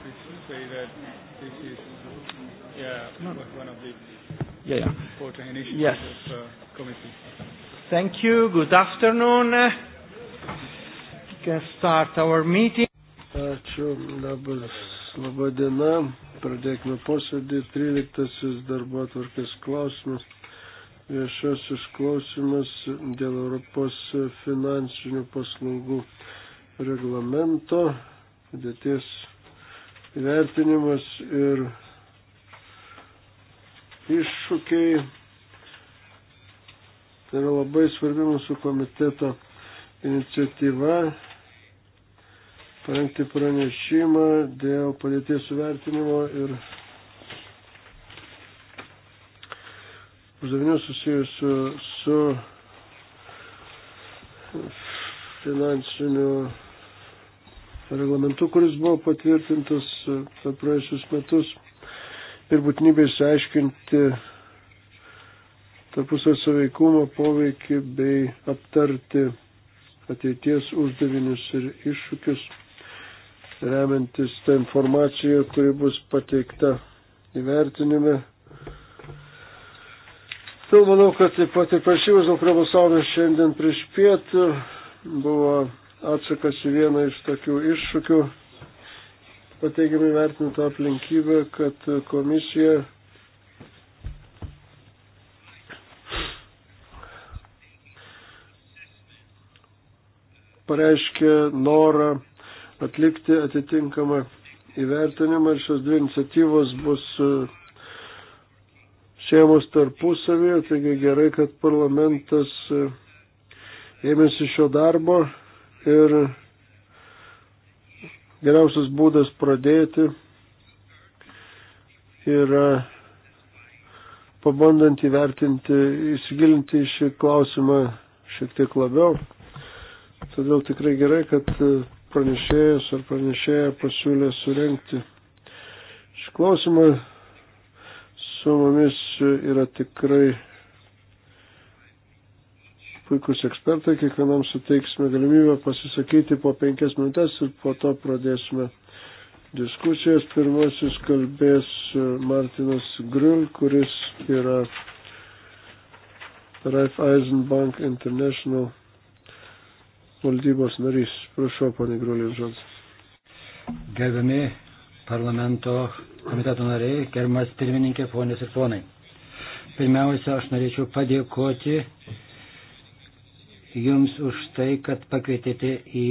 pretty precise way that this is yeah, no, no. one of the yeah, yeah. important initiatives yes. of the uh, committee. Thank you. Good afternoon. We can start our meeting. Ačiū, labas, laba diena. Pradėkime posėdį. 13 darbo atvarkės klausimas viešas išklausimas dėl Europos finansinių paslaugų reglamento, dėties vertinimas ir iššūkiai. Tai yra labai svarbi mūsų komiteto iniciatyva parengti pranešimą dėl padėties suvertinimo ir uždavinių susijusių su finansiniu reglamentu, kuris buvo patvirtintas e, per praėjusius metus ir būtinybė išsiaiškinti tarpusio saveikumo poveikį bei aptarti ateities uždavinius ir iššūkius, remiantis tą informaciją, kuri bus pateikta įvertinime. Tai manau, kad taip pat ir prašymas, dėl kurio balsavome šiandien prieš pietų, buvo atsakas į vieną iš tokių iššūkių. Pateigiamai vertinta aplinkybė, kad komisija pareiškė norą atlikti atitinkamą įvertinimą ir šios dvi iniciatyvos bus e, siejamos tarpusavėje, taigi gerai, kad parlamentas e, ėmėsi šio darbo ir geriausias būdas pradėti yra pabandant įvertinti, įsigilinti šį klausimą šiek tiek labiau. Todėl tikrai gerai, kad pranešėjas ar pranešėja pasiūlė surenkti šį klausimą. Su mumis yra tikrai puikus ekspertai, kiekvienam suteiksime galimybę pasisakyti po penkias minutės ir po to pradėsime diskusijas. Pirmasis kalbės e, Martinas Grill, kuris yra Raiffeisen Bank International valdybos narys. Prašau, pane Griulė, žodis. Gerbiami parlamento komiteto nariai, gerbiamas pirmininkė, ponės ir ponai. Pirmiausia, aš norėčiau padėkoti Jums už tai, kad pakvietėte į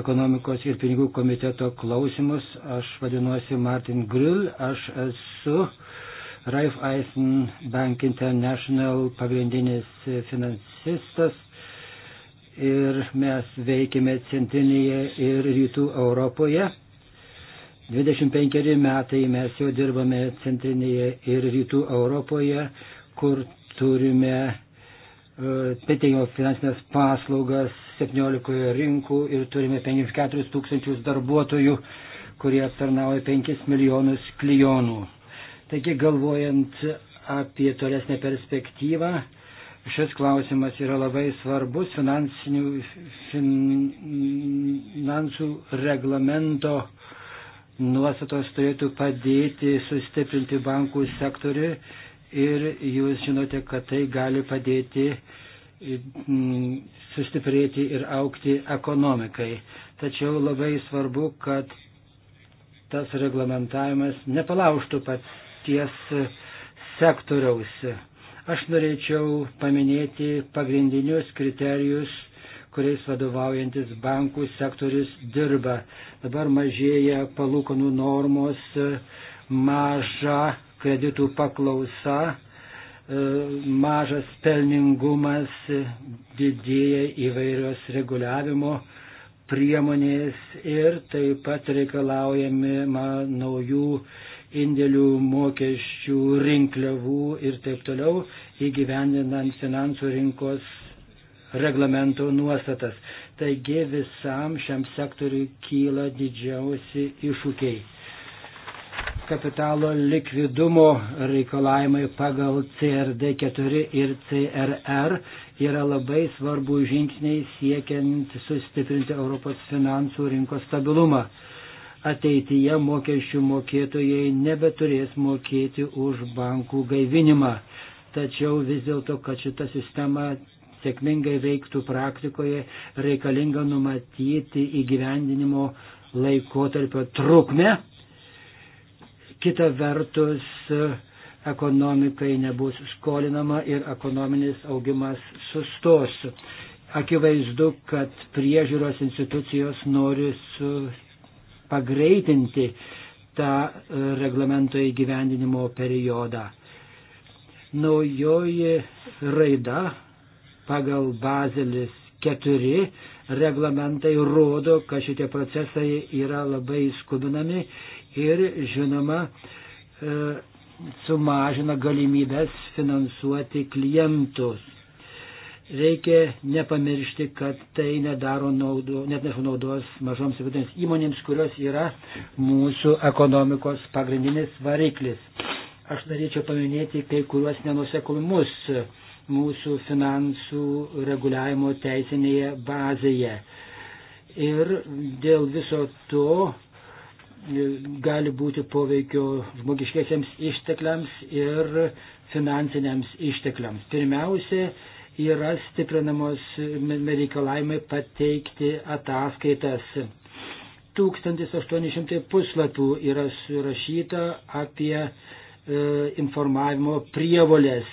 ekonomikos ir pinigų komiteto klausimus. Aš vadinuosi Martin Grill, aš esu Raiffeisen Bank International pagrindinis finansistas ir mes veikime centrinėje ir rytų Europoje. 25 metai mes jau dirbame centrinėje ir rytų Europoje, kur turime Petėjo finansinės paslaugas 17 rinkų ir turime 54 tūkstančius darbuotojų, kurie aptarnauja 5 milijonus klijonų. Taigi galvojant apie tolesnę perspektyvą, šis klausimas yra labai svarbus finansų reglamento nuostatos turėtų padėti sustiprinti bankų sektoriui ir jūs žinote, kad tai gali padėti mm, sustiprėti ir aukti ekonomikai. Tačiau labai svarbu, kad tas reglamentavimas nepalauštų paties sektoriaus. Aš norėčiau paminėti pagrindinius kriterijus, kuriais vadovaujantis bankų sektorius dirba. Dabar mažėja palūkanų normos, maža kreditų paklausa, e, mažas pelningumas, didėja įvairios reguliavimo priemonės ir taip pat reikalaujami naujų indėlių mokesčių, rinkliavų ir taip toliau įgyvendinant finansų rinkos reglamento nuostatas. Taigi visam šiam sektoriui kyla didžiausi iššūkiai kapitalo likvidumo reikalavimai pagal CRD4 ir CRR yra labai svarbu žingsniai siekiant sustiprinti Europos finansų rinkos stabilumą. Ateityje mokesčių mokėtojai nebeturės mokėti už bankų gaivinimą. Tačiau vis dėlto, kad šita sistema sėkmingai veiktų praktikoje, reikalinga numatyti įgyvendinimo laikotarpio trukmę kita vertus ekonomikai nebus skolinama ir ekonominis augimas sustos. Akivaizdu, kad priežiūros institucijos nori pagreitinti tą e, reglamento įgyvendinimo periodą. Naujoji raida pagal bazelis 4 reglamentai rodo, kad šitie procesai yra labai skubinami ir, žinoma, e, sumažina galimybės finansuoti klientus. Reikia nepamiršti, kad tai nedaro naudo, net neša naudos mažoms ir vidutinėms įmonėms, kurios yra mūsų ekonomikos pagrindinis variklis. Aš norėčiau paminėti kai kuriuos nenuseklumus mūsų finansų reguliavimo teisinėje bazėje. Ir dėl viso to gali būti poveikio žmogiškiesiams ištekliams ir finansiniams ištekliams. Pirmiausia, yra stiprinamos reikalavimai pateikti ataskaitas. 1800 puslapių yra surašyta apie e, informavimo prievolės.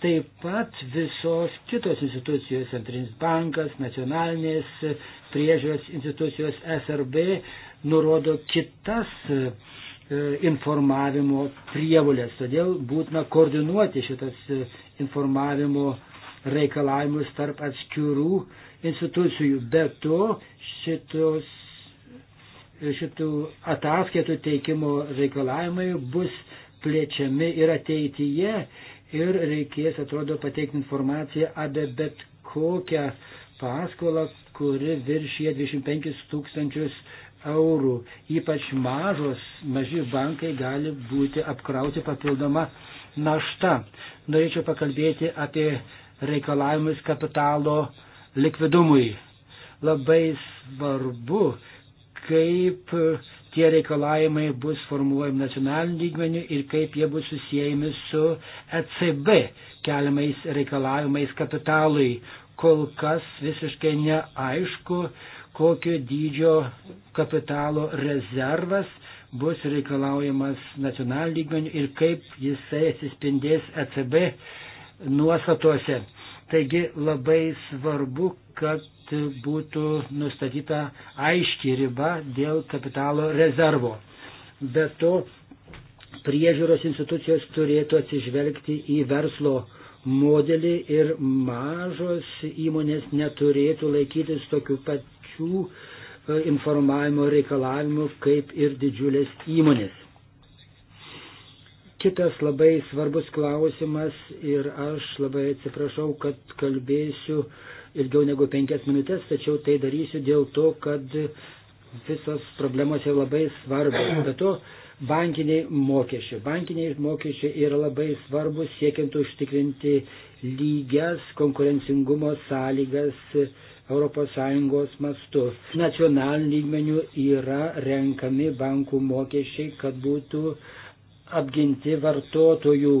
Taip pat visos kitos institucijos, Centrinis bankas, nacionalinės priežiūros institucijos SRB nurodo kitas e, e, informavimo prievolės. Todėl būtina koordinuoti šitas e, informavimo reikalavimus tarp atskirų institucijų. Be to, šitos, šitų ataskaitų teikimo reikalavimai bus plėčiami ir ateityje ir reikės, atrodo, pateikti informaciją apie bet kokią paskolą, kuri viršyje 25 tūkstančius eurų. Ypač mažos, maži bankai gali būti apkrauti papildoma našta. Norėčiau pakalbėti apie reikalavimus kapitalo likvidumui. Labai svarbu, kaip tie reikalavimai bus formuojami nacionaliniu lygmeniu ir kaip jie bus susijęjami su ECB keliamais reikalavimais kapitalui. Kol kas visiškai neaišku, kokio dydžio kapitalo rezervas bus reikalaujamas nacionaliniu lygmeniu ir kaip jisai atsispindės ECB nuostatose. Taigi labai svarbu, kad būtų nustatyta aiški riba dėl kapitalo rezervo. Be to, priežiūros institucijos turėtų atsižvelgti į verslo modelį ir mažos įmonės neturėtų laikytis tokių pat tokių e, informavimo reikalavimų kaip ir didžiulės įmonės. Kitas labai svarbus klausimas ir aš labai atsiprašau, kad kalbėsiu ilgiau negu penkias minutės, tačiau tai darysiu dėl to, kad visos problemos yra labai svarbios. Be to, bankiniai mokesčiai. Bankiniai mokesčiai yra labai svarbus siekiant užtikrinti lygias konkurencingumo sąlygas ES mastu. Nacionaliniu lygmeniu yra renkami bankų mokesčiai, kad būtų apginti vartotojų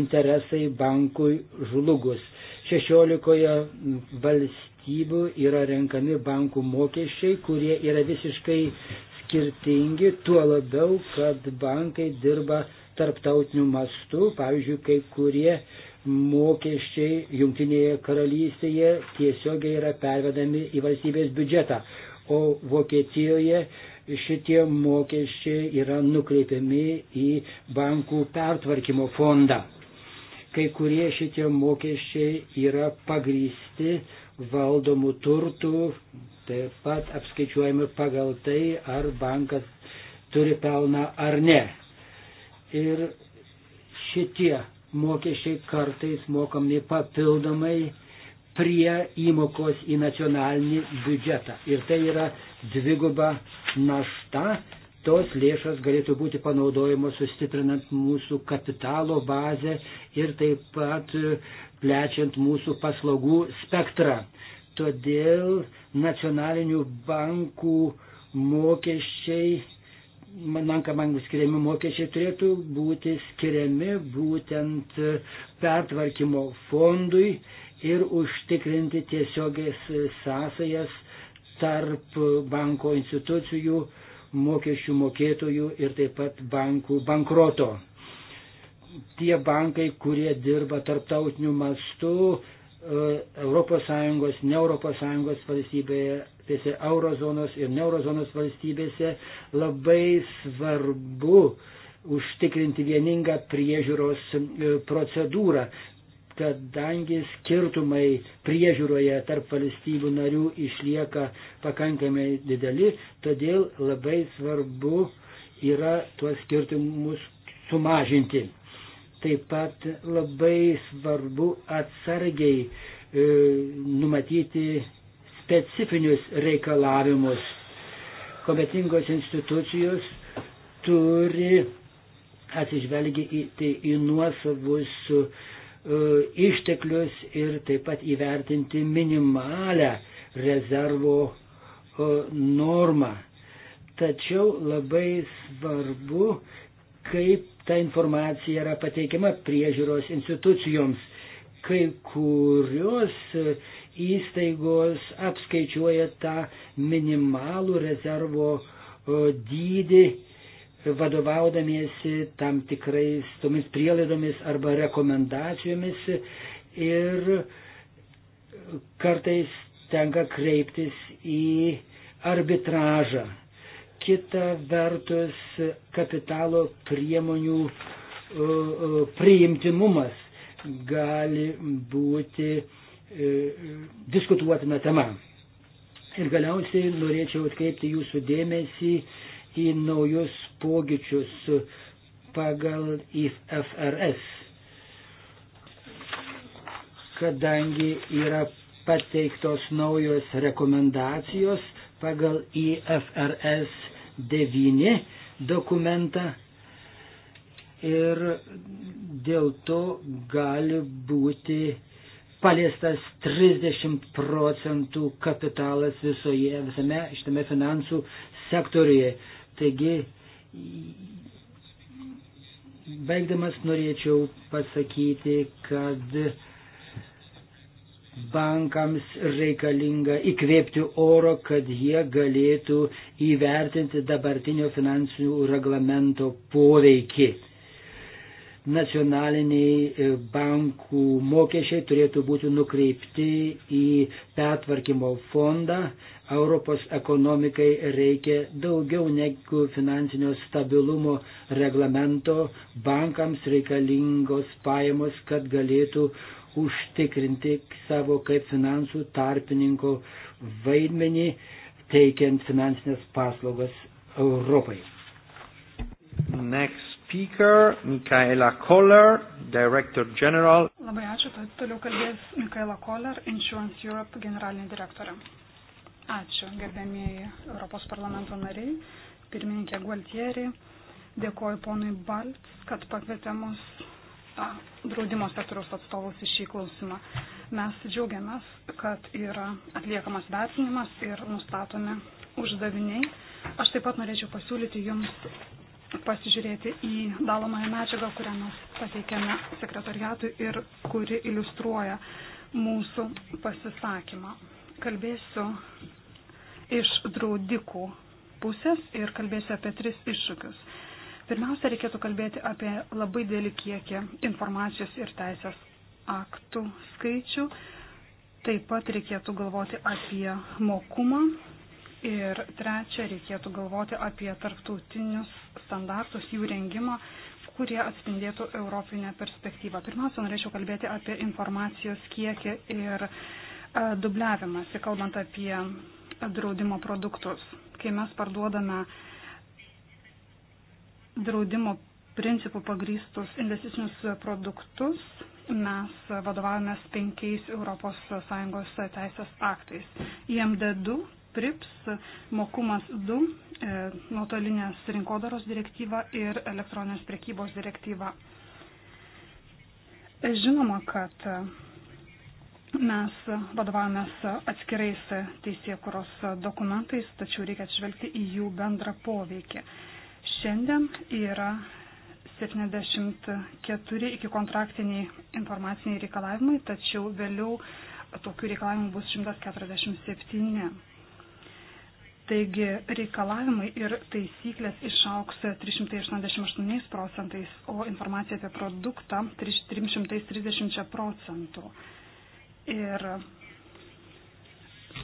interesai bankui žlugus. 16 valstybių yra renkami bankų mokesčiai, kurie yra visiškai skirtingi, tuo labiau, kad bankai dirba tarptautiniu mastu, pavyzdžiui, kai kurie mokesčiai Junktinėje karalystėje tiesiogiai yra pervedami į valstybės biudžetą, o Vokietijoje šitie mokesčiai yra nukreipiami į bankų pertvarkymo fondą. Kai kurie šitie mokesčiai yra pagrysti valdomų turtų, taip pat apskaičiuojami pagal tai, ar bankas turi pelną ar ne. Ir šitie mokesčiai kartais mokami papildomai prie įmokos į nacionalinį biudžetą. Ir tai yra dviguba našta. Tos lėšos galėtų būti panaudojamos sustiprinant mūsų kapitalo bazę ir taip pat e, plečiant mūsų paslaugų spektrą. Todėl nacionalinių bankų mokesčiai lankamangų skiriami mokesčiai turėtų būti skiriami būtent pertvarkymo fondui ir užtikrinti tiesiogės sąsajas tarp banko institucijų, mokesčių mokėtojų ir taip pat bankų bankroto. Tie bankai, kurie dirba tarptautiniu mastu, ES, ne ES valstybėje valstybėse, eurozonos ir neurozonos valstybėse labai svarbu užtikrinti vieningą priežiūros e, procedūrą, kadangi skirtumai priežiūroje tarp valstybių narių išlieka pakankamai dideli, todėl labai svarbu yra tuos skirtumus sumažinti. Taip pat labai svarbu atsargiai e, numatyti specifinius reikalavimus. Kompetingos institucijos turi atsižvelgti į tai nuosavus e, išteklius ir taip pat įvertinti minimalę rezervo e, normą. Tačiau labai svarbu, kaip ta informacija yra pateikiama priežiūros institucijoms. Kai kurios įstaigos apskaičiuoja tą minimalų rezervo dydį, vadovaudamiesi tam tikrais tomis prielaidomis arba rekomendacijomis ir kartais tenka kreiptis į arbitražą. Kita vertus kapitalo priemonių priimtimumas gali būti E, diskutuotina tema. Ir galiausiai norėčiau atkreipti jūsų dėmesį į naujus pokyčius pagal IFRS, kadangi yra pateiktos naujos rekomendacijos pagal IFRS 9 dokumentą ir dėl to gali būti paliestas 30 procentų kapitalas visoje, visame šitame finansų sektoriuje. Taigi, baigdamas norėčiau pasakyti, kad bankams reikalinga įkvėpti oro, kad jie galėtų įvertinti dabartinio finansinių reglamento poveikį nacionaliniai e, bankų mokesčiai turėtų būti nukreipti į pertvarkymo fondą. Europos ekonomikai reikia daugiau negu finansinio stabilumo reglamento. Bankams reikalingos pajamos, kad galėtų užtikrinti savo kaip finansų tarpininko vaidmenį, teikiant finansinės paslaugas Europai. Next speaker, Michaela Koller, Director General. Labai ačiū, tad toliau kalbės Michaela Koller, Insurance Europe generalinė direktorė. Ačiū, gerbėmieji Europos parlamento nariai, pirmininkė Gualtieri, dėkoju ponui Balts, kad pakvietė mus a, draudimo sektoriaus atstovus į šį klausimą. Mes džiaugiamės, kad yra atliekamas vertinimas ir nustatomi uždaviniai. Aš taip pat norėčiau pasiūlyti Jums pasižiūrėti į dalomąją medžiagą, kurią mes pateikėme sekretariatui ir kuri iliustruoja mūsų pasisakymą. Kalbėsiu iš draudikų pusės ir kalbėsiu apie tris iššūkius. Pirmiausia, reikėtų kalbėti apie labai dėlį kiekį informacijos ir teisės aktų skaičių. Taip pat reikėtų galvoti apie mokumą, Ir trečia, reikėtų galvoti apie tarptautinius standartus, jų rengimą, kurie atspindėtų europinę perspektyvą. Pirmiausia, norėčiau kalbėti apie informacijos kiekį ir e, dubliavimąsi, kalbant apie draudimo produktus. Kai mes parduodame draudimo principų pagrystus investicinius produktus, mes vadovavomės penkiais ES teisės aktais. IMD2 PRIPS, mokumas 2, e, nuotolinės rinkodaros direktyva ir elektroninės prekybos direktyva. Žinoma, kad mes vadovavomės atskirais teisėkuros dokumentais, tačiau reikia atžvelgti į jų bendrą poveikį. Šiandien yra 74 iki kontraktiniai informaciniai reikalavimai, tačiau vėliau tokių reikalavimų bus 147. Taigi reikalavimai ir taisyklės išauks 388 procentais, o informacija apie produktą 330 procentų. Ir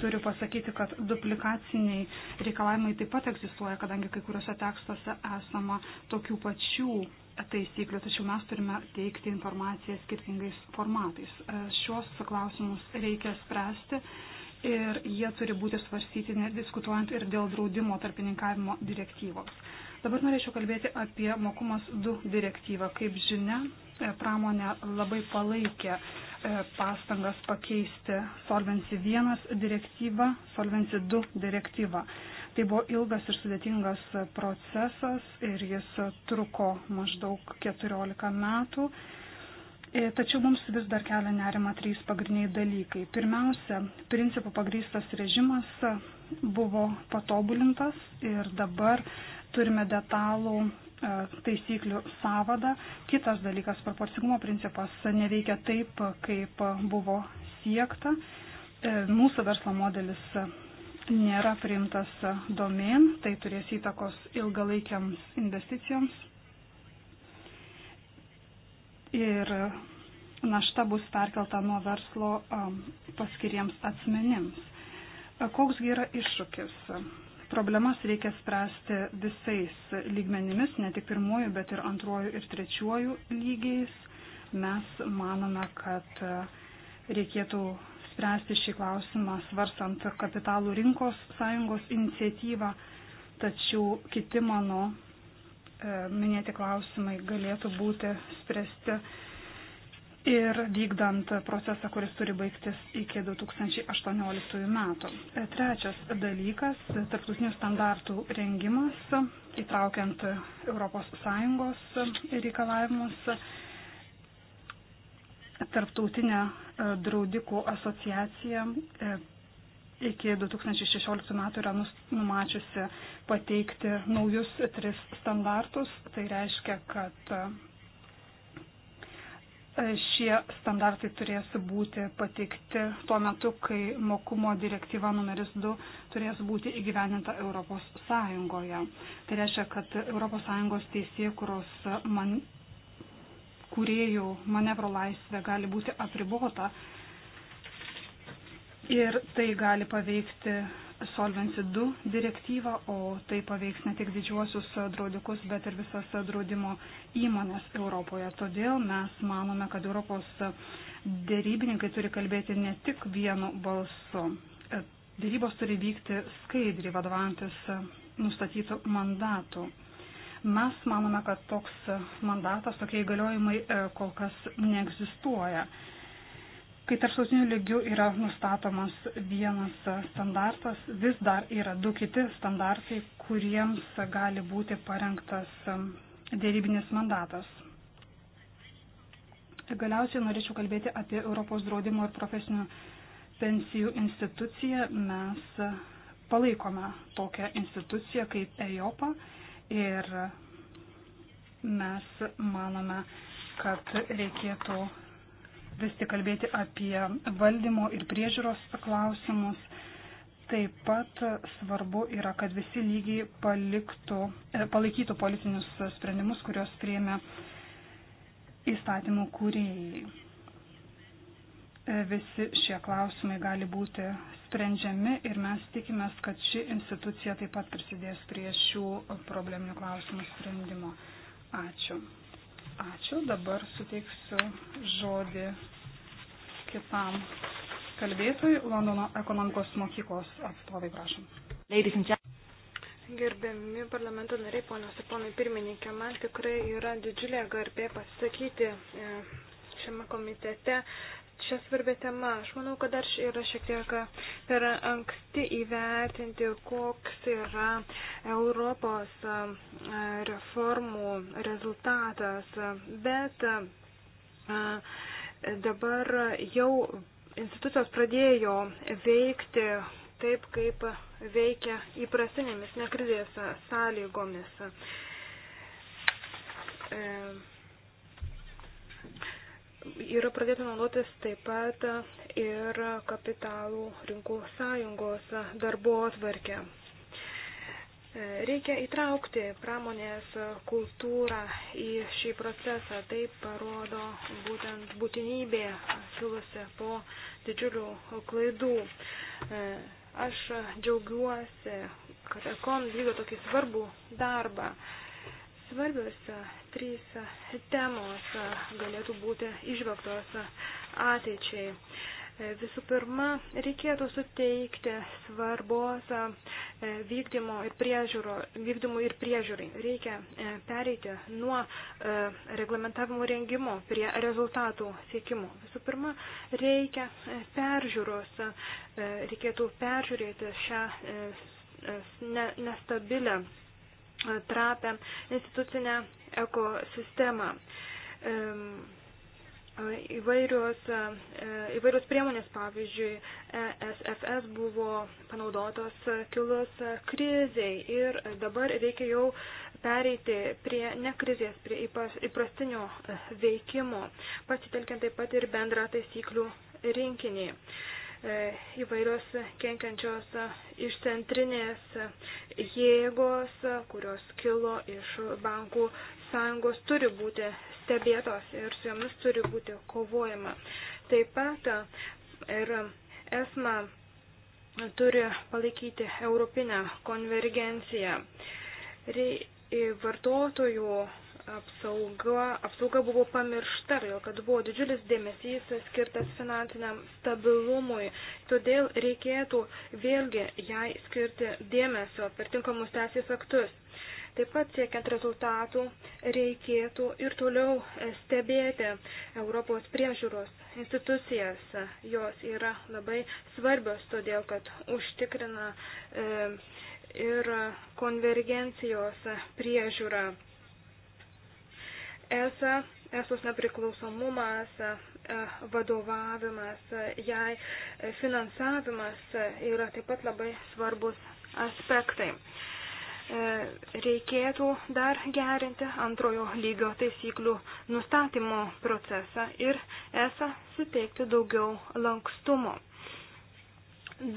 turiu pasakyti, kad duplikaciniai reikalavimai taip pat egzistuoja, kadangi kai kuriuose tekstuose esama tokių pačių taisyklių, tačiau mes turime teikti informaciją skirtingais formatais. Šiuos klausimus reikia spręsti ir jie turi būti svarstyti nediskutuojant ir dėl draudimo tarpininkavimo direktyvos. Dabar norėčiau kalbėti apie mokumas 2 direktyvą. Kaip žinia, e, pramonė labai palaikė e, pastangas pakeisti Solvency 1 direktyvą, Solvency 2 direktyvą. Tai buvo ilgas ir sudėtingas procesas ir jis truko maždaug 14 metų. E, tačiau mums vis dar kelia nerima trys pagrindiniai dalykai. Pirmiausia, principų pagrystas režimas buvo patobulintas ir dabar turime detalų e, taisyklių savadą. Kitas dalykas, proporcingumo principas neveikia taip, kaip buvo siekta. E, mūsų verslo modelis nėra priimtas domen, tai turės įtakos ilgalaikiams investicijoms ir našta bus perkelta nuo verslo paskiriems asmenims. Koksgi yra iššūkis? Problemas reikia spręsti visais lygmenimis, ne tik pirmuoju, bet ir antruoju ir trečiuoju lygiais. Mes manome, kad reikėtų spręsti šį klausimą svarstant kapitalų rinkos sąjungos iniciatyvą, tačiau kiti mano E, minėti klausimai galėtų būti spręsti ir vykdant procesą, kuris turi baigtis iki 2018 metų. E, trečias dalykas - tarptautinių standartų rengimas, įtraukiant ES reikalavimus, tarptautinę e, draudikų asociaciją iki 2016 metų yra numačiusi pateikti naujus tris standartus. Tai reiškia, kad e, šie standartai turės būti pateikti tuo metu, kai mokumo direktyva numeris 2 turės būti įgyveninta Europos Sąjungoje. Tai reiškia, kad Europos Sąjungos teisėkuros man kuriejų manevro laisvė gali būti apribota Ir tai gali paveikti Solvency 2 direktyvą, o tai paveiks ne tik didžiuosius draudikus, bet ir visas draudimo įmonės Europoje. Todėl mes manome, kad Europos dėrybininkai turi kalbėti ne tik vienu balsu. Dėrybos turi vykti skaidriai, vadovantis nustatytų mandatų. Mes manome, kad toks mandatas, tokie įgaliojimai e, kol kas neegzistuoja kai tarptautiniu lygiu yra nustatomas vienas standartas, vis dar yra du kiti standartai, kuriems gali būti parengtas um, dėrybinis mandatas. Galiausiai norėčiau kalbėti apie Europos draudimo ir profesinių pensijų instituciją. Mes uh, palaikome tokią instituciją kaip EJOPA ir uh, mes manome, kad reikėtų vis tik kalbėti apie valdymo ir priežiūros klausimus. Taip pat svarbu yra, kad visi lygiai paliktų, e, palaikytų politinius sprendimus, kuriuos priėmė įstatymų kūrėjai. E, visi šie klausimai gali būti sprendžiami ir mes tikimės, kad ši institucija taip pat prisidės prie šių probleminių klausimų sprendimo. Ačiū. Ačiū. Dabar suteiksiu žodį kitam kalbėtojui, Londono ekonomikos mokyklos atstovai, prašom. Gerbiami parlamento nariai, ponios ir ponai pirmininkė, man tikrai yra didžiulė garbė pasisakyti e, šiame komitete šią svarbę temą. Aš manau, kad dar yra šiek tiek per anksti įvertinti, koks yra Europos reformų rezultatas, bet dabar jau institucijos pradėjo veikti taip, kaip veikia įprastinėmis nekrizės sąlygomis. E, Yra pradėta naudotis taip pat ir kapitalų rinkų sąjungos darbo atvarkė. Reikia įtraukti pramonės kultūrą į šį procesą. Tai parodo būtent būtinybė kilusi po didžiulių klaidų. Aš džiaugiuosi, kad Ekon vykdo tokį svarbų darbą svarbios trys temos galėtų būti išvaktos ateičiai. E, visų pirma, reikėtų suteikti svarbos e, vykdymo ir, priežiūro, vykdymo ir priežiūrai. Reikia e, pereiti nuo reglamentavimo rengimo prie rezultatų siekimo. Visų pirma, reikia peržiūros, reikėtų peržiūrėti šią nestabilę trapę institucinę ekosistemą. Įvairios, e, įvairios priemonės, pavyzdžiui, SFS e buvo panaudotos kilus kriziai ir dabar reikia jau pereiti prie ne krizės, prie įprastinio veikimo, pasitelkiant taip pat ir bendrą taisyklių rinkinį. E, įvairios kenkiančios iš centrinės jėgos, kurios kilo iš bankų sąjungos, turi būti stebėtos ir su jomis turi būti kovojama. Taip pat ir esma turi palaikyti europinę konvergenciją. Vartotojų apsauga, apsauga buvo pamiršta, kad buvo didžiulis dėmesys skirtas finansiniam stabilumui. Todėl reikėtų vėlgi jai skirti dėmesio per tinkamus teisės aktus. Taip pat siekiant rezultatų reikėtų ir toliau stebėti Europos priežiūros institucijas. Jos yra labai svarbios, todėl kad užtikrina e, ir konvergencijos priežiūrą. ESA, ESOS nepriklausomumas, e, vadovavimas, e, jai e, finansavimas yra taip pat labai svarbus aspektai. Reikėtų dar gerinti antrojo lygio taisyklių nustatymo procesą ir ESA suteikti daugiau lankstumo.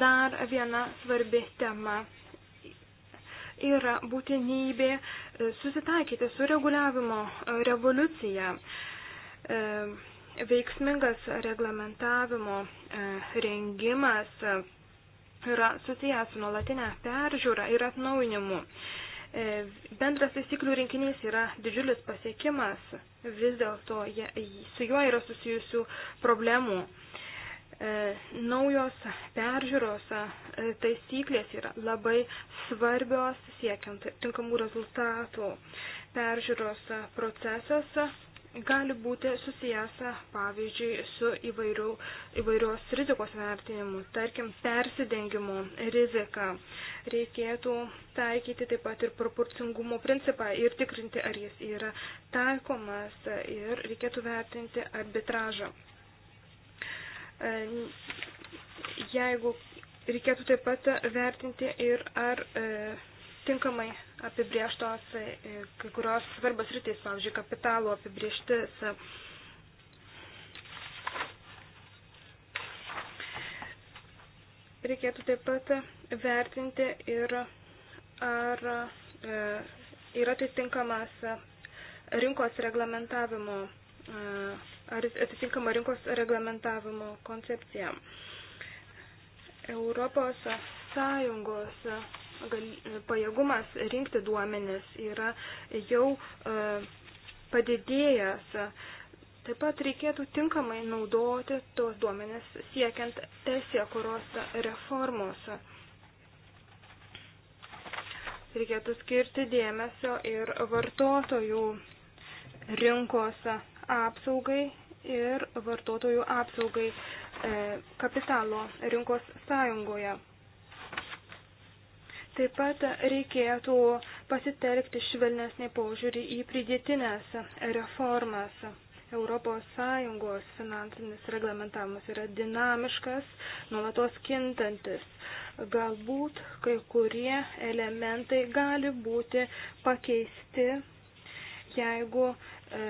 Dar viena svarbi tema yra būtinybė e, susitaikyti su reguliavimo e, revoliucija. E, veiksmingas reglamentavimo rengimas yra susijęs su nuolatinė peržiūra ir atnaujinimu. Bendras taisyklių rinkinys yra didžiulis pasiekimas, vis dėlto su juo yra susijusių problemų. E, naujos peržiūros e, taisyklės yra labai svarbios siekiant tinkamų rezultatų. Peržiūros e, procesas gali būti susijęs, pavyzdžiui, su įvairių, įvairios rizikos vertinimu, tarkim, persidengimo rizika. Reikėtų taikyti taip pat ir proporcingumo principą ir tikrinti, ar jis yra taikomas ir reikėtų vertinti arbitražą. E, jeigu reikėtų taip pat vertinti ir ar e, tinkamai apibrieštos e, kai kurios svarbos rytis, pavyzdžiui, kapitalo apibrieštis. Reikėtų taip pat vertinti ir ar yra tai tinkamas rinkos reglamentavimo ar atitinkama rinkos reglamentavimo koncepcija. Europos Sąjungos pajėgumas rinkti duomenis yra jau padidėjęs. Taip pat reikėtų tinkamai naudoti tos duomenis siekiant teisėkuros reformos. Reikėtų skirti dėmesio ir vartotojų rinkos apsaugai ir vartotojų apsaugai e, kapitalo rinkos sąjungoje. Taip pat reikėtų pasitelkti švelnesnį požiūrį į pridėtinės reformas. ES finansinis reglamentavimas yra dinamiškas, nuolatos kintantis. Galbūt kai kurie elementai gali būti pakeisti, jeigu e,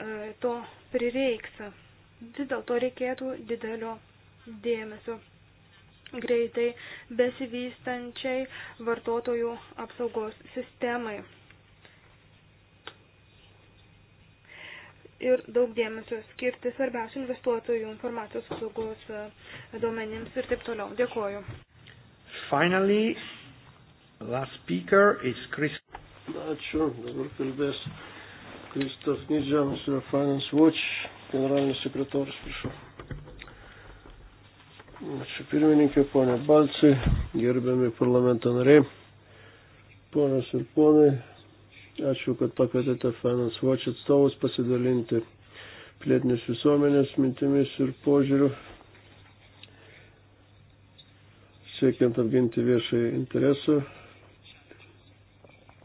E, to prireiks. Vis dėlto reikėtų didelio dėmesio greitai besivystančiai vartotojų apsaugos sistemai. Ir daug dėmesio skirti svarbiausių investuotojų informacijos apsaugos e, duomenims ir taip toliau. Dėkoju. Finally, last speaker is Chris. Ačiū, dabar kalbės Kristof Nidžiams, Finance Watch, generalinis sekretorius, prašau. Ačiū pirmininkė, ponė Balcai, gerbiami parlamento nariai, ponas ir ponai, ačiū, kad pakvietėte Finance Watch atstovus pasidalinti plėtinės visuomenės mintimis ir požiūriu, siekiant apginti viešąjį interesą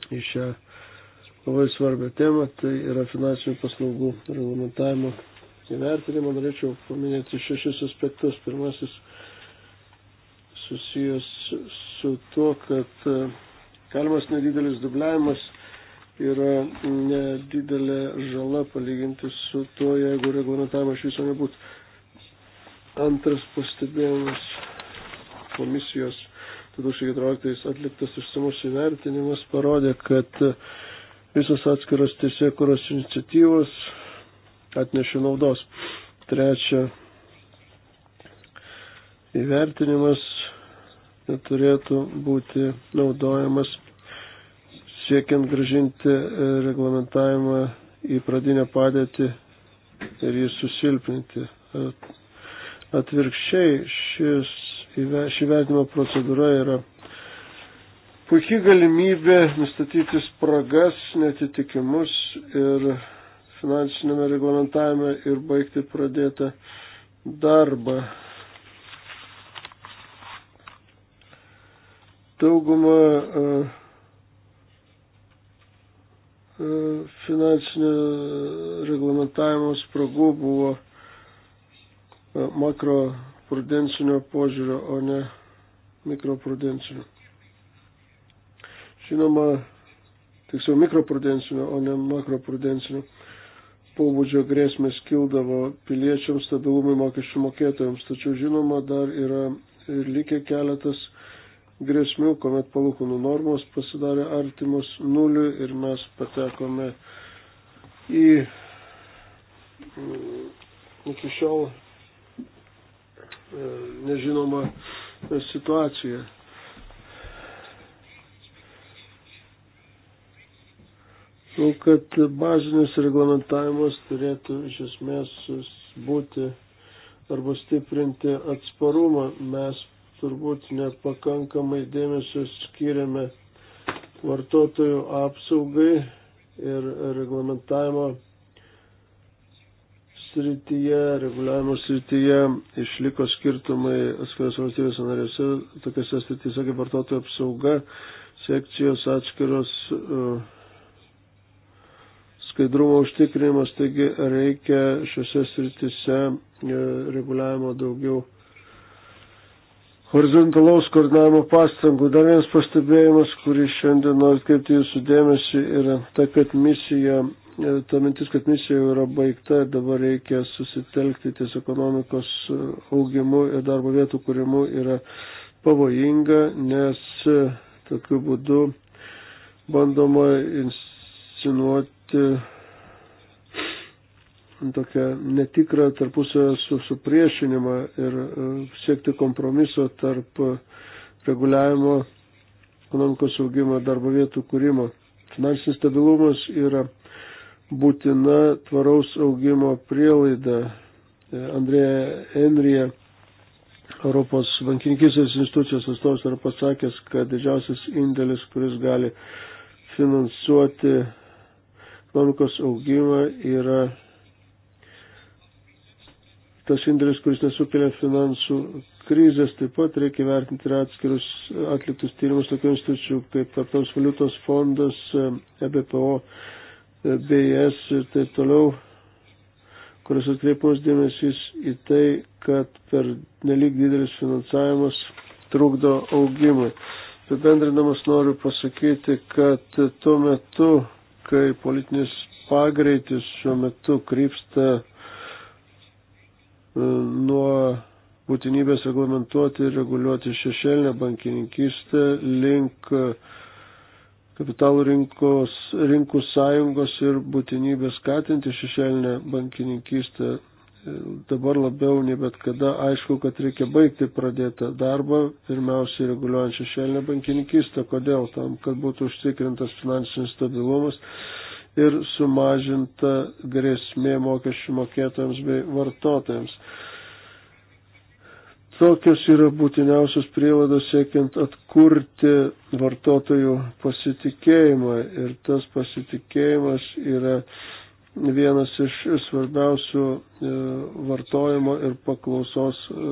į šią labai svarbią temą, tai yra finansinių paslaugų reglamentavimo įvertinimą. Norėčiau paminėti šešis aspektus. Pirmasis susijęs su tuo, kad e, galimas nedidelis dubliavimas yra nedidelė žala palyginti su tuo, jeigu reglamentavimas iš viso nebūtų. Antras pastebėjimas komisijos 2014 atliktas išsamus įvertinimas parodė, kad visos atskiros teisėkuros iniciatyvos atnešė naudos. Trečia, įvertinimas turėtų būti naudojamas siekiant gražinti e, reglamentavimą į pradinę padėtį ir jį susilpninti. E, atvirkščiai šis, ši vertimo procedūra yra puikiai galimybė nustatyti spragas, netitikimus ir finansinėme reglamentavime ir baigti pradėtą darbą. Dauguma e, e, finansinio reglamentavimo spragų buvo e, makroprudencinio požiūrio, o ne mikroprudencinio žinoma, tiksliau mikroprudencinio, o ne makroprudencinio pobūdžio grėsmės kildavo piliečiams, stabilumui mokesčių mokėtojams. Tačiau žinoma, dar yra ir likę keletas grėsmių, kuomet palūkanų normos pasidarė artimos nuliui ir mes patekome į mm, iki šiol e, nežinoma situacija. Manau, kad bazinis reglamentavimas turėtų iš esmės būti arba stiprinti atsparumą. Mes turbūt nepakankamai dėmesio skiriame vartotojų apsaugai ir reglamentavimo srityje, reguliavimo srityje išliko skirtumai atskiros valstybės narėse, tokiose srityse kaip vartotojų apsauga, sekcijos atskiros uh, skaidrumo užtikrinimas, taigi reikia šiuose sritise e, reguliavimo daugiau horizontalaus koordinavimo pastangų. Dar vienas pastebėjimas, kurį šiandien noriu atkreipti jūsų dėmesį, yra ta, kad misija, e, ta mintis, kad misija jau yra baigta ir dabar reikia susitelkti ties ekonomikos e, augimu ir darbo vietų kūrimu yra pavojinga, nes tokiu būdu bandoma insinuoti tokią netikrą tarpusio supriešinimą ir e, siekti kompromiso tarp e, reguliavimo, ekonomikos augimo, darbo vietų kūrimo. Finansinis stabilumas yra būtina tvaraus augimo prielaida. E, Andrėja Enrija, Europos bankininkisės institucijos atstovas, yra pasakęs, kad didžiausias indėlis, kuris gali finansuoti ekonomikos augimą yra tas indėlis, kuris nesukelia finansų krizės. Taip pat reikia vertinti ir atskirus atliktus tyrimus tokių institucijų kaip Tartaus valiutos fondas, EBPO, BIS ir taip toliau kuris atkreipus dėmesys į tai, kad per nelik didelis finansavimas trukdo augimui. Apibendrinamas noriu pasakyti, kad tuo metu kai politinis pagreitis šiuo metu krypsta e, nuo būtinybės reglamentuoti ir reguliuoti šešėlinę bankininkystę link e, kapitalų rinkos, rinkų sąjungos ir būtinybės skatinti šešėlinę bankininkystę dabar labiau nei bet kada aišku, kad reikia baigti pradėtą darbą, pirmiausiai reguliuojant šešėlinę bankininkistą. Kodėl? Tam, kad būtų užtikrintas finansinis stabilumas ir sumažinta grėsmė mokesčių mokėtojams bei vartotojams. Tokios yra būtiniausios prielaidos siekiant atkurti vartotojų pasitikėjimą ir tas pasitikėjimas yra vienas iš svarbiausių e, vartojimo ir paklausos e,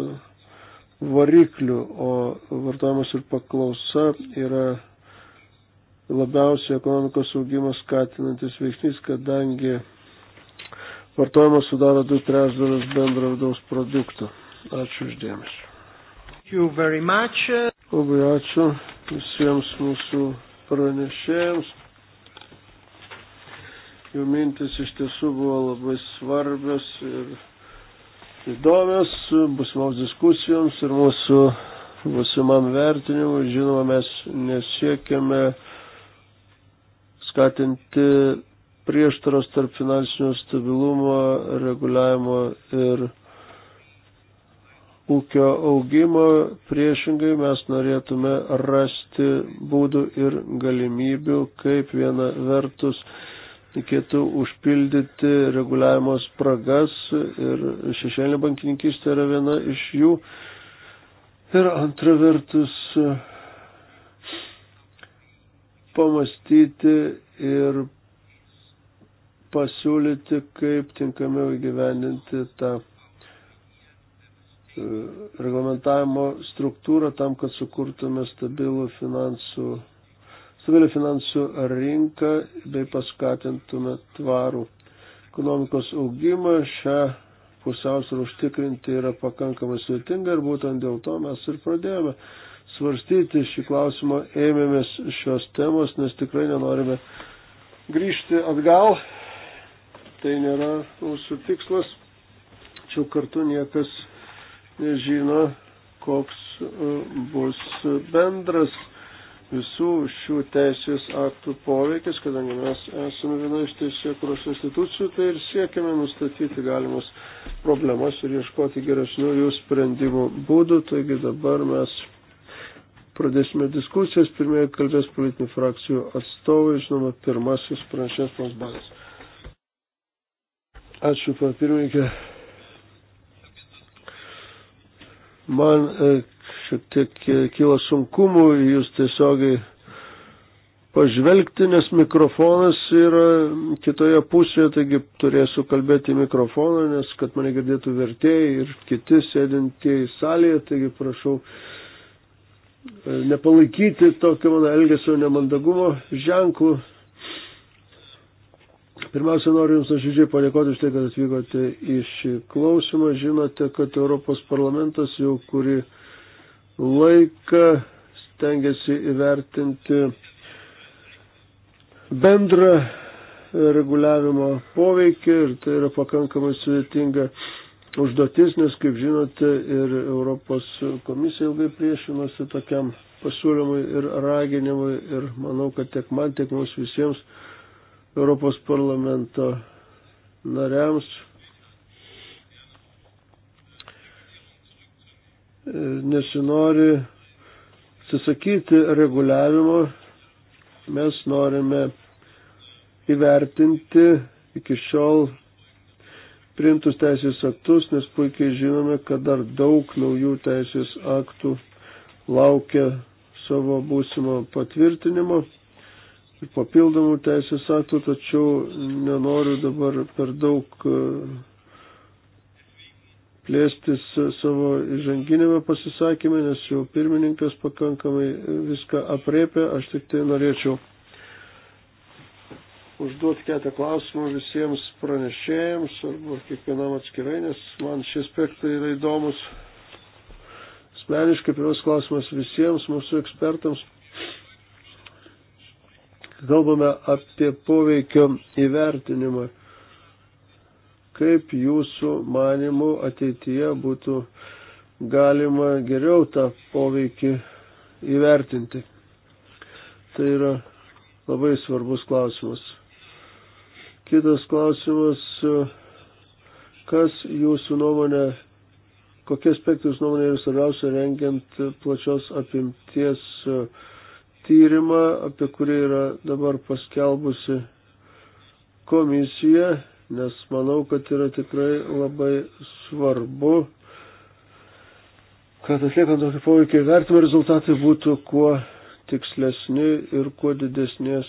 variklių, o vartojimas ir paklausa yra labiausiai ekonomikos augimas skatinantis veiksnys, kadangi vartojimas sudaro du trešdalius bendro vidaus produkto. Ačiū uždėmesi. Labai ačiū visiems mūsų pranešėjams jų mintis iš tiesų buvo labai svarbios ir įdomios busimoms diskusijoms ir mūsų busimam vertinimui. Žinoma, mes nesiekiame skatinti prieštaros tarp finansinio stabilumo, reguliavimo ir ūkio augimo, priešingai mes norėtume rasti būdų ir galimybių, kaip viena vertus reikėtų užpildyti reguliavimo spragas ir šešėlinė bankininkystė yra viena iš jų. Ir antra vertus pamastyti ir pasiūlyti, kaip tinkamiau įgyvendinti tą e, reglamentavimo struktūrą tam, kad sukurtume stabilų finansų stabilią finansų rinką bei paskatintume tvarų ekonomikos augimą. Šią pusiausvyrą užtikrinti yra pakankamai sudėtinga ir būtent dėl to mes ir pradėjome svarstyti šį klausimą, ėmėmės šios temos, nes tikrai nenorime grįžti atgal. Tai nėra mūsų tikslas. Čia kartu niekas nežino, koks e, bus bendras visų šių teisės aktų poveikis, kadangi mes esame viena iš teisėkuros institucijų, tai ir siekiame nustatyti galimas problemas ir ieškoti geresnių jų sprendimų būdų. Taigi dabar mes pradėsime diskusijas. Pirmieji kalbės politinių frakcijų atstovai, žinoma, pirmasis pranešės Prasbanas. Ačiū, pirmininkė. Man e, šiek tiek kyla sunkumų jūs tiesiogiai pažvelgti, nes mikrofonas yra kitoje pusėje, taigi turėsiu kalbėti mikrofoną, nes kad mane girdėtų vertėjai ir kiti sėdintieji salėje, taigi prašau e, nepalaikyti tokio mano elgesio nemandagumo ženklų. Pirmiausia, noriu Jums nuoširdžiai padėkoti už tai, kad atvykote į šį klausimą. Žinote, kad Europos parlamentas jau kurį laiką stengiasi įvertinti bendrą reguliavimo poveikį ir tai yra pakankamai sudėtinga užduotis, nes, kaip žinote, ir Europos komisija ilgai priešinosi tokiam pasiūlymui ir raginimui ir manau, kad tiek man, tiek mums visiems Europos parlamento nariams nesinori atsisakyti reguliavimo, mes norime įvertinti iki šiol priimtus teisės aktus, nes puikiai žinome, kad dar daug naujų teisės aktų laukia savo būsimo patvirtinimo ir papildomų teisės aktų, tačiau nenoriu dabar per daug plėstis savo žanginėme pasisakymė, nes jau pirmininkas pakankamai viską apriepia. Aš tik tai norėčiau užduoti keletą klausimų visiems pranešėjams arba kiekvienam atskirai, nes man šie aspektai yra įdomus. Asmeniškai pirmas klausimas visiems mūsų ekspertams. Kalbame apie poveikio įvertinimą Kaip jūsų manimų ateityje būtų galima geriau tą poveikį įvertinti? Tai yra labai svarbus klausimas. Kitas klausimas, kas jūsų nuomonė, kokie aspektai jūsų nuomonė yra svarbiausia rengiant plačios apimties tyrimą, apie kurį yra dabar paskelbusi komisija nes manau, kad yra tikrai labai svarbu, kad atliekant tokį poveikį vertimo rezultatai būtų kuo tikslesni ir kuo didesnės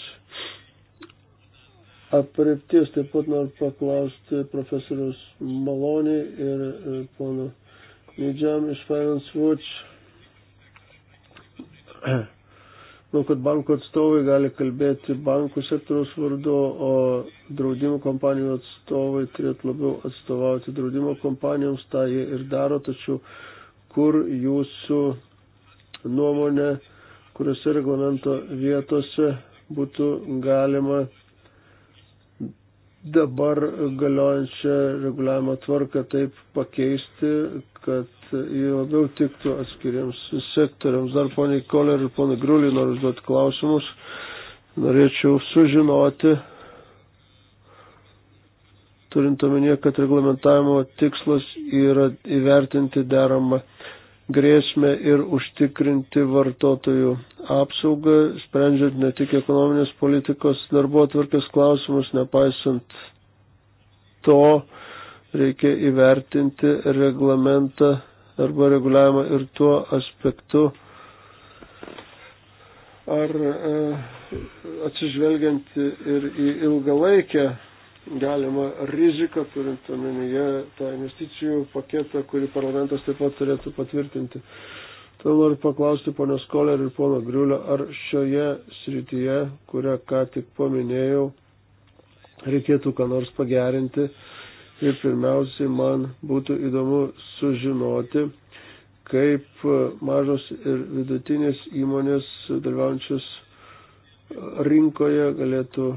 aprepties. Taip pat noriu paklausti profesorius Malonį ir e, pono Nidžiam iš Finance Watch Manau, kad banko atstovai gali kalbėti bankų sektoriaus vardu, o draudimo kompanijų atstovai turėtų labiau atstovauti draudimo kompanijoms, tą jie ir daro, tačiau kur jūsų nuomonė, kuriuose reglamento vietose būtų galima dabar galiojančią reguliavimo tvarką taip pakeisti, kad jį labiau tiktų atskiriams sektoriams. Dar poniai Koler ir poniai Griulį noriu užduoti klausimus. Norėčiau sužinoti, turint omenyje, kad reglamentavimo tikslas yra įvertinti deramą grėsmę ir užtikrinti vartotojų apsaugą, sprendžiant ne tik ekonominės politikos darbo atvarkės klausimus, nepaisant to reikia įvertinti reglamentą arba reguliavimą ir tuo aspektu, ar e, atsižvelgiant ir į ilgalaikę galimą riziką, turint omenyje tą investicijų paketą, kurį parlamentas taip pat turėtų patvirtinti. Tad noriu paklausti ponios Koler ir pono Griulio, ar šioje srityje, kurią ką tik paminėjau, reikėtų ką nors pagerinti. Ir pirmiausiai man būtų įdomu sužinoti, kaip mažos ir vidutinės įmonės dalyvaujančios rinkoje galėtų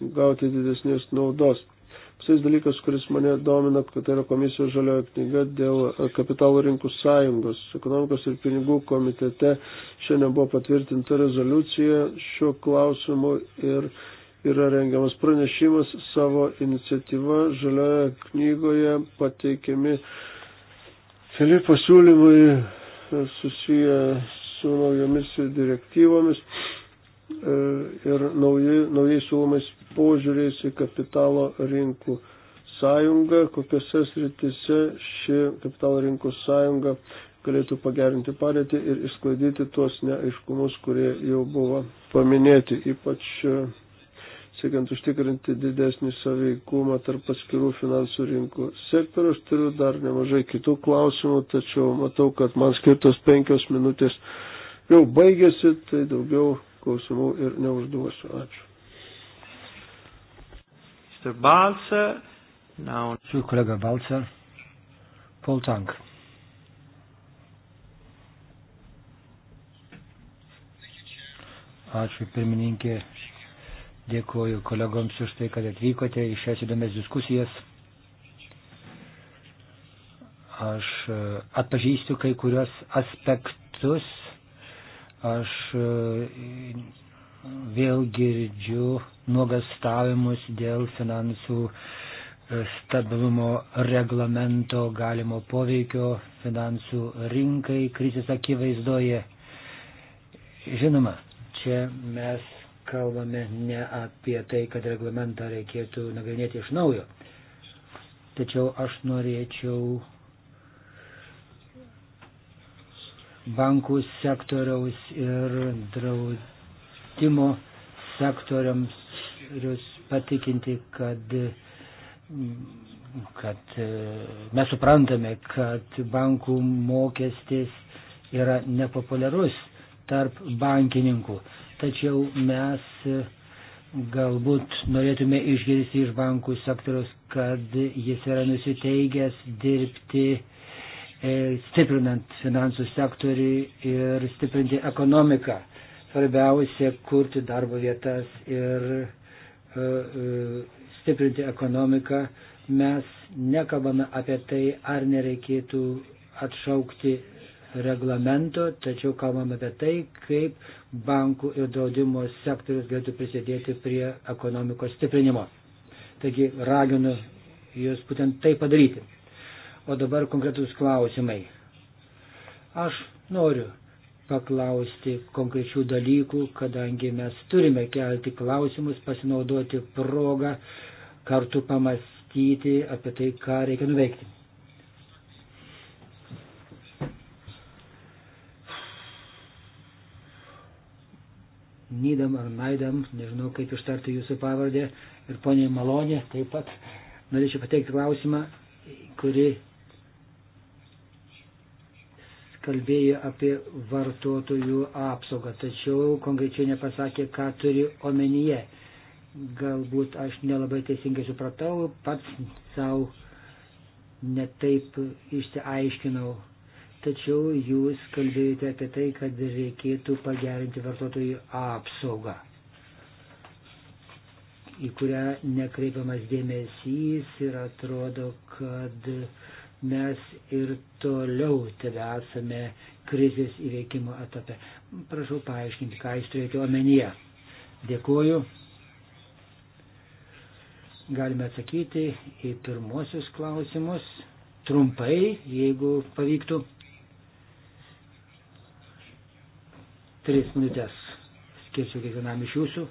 gauti didesnės naudos. Visais dalykas, kuris mane domina, kad tai yra komisijos žalioja knyga dėl e, kapitalo rinkų sąjungos. Ekonomikos ir pinigų komitete šiandien buvo patvirtinta rezoliucija šiuo klausimu ir yra rengiamas pranešimas savo iniciatyva žalioje knygoje pateikiami keli pasiūlymai susiję su naujomis direktyvomis E, ir naujai, naujai siūlomais požiūrės į kapitalo rinkų sąjungą, kokiuose sritise ši kapitalo rinkų sąjunga galėtų pagerinti padėtį ir išsklaidyti tuos neaiškumus, kurie jau buvo paminėti, ypač e, siekiant užtikrinti didesnį saveikumą tarp atskirų finansų rinkų sektorių. Aš turiu dar nemažai kitų klausimų, tačiau matau, kad man skirtos penkios minutės jau baigėsi, tai daugiau klausimų ir neužduosiu. Ačiū. Mr. Balzer. Now... Ačiū, kolega Balzer. Paul Tank. Ačiū, pirmininkė. Dėkuoju kolegoms už tai, kad atvykote į šias įdomias diskusijas. Aš e, atpažįstu kai kurios aspektus Aš e, vėl girdžiu nuogastavimus dėl finansų e, stabilumo reglamento galimo poveikio finansų rinkai krizės akivaizdoje. Žinoma, čia mes kalbame ne apie tai, kad reglamentą reikėtų nagrinėti iš naujo. Tačiau aš norėčiau bankų sektoriaus ir draudimo sektoriams patikinti, kad, kad e, mes suprantame, kad bankų mokestis yra nepopuliarus tarp bankininkų. Tačiau mes e, galbūt norėtume išgirsti iš bankų sektoriaus, kad jis yra nusiteigęs dirbti uh, E, stiprinant finansų sektorių ir stiprinti ekonomiką. Svarbiausia kurti darbo vietas ir e, e, stiprinti ekonomiką. Mes nekalbame apie tai, ar nereikėtų atšaukti reglamento, tačiau kalbame apie tai, kaip bankų ir draudimo sektorius galėtų prisidėti prie ekonomikos stiprinimo. Taigi raginu jūs būtent tai padaryti. O dabar konkretus klausimai. Aš noriu paklausti konkrečių dalykų, kadangi mes turime kelti klausimus, pasinaudoti progą, kartu pamastyti apie tai, ką reikia nuveikti. Nydam ar Naidam, nežinau kaip ištarti jūsų pavardę, ir poniai Malonė taip pat norėčiau pateikti klausimą, kuri kalbėjo apie vartotojų apsaugą, tačiau konkrečiai nepasakė, ką turi omenyje. Galbūt aš nelabai teisingai supratau, pats savo netaip išsiaiškinau. Tačiau jūs kalbėjote apie tai, kad reikėtų pagerinti vartotojų apsaugą, į kurią nekreipiamas dėmesys ir atrodo, kad uh, mes ir toliau tebe esame krizės įveikimo etape. Prašau paaiškinti, ką jūs turėjote omenyje. Dėkuoju. Galime atsakyti į pirmosius klausimus trumpai, jeigu pavyktų. Tris minutės skirsiu kiekvienam iš jūsų.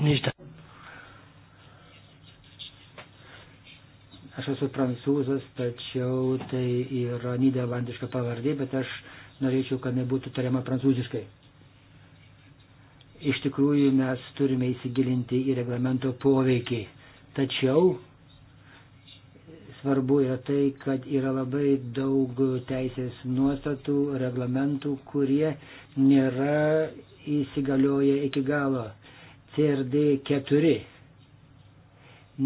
Nici da. Aš esu prancūzas, tačiau tai yra nyderlandiška pavardė, bet aš norėčiau, kad nebūtų tariama prancūziškai. Iš tikrųjų, mes turime įsigilinti į reglamento poveikį. Tačiau svarbu yra tai, kad yra labai daug teisės nuostatų, reglamentų, kurie nėra įsigalioję iki galo. CRD 4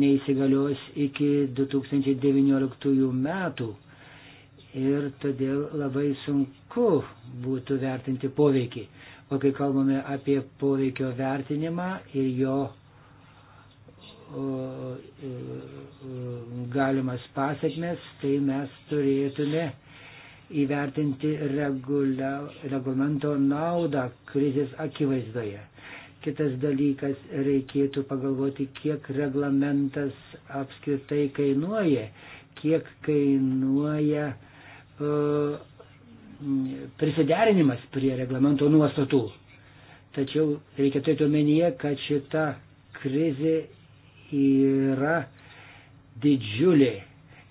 neįsigalios iki 2019 metų ir todėl labai sunku būtų vertinti poveikį. O kai kalbame apie poveikio vertinimą ir jo galimas pasiekmes, tai mes turėtume įvertinti regulia, reglamento naudą krizės akivaizdoje. Kitas dalykas, reikėtų pagalvoti, kiek reglamentas apskritai kainuoja, kiek kainuoja uh, prisiderinimas prie reglamento nuostatų. Tačiau reikia turėti omenyje, kad šita krizė yra didžiulė.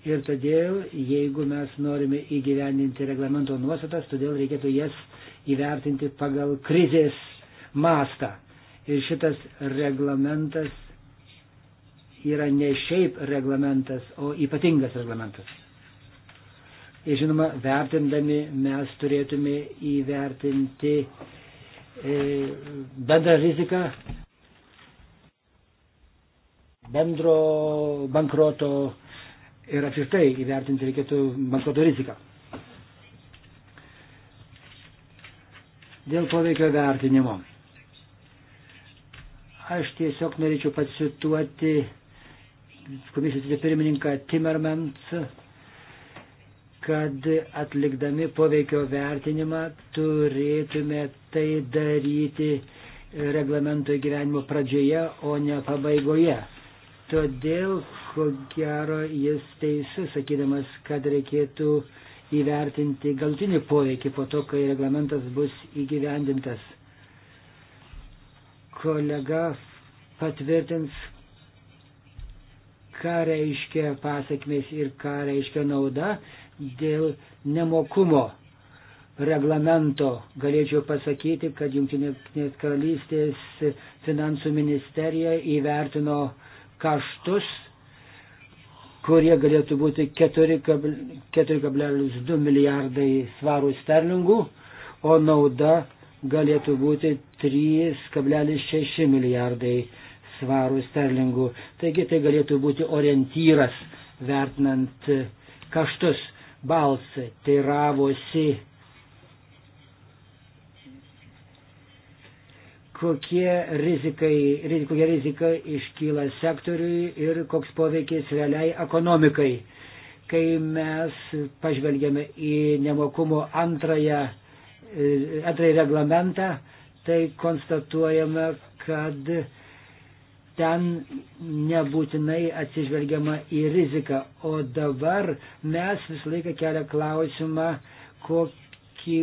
Ir todėl, jeigu mes norime įgyvendinti reglamento nuostatas, todėl reikėtų jas įvertinti pagal krizės mastą. Ir šitas reglamentas yra ne šiaip reglamentas, o ypatingas reglamentas. Ir žinoma, vertindami mes turėtume įvertinti e, bendrą riziką, bendro bankroto ir apskritai įvertinti reikėtų bankroto riziką. Dėl poveikio vertinimo Aš tiesiog norėčiau pacituoti komisijos pirmininką Timmermans, kad atlikdami poveikio vertinimą turėtume tai daryti reglamento gyvenimo pradžioje, o ne pabaigoje. Todėl, ko gero, jis teisus, sakydamas, kad reikėtų įvertinti galtinį poveikį po to, kai reglamentas bus įgyvendintas kolega patvirtins, ką reiškia pasiekmes ir ką reiškia nauda dėl nemokumo reglamento. Galėčiau pasakyti, kad Junktinės karalystės finansų ministerija įvertino kaštus, kurie galėtų būti 4,2 milijardai svarų sterlingų, o nauda galėtų būti 3,6 milijardai svarų sterlingų. Taigi tai galėtų būti orientyras vertinant kaštus. Balsai teiravosi, kokie rizikai, kokia rizika iškyla sektoriui ir koks poveikis realiai ekonomikai. Kai mes pažvelgėme į nemokumo antrąją atrai reglamentą, tai konstatuojama, kad ten nebūtinai atsižvelgiama į riziką. O dabar mes visą laiką kelia klausimą, kokį,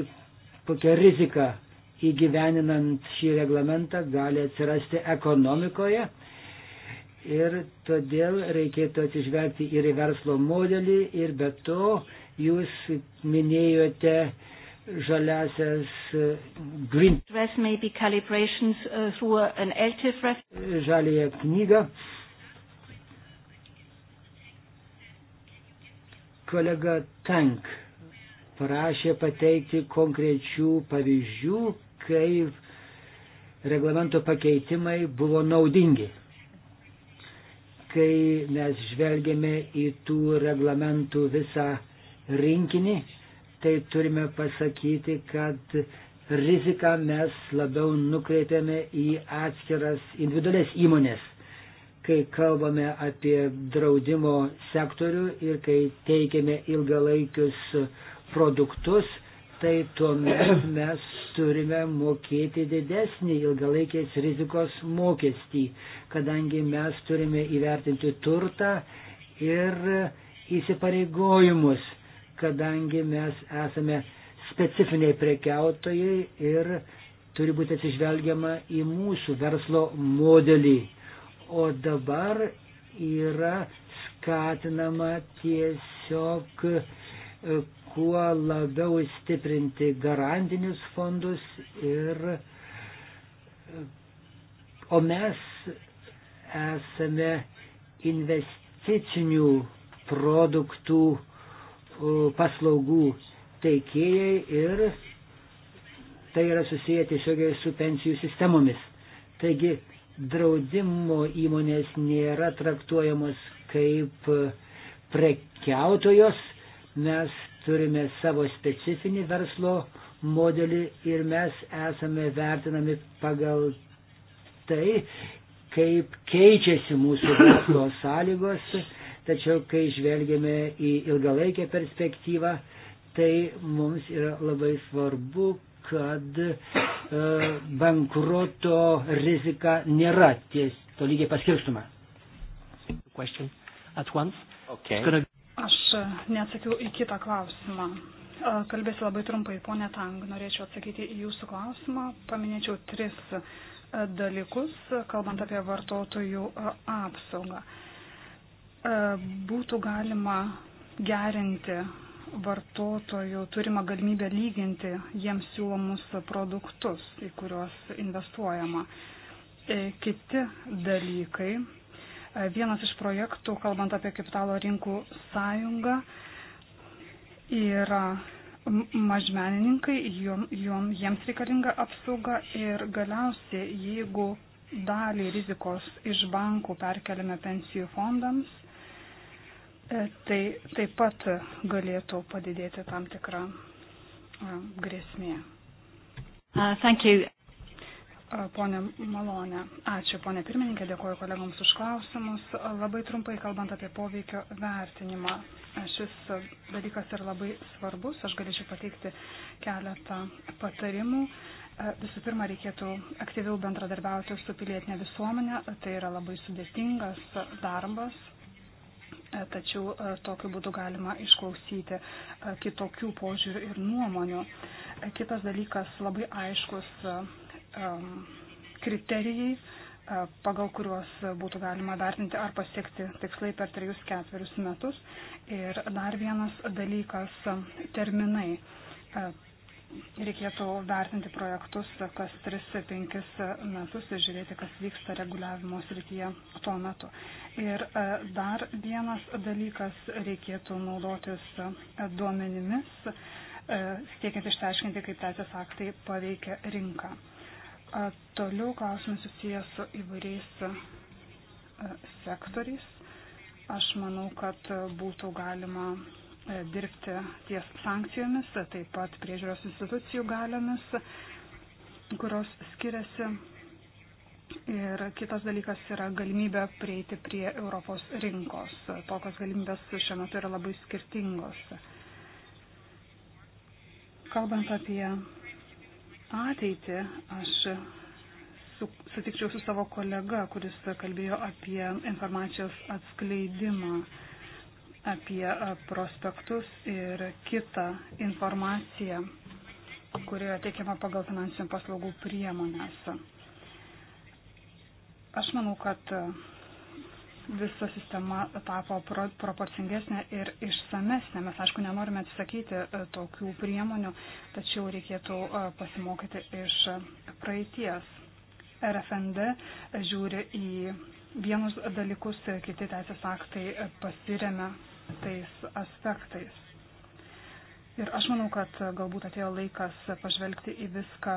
kokią riziką įgyveninant šį reglamentą gali atsirasti ekonomikoje. Ir todėl reikėtų atsižvelgti ir į verslo modelį, ir be to jūs minėjote žaliasias e, green. E, e, Žalėje knygą. Kolega Tank parašė pateikti konkrečių pavyzdžių, kaip reglamento pakeitimai buvo naudingi kai mes žvelgėme į tų reglamentų visą rinkinį, tai turime pasakyti, kad riziką mes labiau nukreipiame į atskiras individualias įmonės, kai kalbame apie draudimo sektorių ir kai teikiame ilgalaikius produktus, tai tuomet mes turime mokėti didesnį ilgalaikės rizikos mokestį, kadangi mes turime įvertinti turtą ir įsipareigojimus kadangi mes esame specifiniai prekiautojai ir turi būti atsižvelgiama į mūsų verslo modelį. O dabar yra skatinama tiesiog e, kuo labiau stiprinti garantinius fondus ir e, o mes esame investicinių produktų paslaugų teikėjai ir tai yra susiję tiesiogiai su pensijų sistemomis. Taigi draudimo įmonės nėra traktuojamos kaip prekiautojos, mes turime savo specifinį verslo modelį ir mes esame vertinami pagal tai, kaip keičiasi mūsų verslo sąlygos Tačiau, kai žvelgiame į ilgalaikę perspektyvą, tai mums yra labai svarbu, kad e, bankruoto rizika nėra ties tolygiai paskirstuma. Okay. Gonna... Aš e, neatsakiau į kitą klausimą. E, kalbėsiu labai trumpai, ponė Tang, norėčiau atsakyti į jūsų klausimą. Paminėčiau tris e, dalykus, kalbant apie vartotojų apsaugą. E, būtų galima gerinti vartotojų turimą galimybę lyginti jiems siūlomus produktus, į kuriuos investuojama. E, kiti dalykai. E, vienas iš projektų, kalbant apie kapitalo rinkų sąjungą, yra mažmenininkai, jom, jom, jiems reikalinga apsauga ir galiausiai, jeigu dalį rizikos iš bankų perkeliame pensijų fondams, E, tai taip pat galėtų padidėti tam tikrą e, grėsmė. Uh, thank you. E, Pone Malonė, ačiū, ponė pirmininkė, dėkuoju kolegoms už klausimus. Labai trumpai kalbant apie poveikio vertinimą, šis dalykas yra labai svarbus, aš galėčiau pateikti keletą patarimų. Visų pirma, reikėtų aktyviau bendradarbiauti su pilietinė visuomenė, tai yra labai sudėtingas darbas, E, tačiau e, tokiu būdu galima išklausyti e, kitokių požiūrių ir nuomonių. Kitas dalykas labai aiškus kriterijai, pagal kuriuos būtų galima vertinti ar pasiekti tikslai per 3-4 metus. Ir dar vienas dalykas - terminai reikėtų vertinti projektus kas 3-5 metus ir žiūrėti, kas vyksta reguliavimo srityje tuo metu. Ir e, dar vienas dalykas reikėtų naudotis e, duomenimis, e, siekiant išteiškinti, kaip teisės aktai paveikia rinką. Toliau klausimas susijęs su įvairiais sektoriais. Aš manau, kad būtų galima E, dirbti ties sankcijomis, taip pat priežiūros institucijų galiomis, kurios skiriasi. Ir kitas dalykas yra galimybė prieiti prie Europos rinkos. Tokios galimybės šiuo metu yra labai skirtingos. Kalbant apie ateitį, aš sutikčiau su savo kolega, kuris kalbėjo apie informacijos atskleidimą apie prospektus ir kitą informaciją, kuri yra teikiama pagal finansinių paslaugų priemonės. Aš manau, kad visa sistema tapo pro, proporcingesnė ir išsamesnė. Mes, aišku, nenorime atsisakyti tokių priemonių, tačiau reikėtų pasimokyti iš praeities. RFND žiūri į vienus dalykus kiti teisės aktai pasiremia tais aspektais. Ir aš manau, kad galbūt atėjo laikas pažvelgti į viską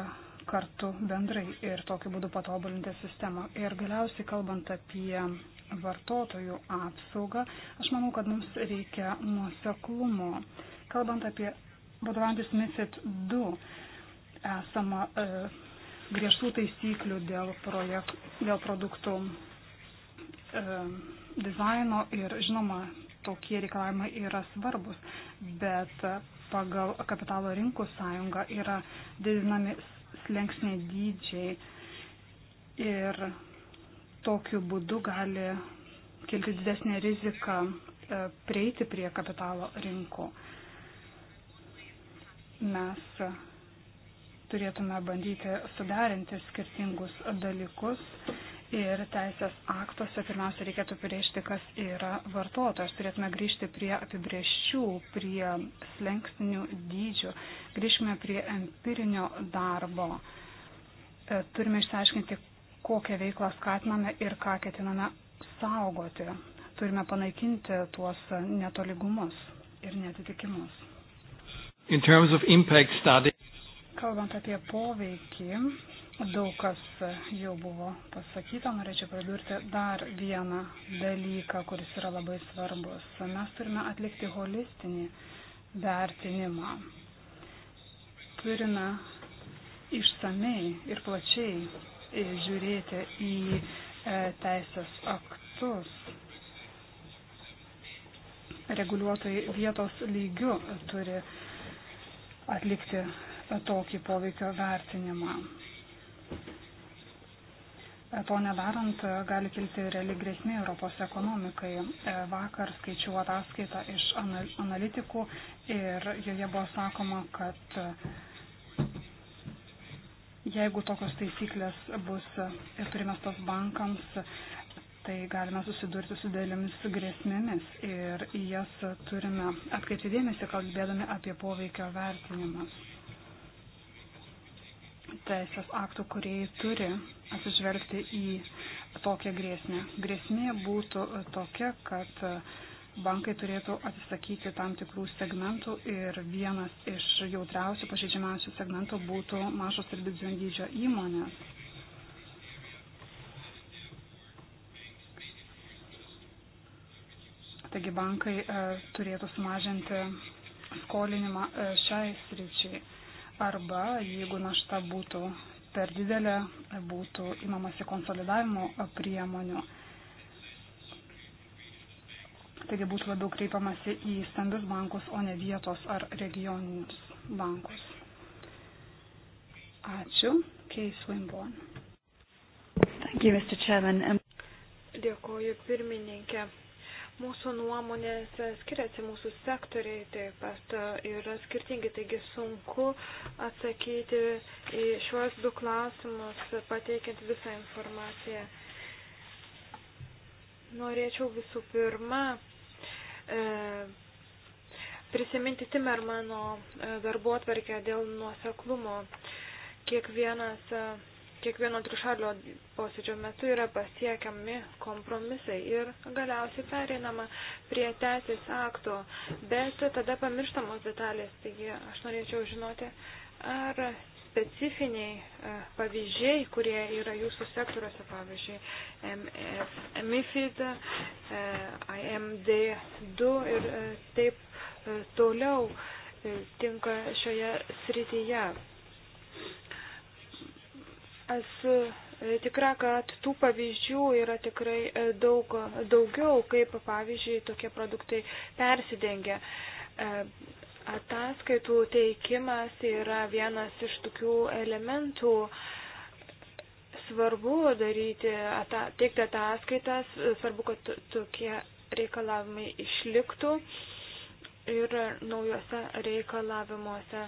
kartu bendrai ir tokiu būdu patobulinti sistemą. Ir galiausiai kalbant apie vartotojų apsaugą, aš manau, kad mums reikia nuoseklumo. Kalbant apie vadovantis MIFID 2 esama e, griežtų taisyklių dėl, projekt, dėl produktų E, dizaino ir žinoma, tokie reikalavimai yra svarbus, bet pagal kapitalo rinkų sąjungą yra didinami slengsniai dydžiai ir tokiu būdu gali kilti didesnė rizika e, prieiti prie kapitalo rinkų. Mes turėtume bandyti suderinti skirtingus dalykus Ir teisės aktuose pirmiausia reikėtų priešti, kas yra vartotojas. Turėtume grįžti prie apibrieščių, prie slengsnių dydžių. Grįžkime prie empirinio darbo. E, turime išsiaiškinti, kokią veiklą skatiname ir ką ketiname saugoti. Turime panaikinti tuos netoligumus ir netitikimus. Kalbant apie poveikį, Daug kas jau buvo pasakyta, norėčiau pridurti dar vieną dalyką, kuris yra labai svarbus. Mes turime atlikti holistinį vertinimą. Turime išsamei ir plačiai žiūrėti į e, teisės aktus. Reguliuotojai vietos lygių turi atlikti tokį poveikio vertinimą. To nedarant gali kilti reali grėsmė Europos ekonomikai. Vakar skaičiau ataskaitą iš analitikų ir joje buvo sakoma, kad jeigu tokios taisyklės bus ir primestos bankams, tai galime susidurti su dėlėmis grėsmėmis ir į jas turime atkreipti dėmesį, kalbėdami apie poveikio vertinimus teisės aktų, kurie turi atsižvelgti į tokią grėsmę. Grėsmė būtų tokia, kad bankai turėtų atsisakyti tam tikrų segmentų ir vienas iš jautriausių, pažeidžiamiausių segmentų būtų mažos ir vidutinio dydžio įmonės. Taigi bankai e, turėtų sumažinti skolinimą e, šiai sričiai arba jeigu našta būtų per didelė, tai būtų imamasi konsolidavimo priemonių. Taigi būtų labiau kreipiamasi į stambius bankus, o ne vietos ar regioninius bankus. Ačiū. Keis Wimborne. Thank you, Mr. Chairman. Um, Dėkoju pirmininkė mūsų nuomonės skiriasi, mūsų sektoriai taip pat e, yra skirtingi, taigi sunku atsakyti į šiuos du klausimus, pateikiant visą informaciją. Norėčiau visų pirma e, prisiminti Timermano e, darbo atverkę dėl nuoseklumo. Kiekvienas e, kiekvieno trišalio posėdžio metu yra pasiekiami kompromisai ir galiausiai pereinama prie teisės akto, bet tada pamirštamos detalės. Taigi aš norėčiau žinoti, ar specifiniai e, pavyzdžiai, kurie yra jūsų sektoriuose, pavyzdžiui, MF, MIFID, e, IMD2 ir e, taip toliau tinka šioje srityje. Esu e, tikra, kad tų pavyzdžių yra tikrai e, daug daugiau, kaip pavyzdžiui tokie produktai persidengia. E, ataskaitų teikimas yra vienas iš tokių elementų. Svarbu daryti, ata, teikti ataskaitas, svarbu, kad tokie reikalavimai išliktų ir naujuose reikalavimuose.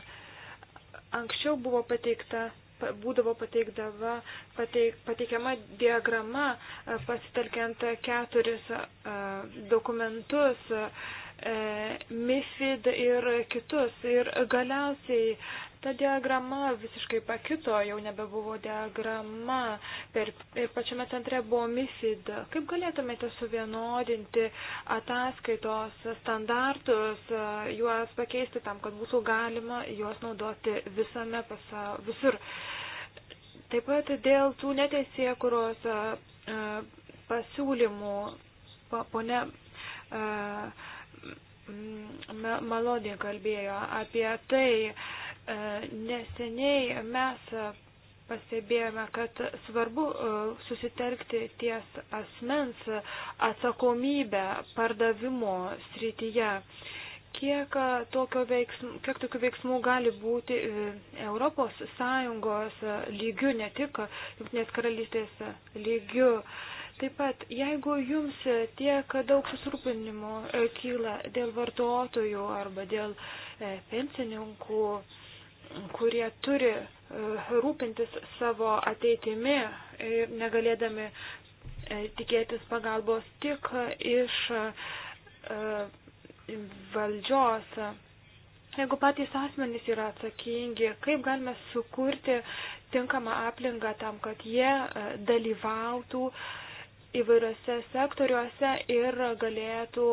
Anksčiau buvo pateikta būdavo pateikdava, pateik, pateikiama diagrama e, pasitelkiant keturis e, dokumentus, e, MIFID ir kitus. Ir galiausiai Ta diagrama visiškai pakito, jau nebebuvo diagrama. Per, ir pačiame centre buvo MIFID. Kaip galėtumėte suvienodinti ataskaitos standartus, juos pakeisti tam, kad būtų galima juos naudoti visame pasaulyje, visur. Taip pat dėl tų neteisėkuros pasiūlymų, ponia Melodija kalbėjo apie tai, E, neseniai mes pastebėjome, kad svarbu e, susitelkti ties asmens atsakomybę pardavimo srityje. Kiek, e, veiksmų, kiek tokių veiksmų gali būti Europos Sąjungos lygių, ne tik Junktinės karalystės lygių. Taip pat, jeigu jums tiek daug susirūpinimo kyla dėl vartotojų arba dėl pensininkų, e, kurie turi e, rūpintis savo ateitimi ir e, negalėdami e, tikėtis pagalbos tik iš valdžios. Jeigu patys asmenys yra atsakingi, kaip galime sukurti tinkamą aplinką tam, kad jie dalyvautų įvairiose sektoriuose ir galėtų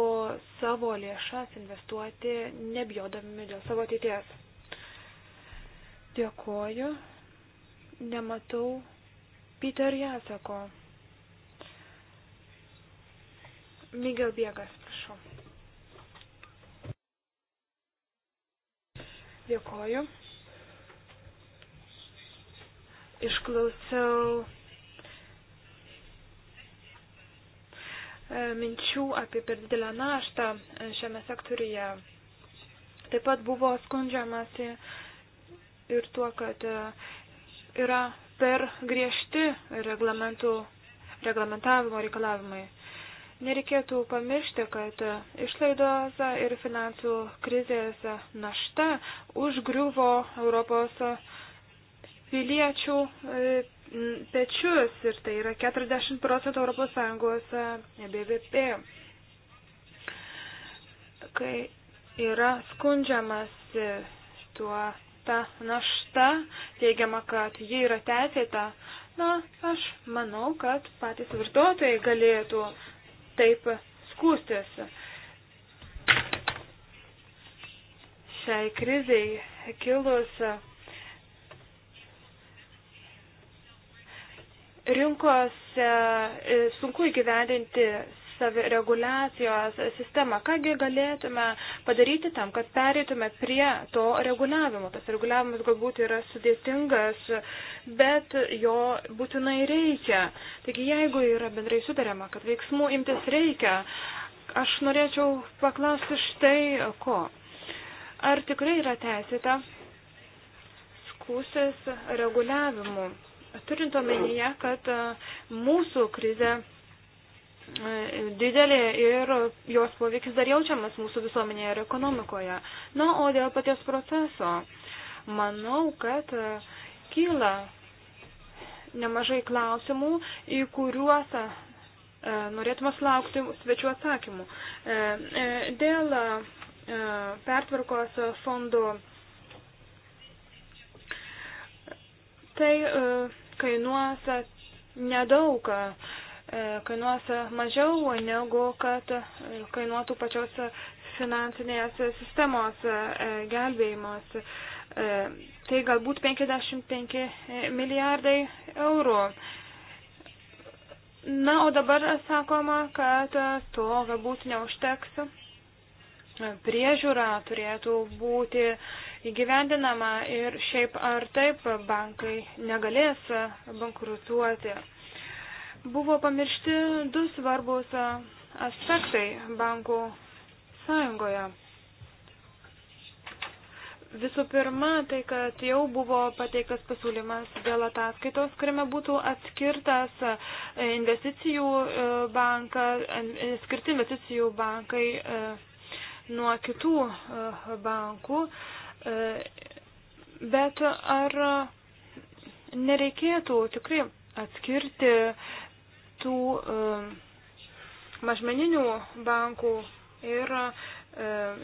savo lėšas investuoti, nebijodami dėl savo ateities. Dėkoju. Nematau Peter Jasako. Miguel Biegas, prašau. Dėkoju. Išklausiau e, minčių apie per didelę naštą e, šiame sektoriuje. Taip pat buvo skundžiamasi ir tuo, kad e, yra per griežti reglamentavimo reikalavimai. Nereikėtų pamiršti, kad išlaidos ir finansų krizės našta užgriuvo Europos piliečių e, pečius ir tai yra 40 procentų ES BVP. Kai yra skundžiamas e, tuo ta našta, teigiama, kad ji yra teisėta. Na, aš manau, kad patys vartotojai galėtų taip skūstis. Šiai kriziai kilus rinkose e, sunku įgyvendinti savireguliacijos sistemą. Kągi galėtume padaryti tam, kad pereitume prie to reguliavimo. Tas reguliavimas galbūt yra sudėtingas, bet jo būtinai reikia. Taigi jeigu yra bendrai sutariama, kad veiksmų imtis reikia, aš norėčiau paklausti štai ko. Ar tikrai yra teisėta skūsis reguliavimu? turint omenyje, kad mūsų krize didelė ir jos poveikis dar jaučiamas mūsų visuomenėje ir ekonomikoje. Na, o dėl paties proceso, manau, kad e, kyla nemažai klausimų, į kuriuos e, norėtume laukti svečių atsakymų. E, dėl pertvarkos fondų tai kainuos nedaug E, kainuos mažiau negu kad e, kainuotų pačios finansinės sistemos e, gelbėjimas. Tai galbūt 55 milijardai eurų. Na, o dabar sakoma, kad to galbūt neužteks. Priežiūra turėtų būti įgyvendinama ir šiaip ar taip bankai negalės bankrutuoti. Buvo pamiršti du svarbus aspektai bankų sąjungoje. Visų pirma, tai kad jau buvo pateiktas pasiūlymas dėl ataskaitos, kuriame būtų atskirtas investicijų e, banka, e, skirti investicijų bankai e, nuo kitų bankų. Bet ar nereikėtų tikrai atskirti tų e, mažmeninių bankų ir e,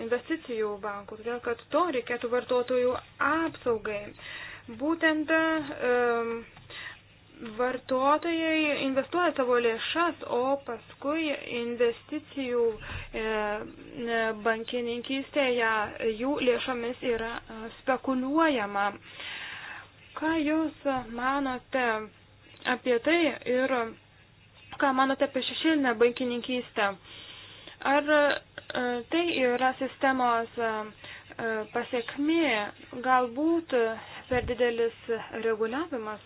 investicijų bankų, todėl kad to reikėtų vartotojų apsaugai. Būtent e, vartotojai investuoja savo lėšas, o paskui investicijų bankininkystėje jų lėšomis yra spekuliuojama. Ką Jūs manote apie tai ir ką manote apie šešilinę bankininkystę? Ar e, tai yra sistemos e, e, pasiekmi, galbūt per didelis reguliavimas?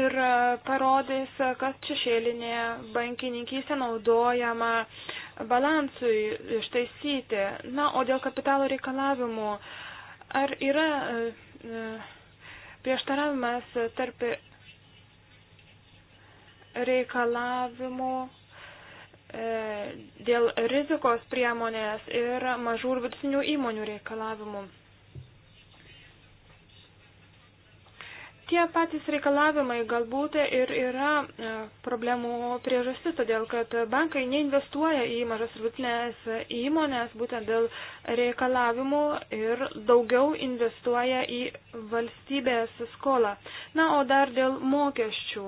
ir parodys, kad šešėlinė bankininkystė naudojama balansui ištaisyti. Na, o dėl kapitalo reikalavimų Ar yra e, e, prieštaravimas tarp reikalavimų e, dėl rizikos priemonės ir mažų ir vidutinių įmonių reikalavimų? Tie patys reikalavimai galbūt ir yra e, problemų priežastis, todėl kad bankai neinvestuoja į mažas rutinės įmonės būtent dėl reikalavimų ir daugiau investuoja į valstybės skolą. Na, o dar dėl mokesčių.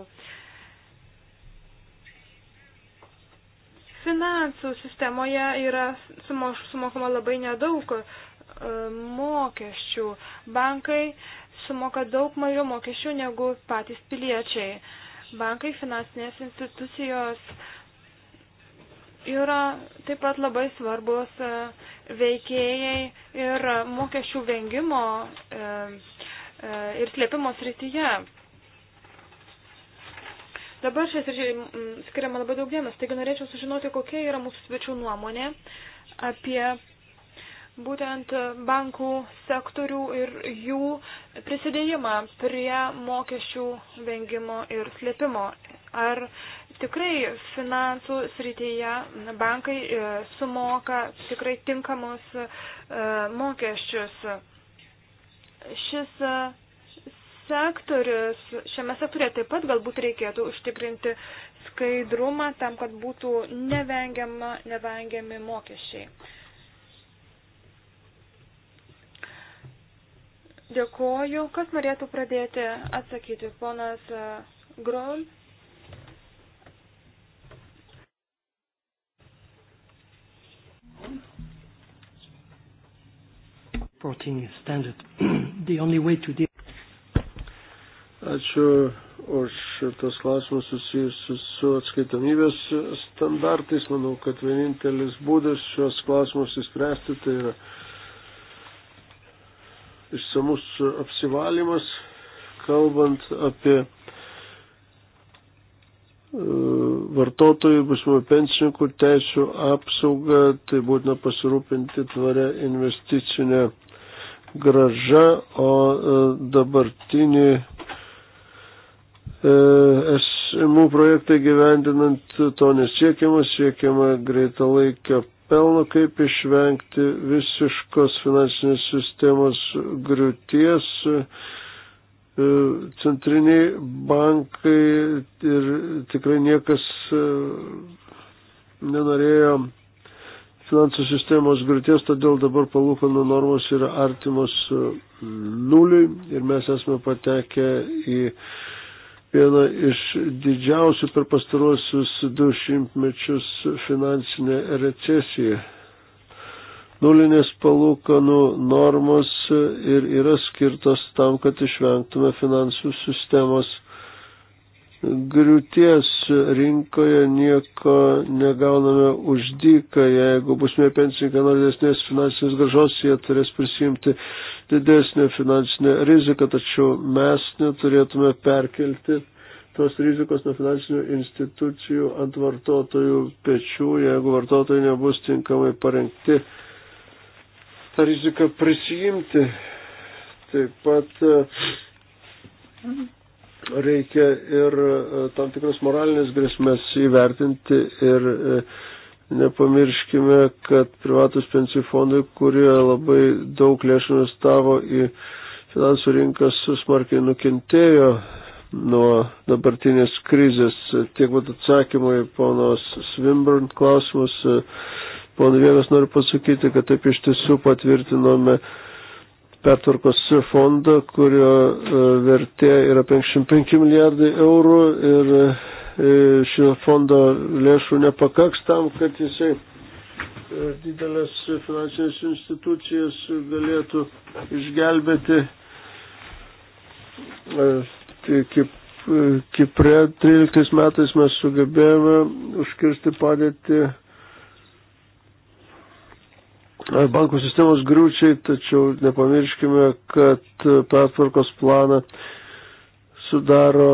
Finansų sistemoje yra sumokama labai nedaug e, mokesčių. Bankai uh, sumoka daug mažiau mokesčių negu patys piliečiai. Bankai, finansinės institucijos yra taip pat labai svarbus e, veikėjai ir mokesčių vengimo e, e, ir slėpimo srityje. Dabar šiais skiriama labai daug dėmesio, taigi norėčiau sužinoti, kokia yra mūsų svečių nuomonė apie būtent bankų sektorių ir jų prisidėjimą prie mokesčių vengimo ir slėpimo. Ar tikrai finansų srityje bankai e, sumoka tikrai tinkamus e, mokesčius? Šis e, sektorius, šiame sektorėje taip pat galbūt reikėtų užtikrinti skaidrumą tam, kad būtų nevengiama, nevengiami mokesčiai. Dėkoju. Kas norėtų pradėti atsakyti? Ponas e, Gron. reporting standard. The only way to deal. Ačiū už šitas klausimus susijusius su atskaitomybės standartais. Manau, kad vienintelis būdas šios klausimus įspręsti tai yra išsamus apsivalymas, kalbant apie e, vartotojų, būsimų pensininkų teisų apsaugą, tai būtina pasirūpinti tvarę investicinę gražą, o e, dabartinį esimų projektą gyvendinant to nesiekiama, siekiama greitalaikio pelno, kaip išvengti visiškos finansinės sistemos griūties. E, centriniai bankai ir tikrai niekas e, nenorėjo finansų sistemos griūties, todėl dabar palūkanų normos yra artimos e, nuliui ir mes esame patekę į viena iš didžiausių per pastaruosius du šimtmečius finansinė recesija. Nulinės palūkanų normos ir yra skirtos tam, kad išvengtume finansų sistemos griūties rinkoje nieko negauname uždyką, jeigu būsime pensininkai nori didesnės finansinės gražos, jie turės prisimti didesnę finansinę riziką, tačiau mes neturėtume perkelti tos rizikos nuo finansinių institucijų ant vartotojų pečių, jeigu vartotojai nebus tinkamai parengti tą riziką prisijimti. Taip pat reikia ir e, tam tikras moralinės grėsmės įvertinti ir e, nepamirškime, kad privatus pensijų fondai, kurie labai daug lėšų investavo į finansų rinkas, smarkiai nukentėjo nuo dabartinės krizės. Tiek vat atsakymai ponos Svimburn klausimus. Pone Vienas noriu pasakyti, kad taip iš tiesų patvirtinome pertvarkos fondą, kurio e, vertė yra 55 milijardai eurų ir e, šio fondo lėšų nepakaks tam, kad jisai e, didelės finansinės institucijas galėtų išgelbėti. Tai Kaip Kipre 13 metais mes sugebėjome užkirsti padėti E, bankų sistemos griūčiai, tačiau nepamirškime, kad e, pertvarkos planą sudaro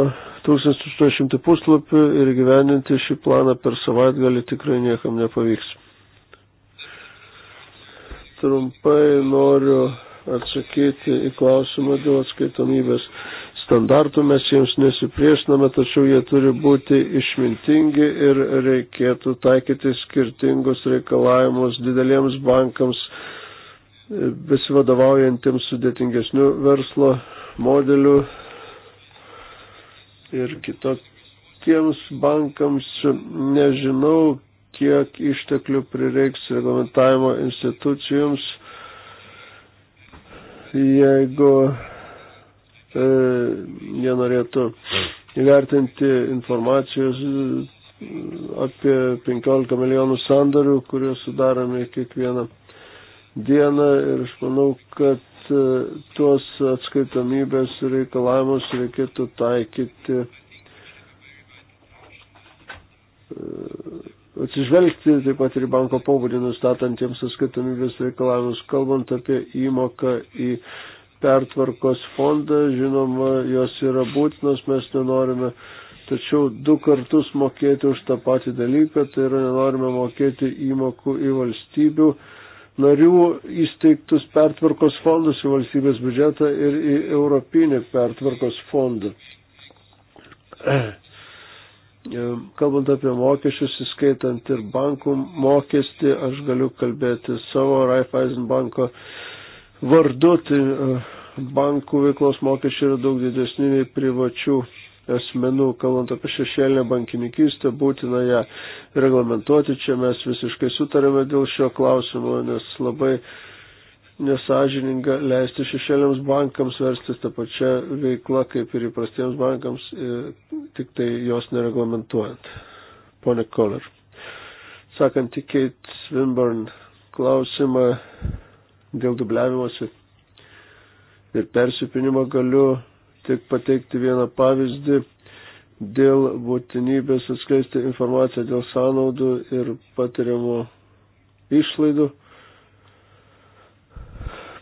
1800 puslapių ir gyveninti šį planą per savaitgalį tikrai niekam nepavyks. Trumpai noriu atsakyti į klausimą dėl atskaitomybės standartų mes jiems nesipriešiname, tačiau jie turi būti išmintingi ir reikėtų taikyti skirtingus reikalavimus dideliems bankams, e, besivadovaujantiems sudėtingesnių verslo modelių ir kitokiems bankams. Nežinau, kiek išteklių prireiks reglamentavimo institucijoms, jeigu jie norėtų įvertinti informacijos e, apie 15 milijonų sandarių, kurie sudaromi kiekvieną dieną ir aš manau, kad e, tuos atskaitomybės reikalavimus reikėtų taikyti, e, atsižvelgti taip pat ir banko pobūdį nustatantiems atskaitomybės reikalavimus, kalbant apie įmoką į pertvarkos fondą, žinoma, jos yra būtinos, mes nenorime, tačiau du kartus mokėti už tą patį dalyką, tai yra nenorime mokėti įmokų į valstybių narių įsteigtus pertvarkos fondus į valstybės biudžetą ir į Europinį pertvarkos fondą. Kalbant apie mokesčius, įskaitant ir bankų mokestį, aš galiu kalbėti savo Raiffeisen banko vardu, tai e, bankų veiklos mokesčiai yra daug didesni nei privačių asmenų, kalbant apie šešėlinę bankininkystę, būtina ją reglamentuoti. Čia mes visiškai sutarėme dėl šio klausimo, nes labai nesažininga leisti šešėliams bankams verstis tą pačią veiklą kaip ir įprastiems bankams, e, tik tai jos nereglamentuojant. Pone Koller. Sakant į Kate Swinburne klausimą, dėl dubliavimuose ir persipinimo galiu tik pateikti vieną pavyzdį dėl būtinybės atskleisti informaciją dėl sąnaudų ir patiriamų išlaidų.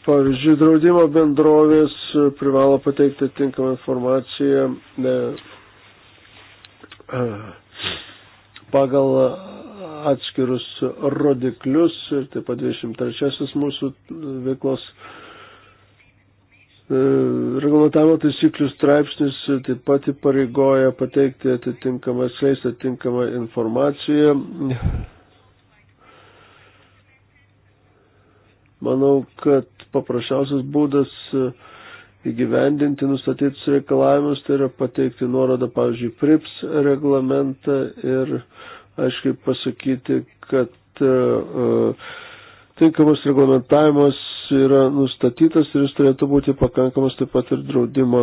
Pavyzdžiui, draudimo bendrovės privalo pateikti tinkamą informaciją ne, pagal atskirus rodiklius ir taip pat 23 mūsų veiklos e, reglamentavimo taisyklių straipsnis taip pat įpareigoja pateikti atitinkamą, atskleisti atitinkamą informaciją. Manau, kad paprasčiausias būdas įgyvendinti nustatytus reikalavimus, tai yra pateikti nuorodą, pavyzdžiui, PRIPS reglamentą ir uh, aiškiai pasakyti, kad e, e, tinkamas reglamentavimas yra nustatytas ir jis turėtų būti pakankamas taip pat ir draudimo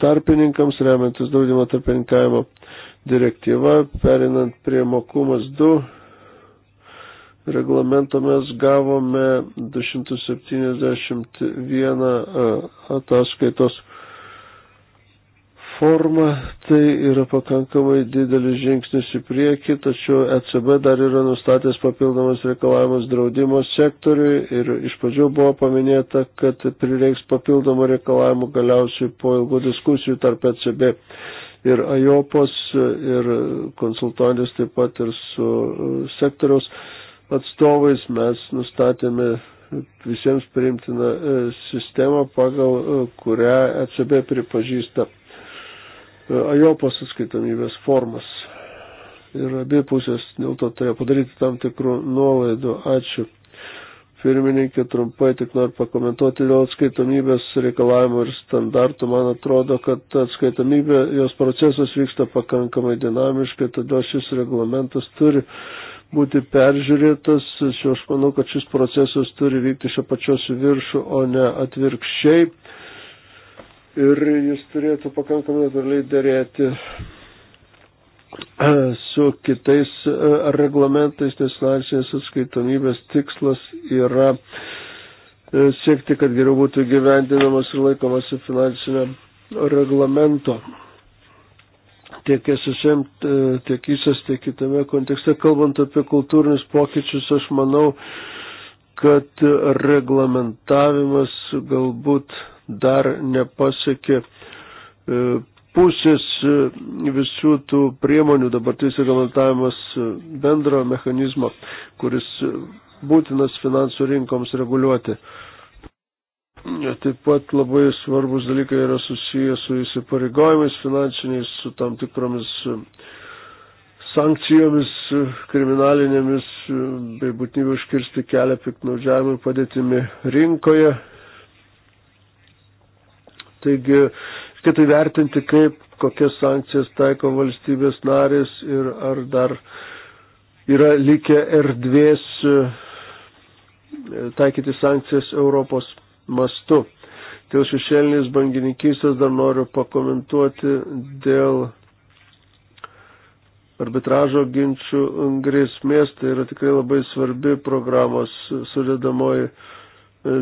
tarpininkams, remiantis draudimo tarpininkavimo direktyva. Perinant prie mokumas 2 reglamento mes gavome 271 e, ataskaitos reforma tai yra pakankamai didelis žingsnis į priekį, tačiau ECB dar yra nustatęs papildomas reikalavimas draudimo sektoriui ir iš pradžių buvo paminėta, kad prireiks papildomų reikalavimų galiausiai po ilgų diskusijų tarp ECB ir AJOPOS ir konsultantis taip pat ir su e, sektoriaus atstovais mes nustatėme visiems priimtiną e, sistemą, pagal e, kurią ECB pripažįsta E, ajopos atskaitomybės formas. Ir abi pusės dėl to turėjo padaryti tam tikrų nuolaidų. Ačiū. Pirmininkė, trumpai tik noriu pakomentuoti dėl atskaitomybės reikalavimų ir standartų. Man atrodo, kad atskaitomybė, jos procesas vyksta pakankamai dinamiškai, todėl šis reglamentas turi būti peržiūrėtas. Aš manau, kad šis procesas turi vykti iš apačios į viršų, o ne atvirkščiai ir jis turėtų pakankamai natūraliai dėrėti e, su kitais e, reglamentais, nes finansinės atskaitomybės tikslas yra e, siekti, kad geriau būtų gyvendinamas ir laikomasi finansinio reglamento. Tiek SSM, tiek ISAS, tiek kitame kontekste, kalbant apie kultūrinius pokyčius, aš manau, kad reglamentavimas galbūt dar nepasiekė e, pusės e, visų tų priemonių dabartinis reglamentavimas e, bendro mechanizmo, kuris būtinas finansų rinkoms reguliuoti. Taip pat labai svarbus dalykai yra susiję su įsipareigojimais finansiniais, su tam tikromis sankcijomis kriminalinėmis bei būtinybė užkirsti kelią piknaudžiavimui padėtimi rinkoje Taigi, reikėtų vertinti, kaip, kokias sankcijas taiko valstybės narės ir ar dar yra likę erdvės e, taikyti sankcijas Europos mastu. Dėl šešėlinės bankininkystės dar noriu pakomentuoti dėl arbitražo ginčių grėsmės. Tai yra tikrai labai svarbi programos sudėdamoji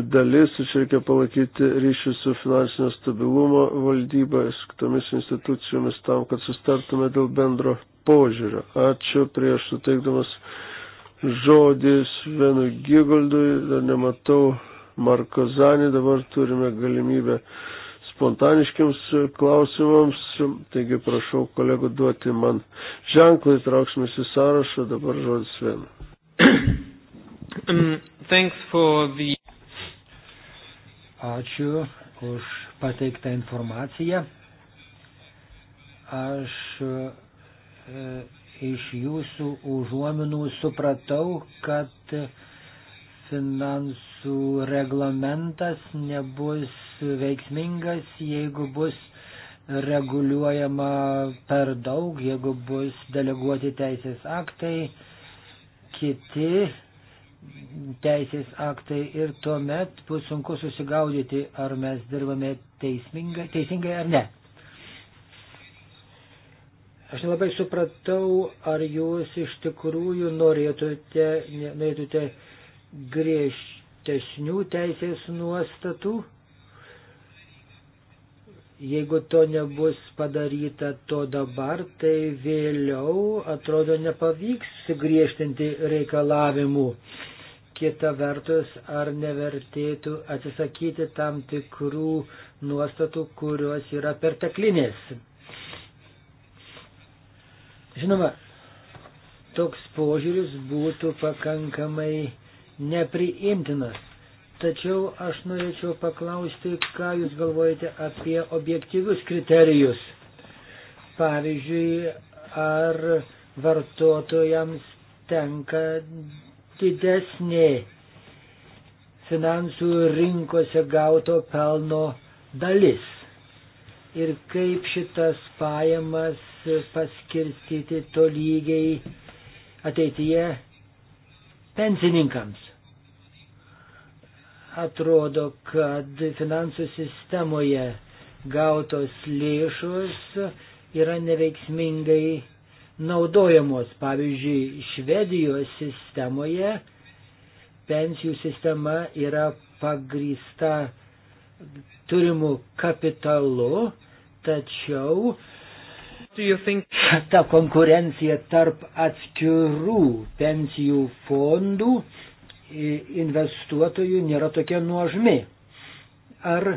dalis, čia reikia palaikyti ryšį su finansinio stabilumo valdyba ir kitomis institucijomis tam, kad sustartume dėl bendro požiūrio. Ačiū prieš suteikdamas žodį Svenui Gigoldui, dar nematau Marko Zanį, dabar turime galimybę spontaniškiams klausimams, taigi prašau kolegų duoti man ženklą, įtrauksimės į sąrašą, dabar žodis Svenui. Um, thanks for the Ačiū už pateiktą informaciją. Aš e, iš jūsų užuominų supratau, kad finansų reglamentas nebus veiksmingas, jeigu bus reguliuojama per daug, jeigu bus deleguoti teisės aktai, kiti teisės aktai ir tuomet bus sunku susigaudyti, ar mes dirbame teismingai, teisingai ar ne. Aš nelabai supratau, ar jūs iš tikrųjų norėtumėte, norėtumėte griežtesnių teisės nuostatų. Jeigu to nebus padaryta to dabar, tai vėliau atrodo nepavyks griežtinti reikalavimų kita vertus, ar nevertėtų atsisakyti tam tikrų nuostatų, kurios yra perteklinės. Žinoma, toks požiūris būtų pakankamai nepriimtinas. Tačiau aš norėčiau paklausti, ką Jūs galvojate apie objektyvius kriterijus. Pavyzdžiui, ar vartotojams tenka didesnė finansų rinkose gauto pelno dalis. Ir kaip šitas pajamas paskirstyti tolygiai ateityje pensininkams. Atrodo, kad finansų sistemoje gautos lėšos yra neveiksmingai naudojamos. Pavyzdžiui, Švedijos sistemoje pensijų sistema yra pagrįsta turimų kapitalu, tačiau ta konkurencija tarp atskirų pensijų fondų investuotojų nėra tokia nuožmi. Ar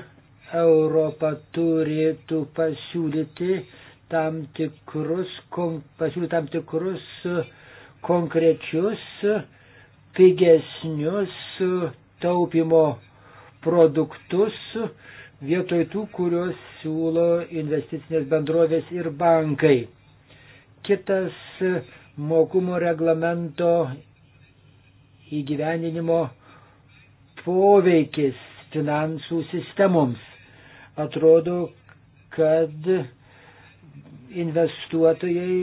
Europa turėtų pasiūlyti uh, tam tikrus, pasiūlyti tam tikrus konkrečius, pigesnius taupimo produktus vietoj tų, kuriuos siūlo investicinės bendrovės ir bankai. Kitas mokumo reglamento įgyvendinimo poveikis finansų sistemoms. Atrodo, kad investuotojai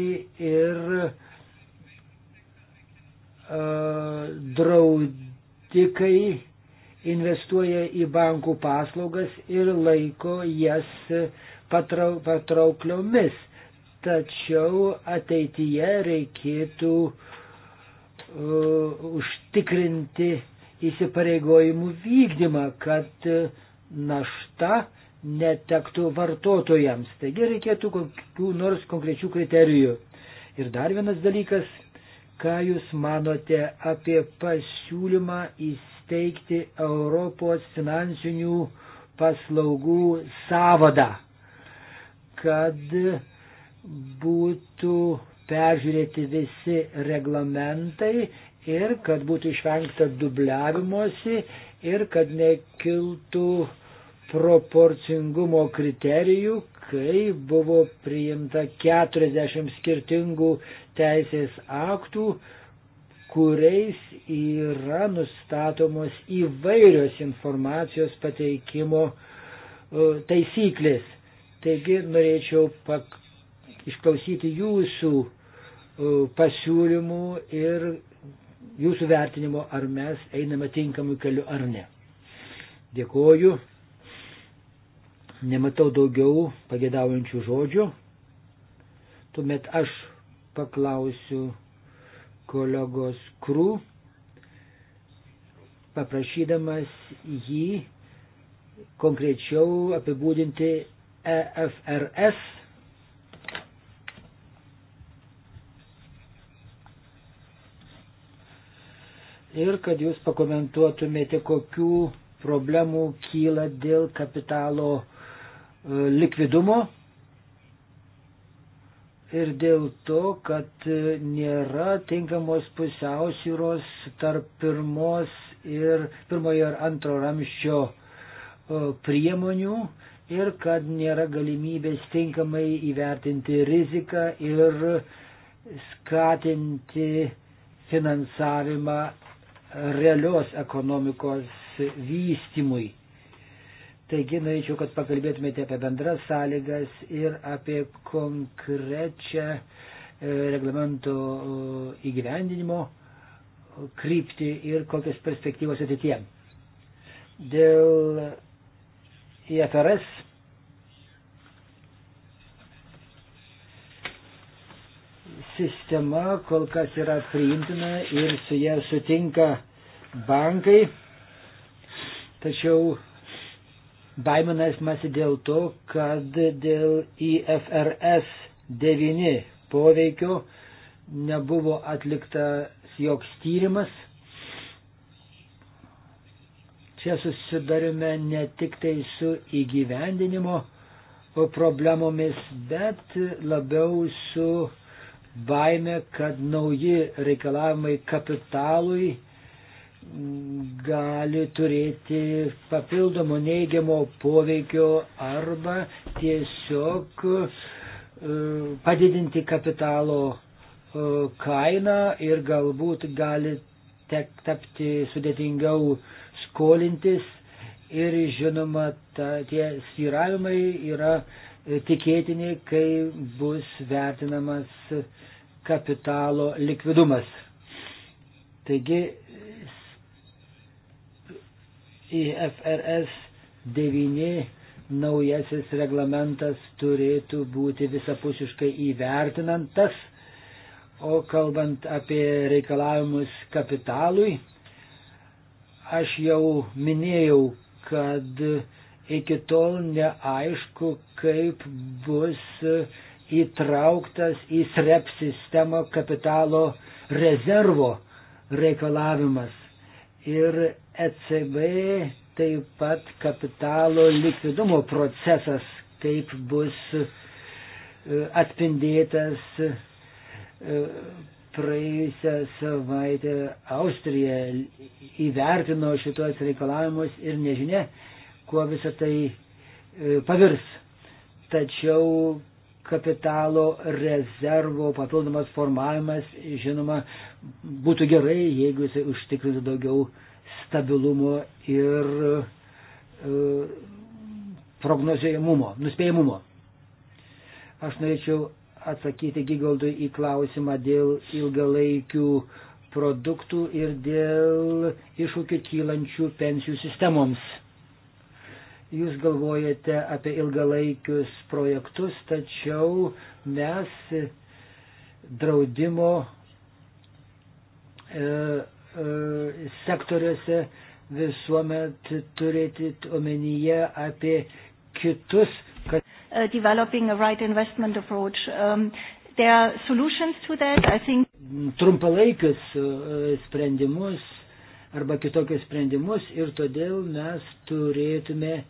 ir draudikai investuoja į bankų paslaugas ir laiko jas patraukliomis. Tačiau ateityje reikėtų uh, užtikrinti įsipareigojimų vykdymą, kad našta uh, netektų vartotojams. Taigi reikėtų kokių nors konkrečių kriterijų. Ir dar vienas dalykas, ką Jūs manote apie pasiūlymą įsteigti Europos finansinių paslaugų savadą, kad būtų peržiūrėti visi reglamentai ir kad būtų išvengta dubliavimuose ir kad nekiltų uh, proporcingumo kriterijų, kai buvo priimta 40 skirtingų teisės aktų, kuriais yra nustatomos įvairios informacijos pateikimo e, taisyklės. Taigi norėčiau pak... išklausyti jūsų e, pasiūlymų ir jūsų vertinimo, ar mes einame tinkamu keliu ar ne. Dėkuoju. Nematau daugiau pagėdaujančių žodžių. Tuomet aš paklausiu kolegos Krū, paprašydamas jį konkrečiau apibūdinti EFRS. Ir kad jūs pakomentuotumėte, kokių problemų kyla dėl kapitalo E, likvidumo ir dėl to, kad e, nėra tinkamos pusiausvyros tarp pirmos ir pirmojo ir antro ramščio e, priemonių ir kad nėra galimybės tinkamai įvertinti riziką ir skatinti finansavimą realios ekonomikos vystimui. Taigi norėčiau, kad pakalbėtumėte apie bendras sąlygas ir apie konkrečią e, reglamento e, įgyvendinimo e, kryptį ir kokias perspektyvos ateitie. Dėl IFRS sistema kol kas yra priimtina ir su ją sutinka bankai, tačiau baiminasi dėl to, kad dėl IFRS 9 poveikio nebuvo atliktas joks tyrimas. Čia susidarime ne tik tai su įgyvendinimo problemomis, bet labiau su baime, kad nauji reikalavimai kapitalui gali turėti papildomo neigiamo poveikio arba tiesiog e, padidinti kapitalo e, kainą ir galbūt gali tek, tapti sudėtingiau skolintis ir žinoma, ta, tie sviravimai yra e, tikėtini, kai bus vertinamas kapitalo likvidumas. Taigi IFRS 9 naujasis reglamentas turėtų būti visapusiškai įvertinantas, o kalbant apie reikalavimus kapitalui, aš jau minėjau, kad iki tol neaišku, kaip bus įtrauktas į SREP sistemą kapitalo rezervo reikalavimas ir ECB taip pat kapitalo likvidumo procesas, kaip bus e, atspindėtas e, praėjusią savaitę Austrija įvertino šitos reikalavimus ir nežinia, kuo visą tai e, pavirs. Tačiau kapitalo rezervo papildomas formavimas, žinoma, būtų gerai, jeigu jisai užtikrintų daugiau stabilumo ir e, prognozuojamumo, nuspėjamumo. Aš norėčiau atsakyti Gigaldui į klausimą dėl ilgalaikių produktų ir dėl iššūkių kylančių pensijų sistemoms. Jūs galvojate apie ilgalaikius projektus, tačiau mes draudimo E, e, sektoriuose visuomet turėti omenyje apie kitus. Kad... Uh, developing a right investment approach. Um, there are solutions to that, I think. Trumpalaikius uh, sprendimus arba kitokius sprendimus ir todėl mes turėtume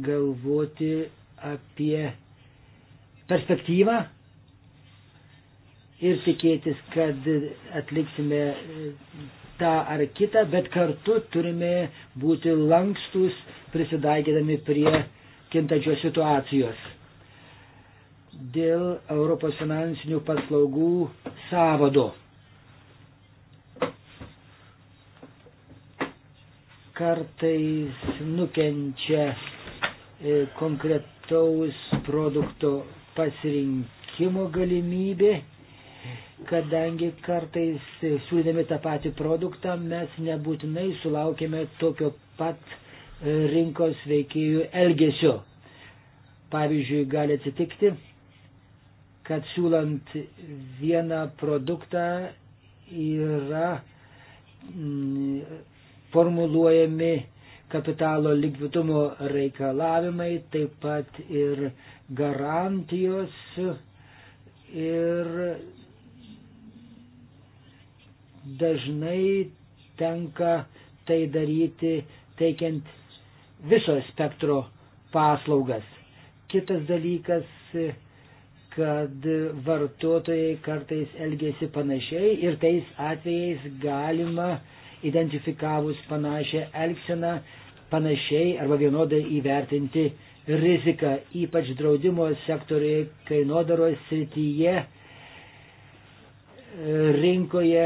galvoti apie perspektyvą, ir tikėtis, kad atliksime tą ar kitą, bet kartu turime būti lankstus, prisidaikydami prie kintančios situacijos. Dėl Europos finansinių paslaugų savado. Kartais nukenčia e, konkretaus produkto pasirinkimo galimybė kadangi kartais e, siūlydami tą patį produktą mes nebūtinai sulaukime tokio pat e, rinkos veikėjų elgesio. Pavyzdžiui, gali atsitikti, kad siūlant vieną produktą yra mm, formuluojami kapitalo likvidumo reikalavimai, taip pat ir garantijos ir dažnai tenka tai daryti teikiant viso spektro paslaugas. Kitas dalykas, kad vartotojai kartais elgesi panašiai ir tais atvejais galima identifikavus panašią elgseną panašiai arba vienodai įvertinti riziką, ypač draudimo sektoriai kainodaros srityje rinkoje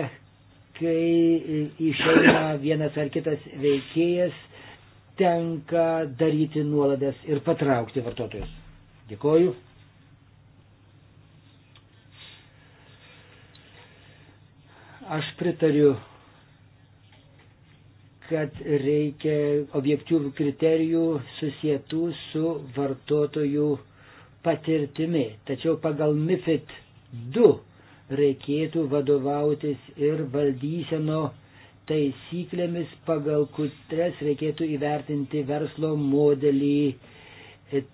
kai išeina vienas ar kitas veikėjas, tenka daryti nuolaidas ir patraukti vartotojus. Dėkoju. Aš pritariu, kad reikia objektyvų kriterijų susijętų su vartotojų patirtimi. Tačiau pagal MIFID 2 reikėtų vadovautis ir valdyseno taisyklėmis, pagal kurias reikėtų įvertinti verslo modelį,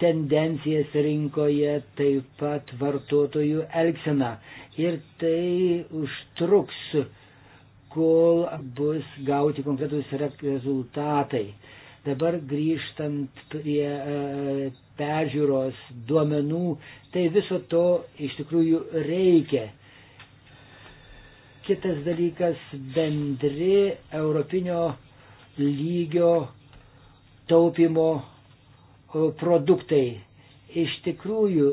tendencijas rinkoje, taip pat vartotojų elgseną. Ir tai užtruks, kol bus gauti konkretus rezultatai. Dabar grįžtant prie e, peržiūros duomenų, tai viso to iš tikrųjų reikia. Kitas dalykas - bendri europinio lygio taupimo produktai. Iš tikrųjų,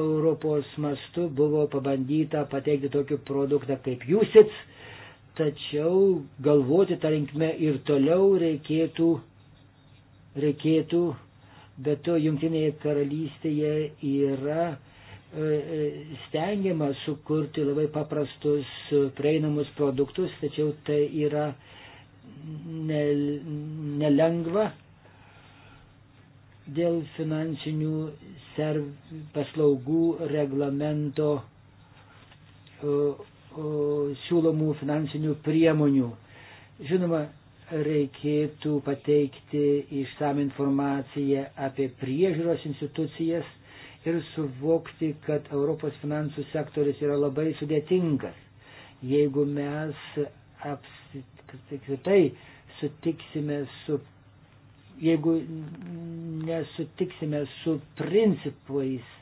Europos mastu buvo pabandyta pateikti tokį produktą kaip jūsits, tačiau galvoti tą linkmę ir toliau reikėtų, reikėtų, bet to Junktinėje karalystėje yra E, e, stengiama sukurti labai paprastus e, prieinamus produktus, tačiau tai yra nelengva dėl finansinių serv... paslaugų reglamento o, o, siūlomų finansinių priemonių. Žinoma, reikėtų pateikti išsam informaciją apie priežiūros institucijas, ir suvokti, kad Europos finansų sektoris yra labai sudėtingas. Jeigu mes apskritai sutiksime su, jeigu nesutiksime su principais,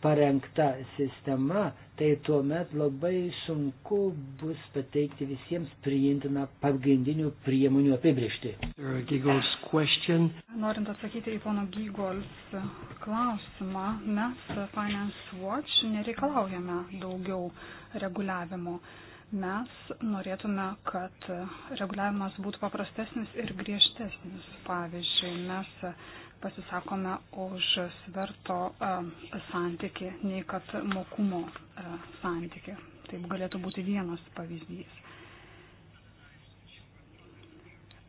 parengta sistema, tai tuomet labai sunku bus pateikti visiems priimtiną pagrindinių priemonių apibrišti. Norint atsakyti į pono Gygols klausimą, mes Finance Watch nereikalaujame daugiau reguliavimo. Mes norėtume, kad reguliavimas būtų paprastesnis ir griežtesnis. Pavyzdžiui, mes pasisakome už sverto e, santyki, nei kad mokumo e, santyki. Taip galėtų būti vienas pavyzdys.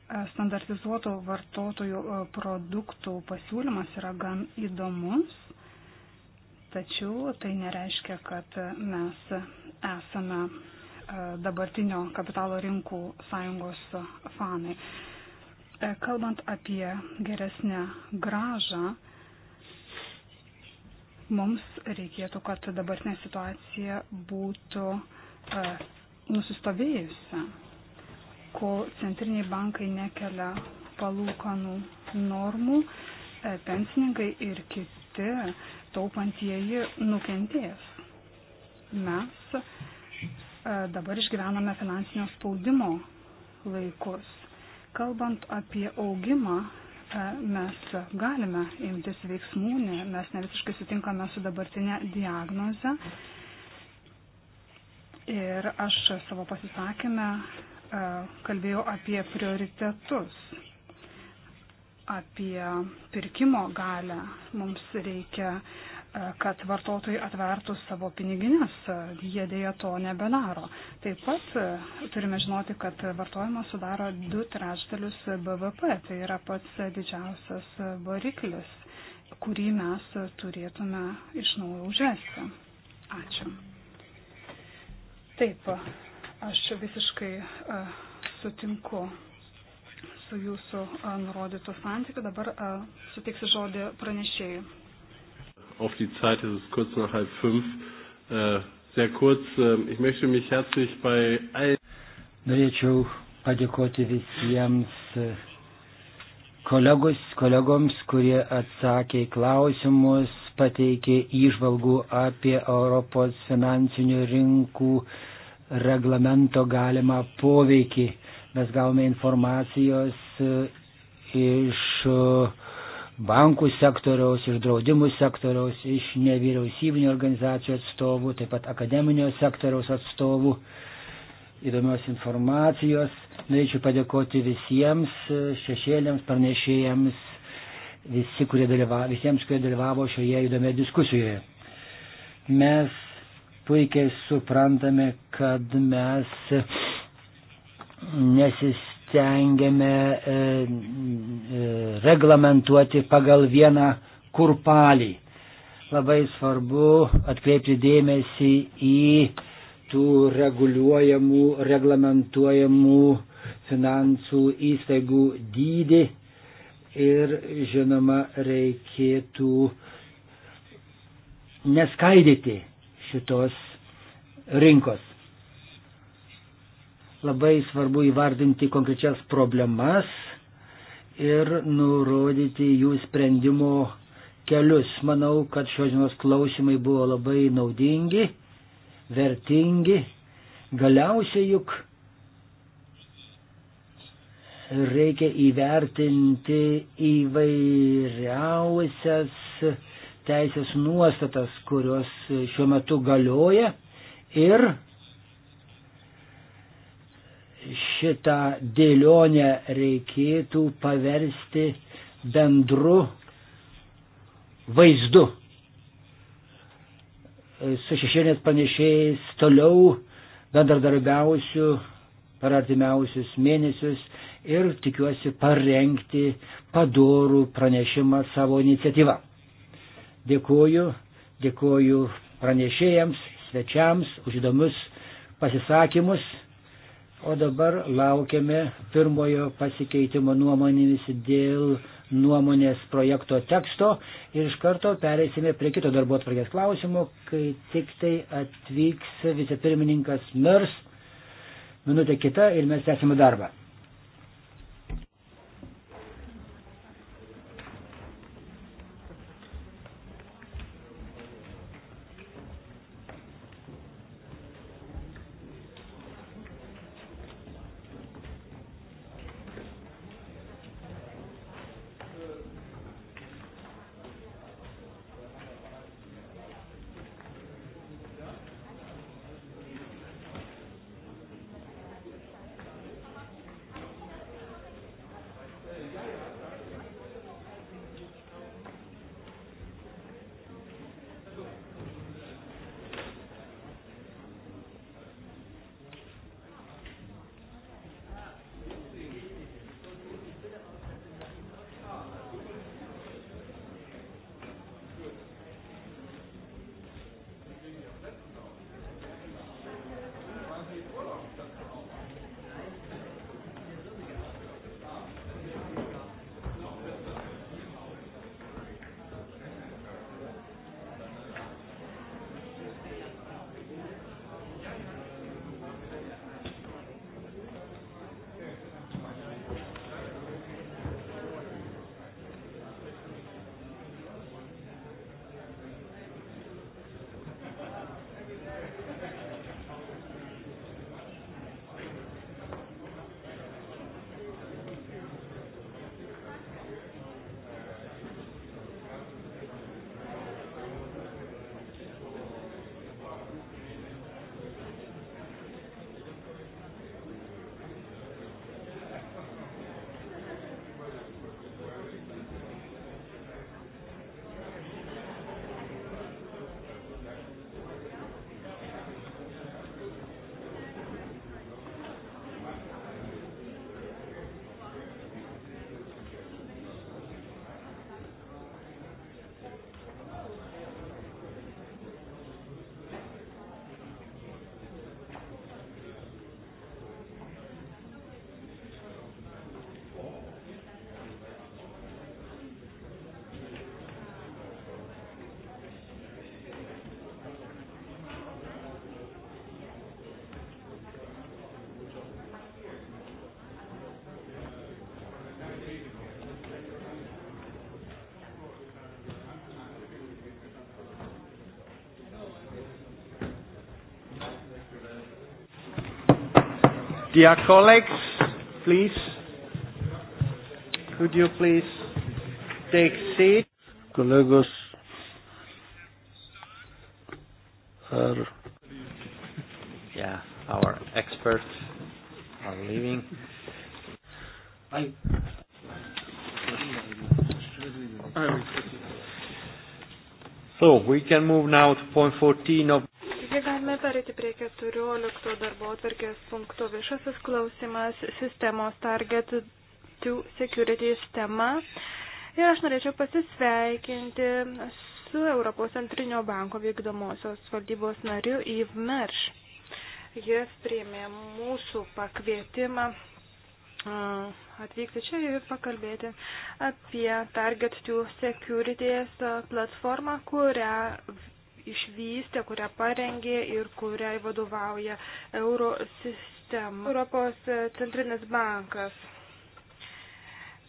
E, standartizuotų vartotojų produktų pasiūlymas yra gan įdomus, tačiau tai nereiškia, kad mes esame dabartinio kapitalo rinkų sąjungos fanai. E, kalbant apie geresnę gražą, mums reikėtų, kad dabartinė situacija būtų e, nusistovėjusi, kol centriniai bankai nekelia palūkanų normų, e, pensininkai ir kiti taupantieji nukentės. Mes dabar išgyvename finansinio spaudimo laikus. Kalbant apie augimą, e, mes galime imtis veiksmų, mes ne visiškai sutinkame su dabartinė diagnoze. Ir aš savo pasisakymę e, kalbėjau apie prioritetus, apie pirkimo galę. Mums reikia uh, kad vartotojai atvertų savo piniginės. Jie dėja to nebedaro. Taip pat e, turime žinoti, kad vartojimas sudaro 2 trečdalius BVP. Tai yra pats didžiausias variklis, kurį mes turėtume iš naujo užvesti. Ačiū. Taip, aš visiškai e, sutinku su jūsų e, nurodytų santykiu. Dabar sutiksiu žodį pranešėjui auf die Zeit. Es ist kurz nach halb fünf. Äh, sehr kurz. Äh, ich möchte mich herzlich bei allen. Norėčiau padėkoti visiems e, kolegos, kolegoms, kurie atsakė į klausimus, pateikė įžvalgų apie Europos finansinių rinkų reglamento galimą poveikį. Mes gavome informacijos e, iš uh, bankų sektoriaus, iš draudimų sektoriaus, iš nevyriausybinio organizacijų atstovų, taip pat akademinio sektoriaus atstovų, įdomios informacijos. Norėčiau padėkoti visiems šešėliams pranešėjams, visi, kurie dalyvavo, visiems, kurie dalyvavo šioje įdomioje diskusijoje. Mes puikiai suprantame, kad mes nesistengėme stengiame e, e, reglamentuoti pagal vieną kurpalį. Labai svarbu atkreipti dėmesį į tų reguliuojamų, reglamentuojamų finansų įstaigų dydį ir, žinoma, reikėtų neskaidyti šitos rinkos. Labai svarbu įvardinti konkrečias problemas ir nurodyti jų sprendimo kelius. Manau, kad šios dienos klausimai buvo labai naudingi, vertingi. Galiausiai juk reikia įvertinti įvairiausias teisės nuostatas, kurios šiuo metu galioja ir šitą dėlionę reikėtų paversti bendru vaizdu. Su šešėlės panešėjais toliau bendradarbiausiu per artimiausius mėnesius ir tikiuosi parengti padorų pranešimą savo iniciatyvą. Dėkuoju, dėkuoju pranešėjams, svečiams už įdomius pasisakymus. O dabar laukiame pirmojo pasikeitimo nuomonėmis dėl nuomonės projekto teksto ir iš karto pereisime prie kito darbo atvarkės klausimo, kai tik tai atvyks vicepirmininkas Mirs. Minutė kita ir mes tęsime darbą. Dear colleagues, please, could you please take seat? Kolegos, ar. Yeah, our experts are leaving. I. So we can move now to point 14 of 14 darbo atvarkės punkto viešasis klausimas sistemos Target to Security tema. Ir aš norėčiau pasisveikinti su Europos centrinio banko vykdomosios valdybos nariu Yv Merš. Jis priėmė mūsų pakvietimą atvykti čia ir pakalbėti apie Target 2 Securities platformą, kurią išvystė, kurią parengė ir kuriai vadovauja euro sistema. Europos centrinis bankas.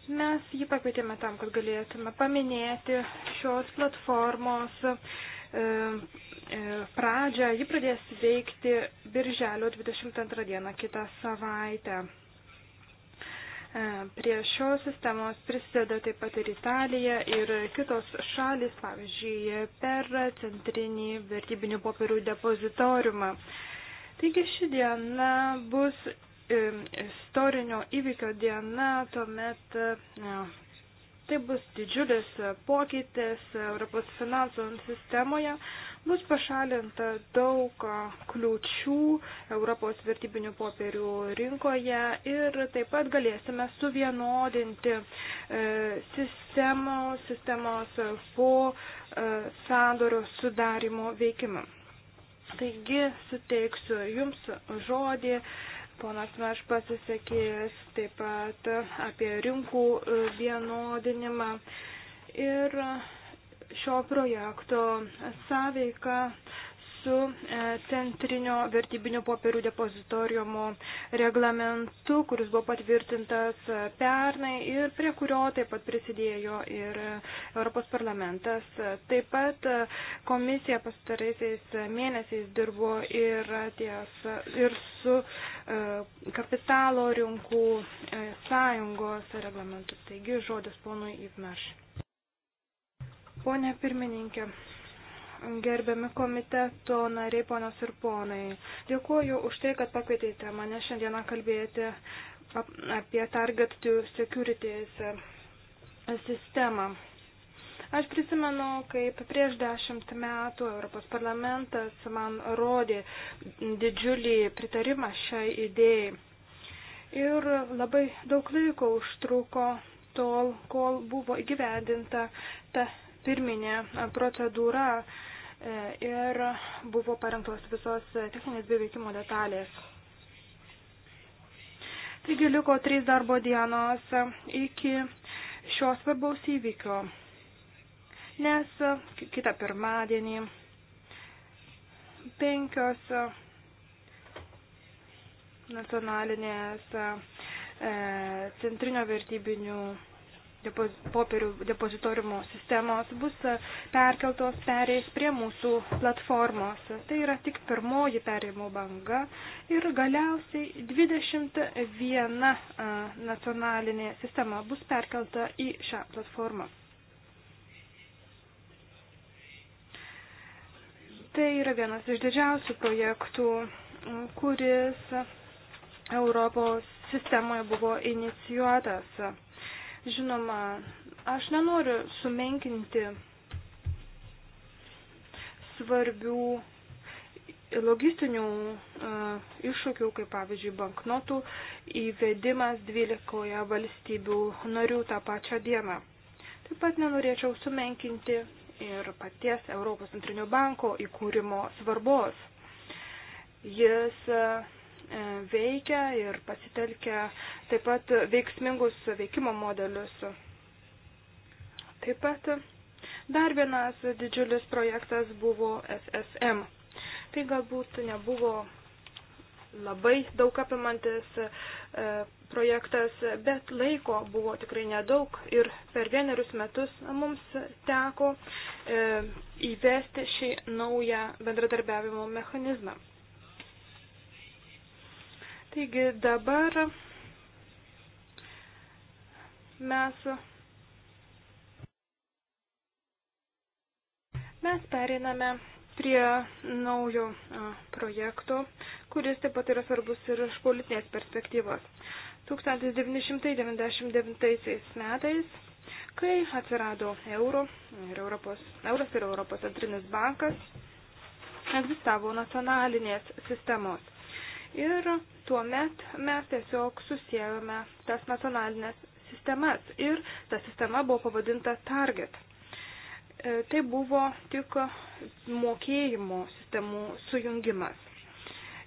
Mes jį pakvietėme tam, kad galėtume paminėti šios platformos e, e, pradžią. Ji pradės veikti birželio 22 dieną kitą savaitę. E, prie šios sistemos prisideda taip pat ir Italija ir kitos šalis, pavyzdžiui, per centrinį vertybinių popierių depozitoriumą. Taigi ši diena bus e, istorinio įvykio diena, tuomet ja, e, tai bus didžiulis pokytis Europos finansų sistemoje, bus pašalinta daug kliučių Europos vertybinių popierių rinkoje ir taip pat galėsime suvienodinti e, sistemos, sistemos po e, sandorio sudarimo veikimą. Taigi suteiksiu Jums žodį. Ponas Meš pasisakės taip pat apie rinkų e, vienodinimą ir uh, šio projekto sąveika su e, centrinio vertybinio popierių depozitoriumo reglamentu, kuris buvo patvirtintas e, pernai ir prie kurio taip pat prisidėjo ir Europos parlamentas. Taip pat e, komisija pastaraisiais mėnesiais dirbo ir, ties, ir su kapitalo rinkų sąjungos reglamentu. Taigi žodis ponui Ivmeš. Pone pirmininkė, gerbiami komiteto nariai, ponios ir ponai, dėkuoju už tai, kad pakvietėte mane šiandieną kalbėti apie Target to Securities e, sistemą. Aš prisimenu, kaip prieš dešimt metų Europos parlamentas man rodė didžiulį pritarimą šiai idėjai. Ir labai daug laiko užtruko tol, kol buvo įgyvendinta ta pirminė procedūra e, ir buvo parengtos visos techninės bei veikimo detalės. Taigi liko trys darbo dienos iki šios svarbaus įvykio, nes kitą pirmadienį penkios nacionalinės e, centrinio vertybinių popierių depozitoriumo sistemos bus e, perkeltos perėjais prie mūsų platformos. Tai yra tik pirmoji perėjimo banga ir galiausiai 21 e, nacionalinė sistema bus perkelta į šią platformą. Tai yra vienas iš didžiausių projektų, kuris Europos sistemoje buvo inicijuotas Žinoma, aš nenoriu sumenkinti svarbių logistinių e, iššūkių, kaip pavyzdžiui banknotų įvedimas 12 valstybių narių tą pačią dieną. Taip pat nenorėčiau sumenkinti ir paties Europos centrinio banko įkūrimo svarbos. Jis e, E, veikia ir pasitelkia taip pat veiksmingus veikimo modelius. Taip pat dar vienas didžiulis projektas buvo SSM. Tai galbūt nebuvo labai daug apimantis e, projektas, bet laiko buvo tikrai nedaug ir per vienerius metus mums teko e, įvesti šį naują bendradarbiavimo mechanizmą. Taigi dabar mes, mes periname prie naujo projekto, kuris taip pat yra svarbus ir iš politinės perspektyvos. 1999 metais, kai atsirado euro ir Europos, euras ir Europos centrinis bankas, egzistavo nacionalinės sistemos. Ir tuomet mes tiesiog susijęjome tas nacionalinės sistemas ir ta sistema buvo pavadinta Target. E, tai buvo tik mokėjimo sistemų sujungimas.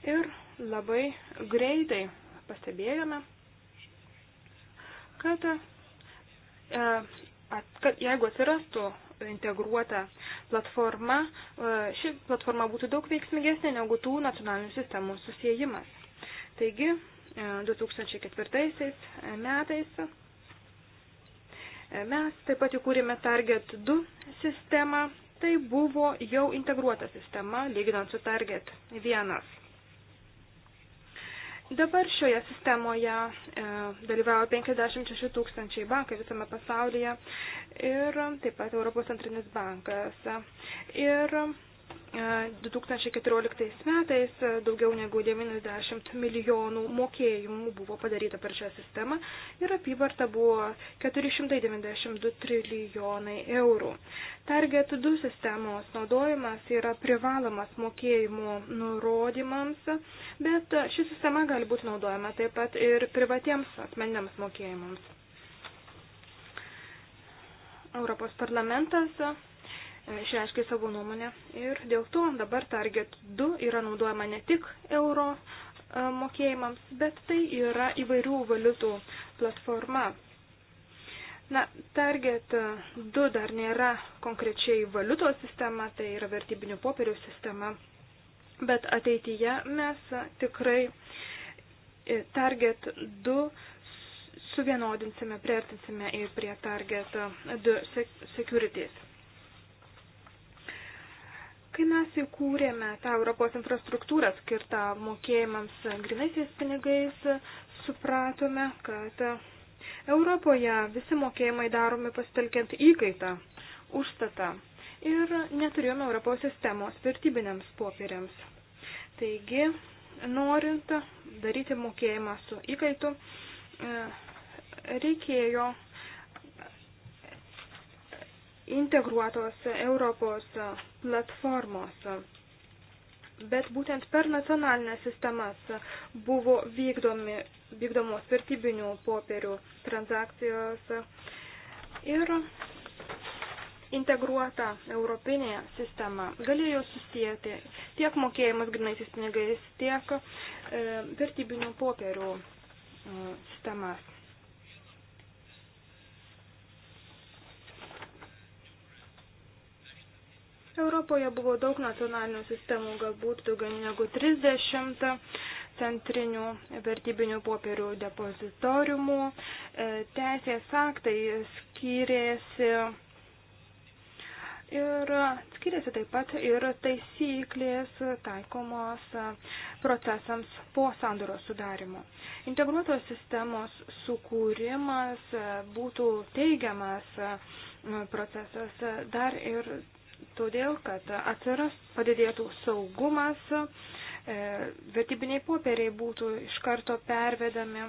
Ir labai greitai pastebėjome, kad, e, kad jeigu atsirastų integruota platforma, e, ši platforma būtų daug veiksmingesnė negu tų nacionalinių sistemų susijimas. Taigi, 2004 e, metais e, mes taip pat įkūrėme Target 2 sistemą, tai buvo jau integruota sistema, lyginant su Target 1. Dabar šioje sistemoje e, dalyvavo 56 tūkstančiai bankai visame pasaulyje ir taip pat Europos centrinis bankas. Ir 2014 metais daugiau negu 90 milijonų mokėjimų buvo padaryta per šią sistemą ir apyvarta buvo 492 trilijonai eurų. Target 2 sistemos naudojimas yra privalomas mokėjimų nurodymams, bet ši sistema gali būti naudojama taip pat ir privatiems asmeniniams mokėjimams. Europos parlamentas E, išreiškė savo nuomonę ir dėl to dabar Target 2 yra naudojama ne tik euro e, mokėjimams, bet tai yra įvairių valiutų platforma. Na, Target 2 e, dar nėra konkrečiai valiutos sistema, tai yra vertybinių popierių sistema, bet ateityje mes tikrai Target 2 suvienodinsime, priartinsime ir prie Target 2 securities. Kai mes įkūrėme tą Europos infrastruktūrą skirtą mokėjimams grinaisiais pinigais, supratome, kad Europoje visi mokėjimai daromi pasitelkiant įkaitą, užstatą ir neturėjome Europos sistemos vertybiniams popieriams. Taigi, norint daryti mokėjimą su įkaitu, e, reikėjo integruotos Europos platformos. Bet būtent per nacionalinės sistemas buvo vykdomi, vykdomos vertybinių popierių transakcijos ir integruota europinė sistema galėjo susijęti tiek mokėjimas grinaisiais pinigais, tiek e, vertybinių popierių e, sistemas. Europoje buvo daug nacionalinių sistemų, galbūt daugiau negu 30 centrinių vertybinių popierių depozitoriumų. E, teisės aktai skyrėsi ir skiriasi taip pat ir taisyklės taikomos procesams po sandoro sudarimo. Integruotos sistemos sukūrimas būtų teigiamas procesas dar ir todėl, kad atsiras padidėtų saugumas, e, vertybiniai popieriai būtų iš karto pervedami,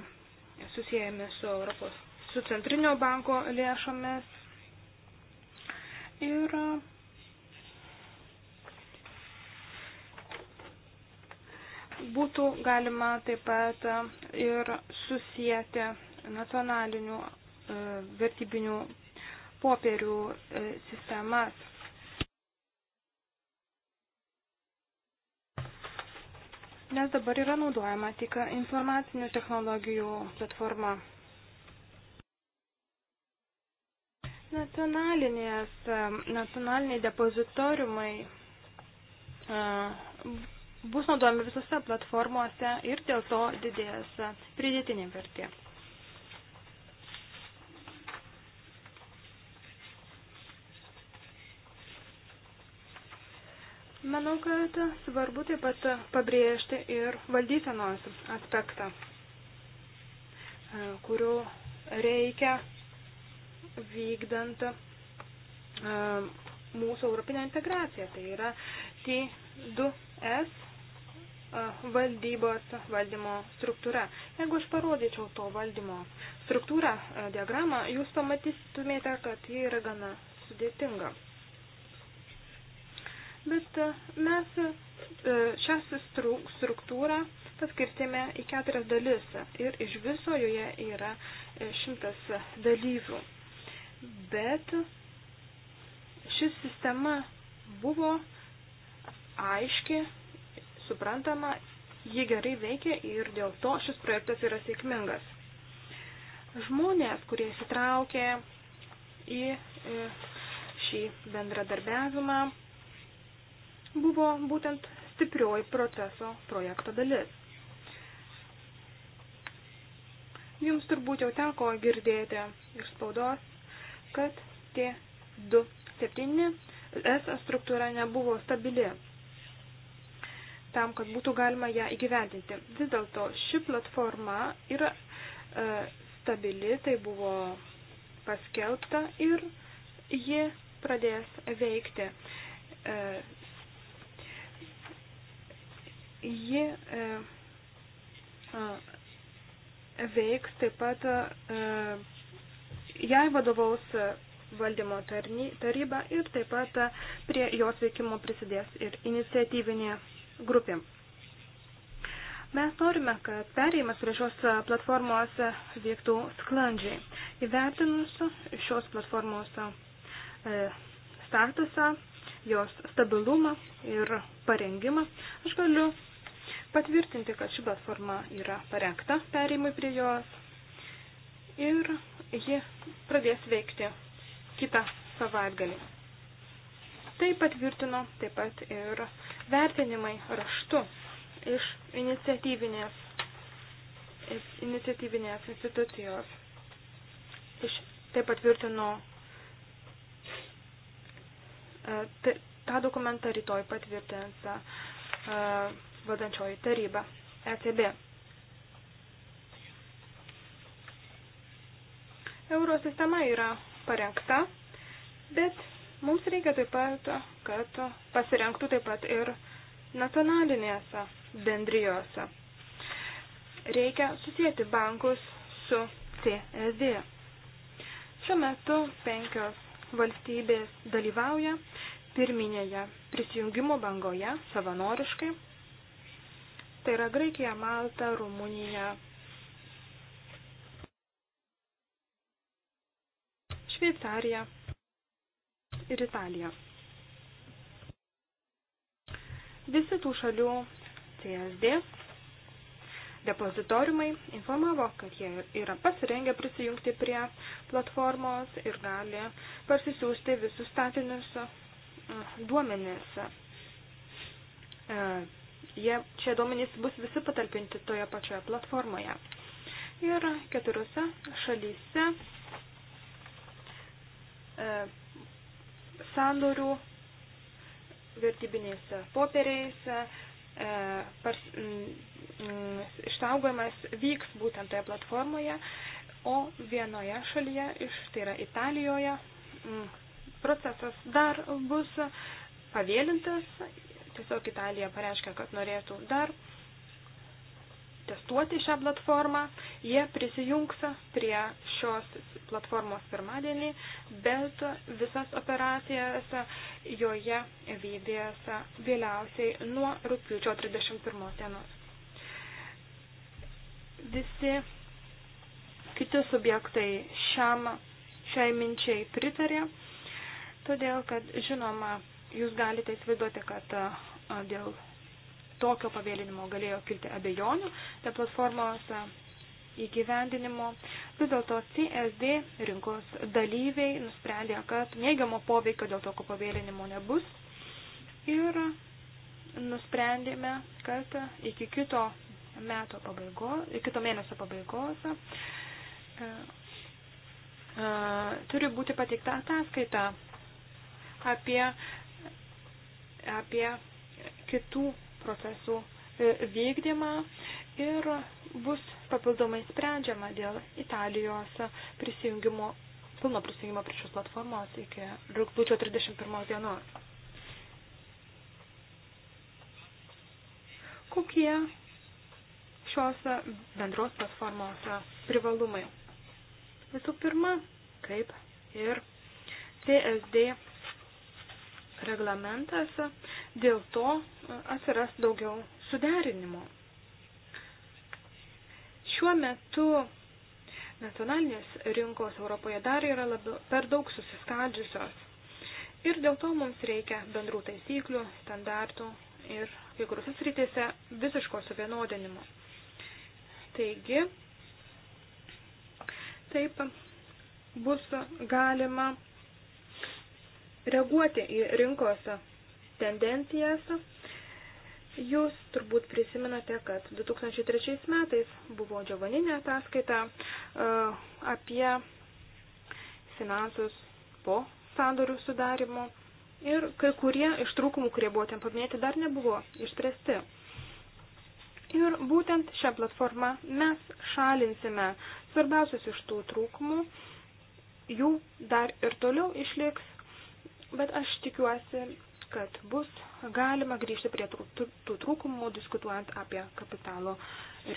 susijęmi su Europos, su Centrinio banko lėšomis. Ir būtų galima taip pat ir susijęti nacionalinių e, vertybinių popierių e, sistemas. nes dabar yra naudojama tik informacinių technologijų platforma. Nacionalinės, e, nacionaliniai depozitoriumai e, bus naudojami visose platformose ir dėl to didės pridėtinė vertė. Manau, kad svarbu taip pat pabrėžti ir valdysenos aspektą, e, kurių reikia vykdant e, mūsų europinę integraciją. Tai yra T2S e, valdybos valdymo struktūra. Jeigu aš parodyčiau to valdymo struktūrą, diagramą, jūs pamatytumėte, kad ji yra gana sudėtinga bet e, mes e, šią struktūrą paskirstėme į keturias dalis ir iš viso joje yra e, šimtas dalyvių. Bet ši sistema buvo aiški, suprantama, ji gerai veikia ir dėl to šis projektas yra sėkmingas. Žmonės, kurie įsitraukė į šį bendradarbiavimą, buvo būtent stiprioji proceso projekto dalis. Jums turbūt jau teko girdėti iš spaudos, kad T27 S struktūra nebuvo stabili tam, kad būtų galima ją įgyvendinti. Vis dėlto ši platforma yra e, stabili, tai buvo paskelbta ir ji pradės veikti. E, Ji e, veiks taip pat, e, jai vadovaus valdymo taryba ir taip pat prie jos veikimo prisidės ir iniciatyvinė grupė. Mes norime, kad perėjimas prie šios platformos vyktų sklandžiai. Įvertinus šios platformos e, statusą, jos stabilumą ir parengimą, aš galiu patvirtinti, kad ši platforma yra parengta pereimui prie jos ir ji pradės veikti kitą savaitgalį. Tai patvirtino taip pat ir vertinimai raštu iš iniciatyvinės, iniciatyvinės institucijos. Iš, tai patvirtino e, tai, tą dokumentą rytoj patvirtins e, vadančioji taryba ECB. Euro sistema yra parengta, bet mums reikia taip pat, kad pasirenktų taip pat ir nacionalinėse bendrijose. Reikia susijęti bankus su CSD. E Šiuo metu penkios valstybės dalyvauja pirminėje prisijungimo bangoje savanoriškai Tai yra Graikija, Malta, Rumunija. Šveicarija ir Italija. Visi tų šalių CSD depozitoriumai informavo, kad jie yra pasirengę prisijungti prie platformos ir gali parsisiųsti visus statinius mm, duomenis e, jie, čia duomenys bus visi patalpinti toje pačioje platformoje. Ir keturiose šalyse e, sandorių vertybinėse popieriais e, pars, m, m, ištaugojimas vyks būtent toje platformoje, o vienoje šalyje, iš, tai yra Italijoje, m, procesas dar bus pavėlintas Tiesiog Italija pareiškia, kad norėtų dar testuoti šią platformą. Jie prisijungs prie šios platformos pirmadienį, bet visas operacijas joje vykdės vėliausiai nuo rūpiučio 31 dienos. Visi kiti subjektai šiam, šiai minčiai pritarė, todėl kad žinoma, Jūs galite įsivaizduoti, kad dėl tokio pavėlinimo galėjo kilti abejonių dėl platformos įgyvendinimo. Vis dėlto CSD rinkos dalyviai nusprendė, kad neigiamo poveikio dėl tokio pavėlinimo nebus. Ir nusprendėme, kad iki kito meto pabaigos, kito mėnesio pabaigos turi būti pateikta ataskaita apie apie kitų procesų e, vykdymą ir bus papildomai sprendžiama dėl Italijos prisijungimo, pilno prisijungimo prie šios platformos iki rūpūčio 31 dienos. Kokie šios bendros platformos privalumai? Visų pirma, kaip ir CSD reglamentas, dėl to atsiras daugiau suderinimo. Šiuo metu nacionalinės rinkos Europoje dar yra labiau, per daug susiskaldžiusios ir dėl to mums reikia bendrų taisyklių, standartų ir kai kuriuose srityse visiško suvienodinimo. Taigi, taip bus galima reaguoti į rinkos tendencijas. Jūs turbūt prisiminate, kad 2003 metais buvo džiovaninė ataskaita e, apie finansus po sandorių sudarimo ir kai kurie iš trūkumų, kurie buvo ten paminėti, dar nebuvo išspręsti. Ir būtent šią platformą mes šalinsime svarbiausius iš tų trūkumų, jų dar ir toliau išliks bet aš tikiuosi, kad bus galima grįžti prie tų trūkumų, diskutuojant apie kapitalo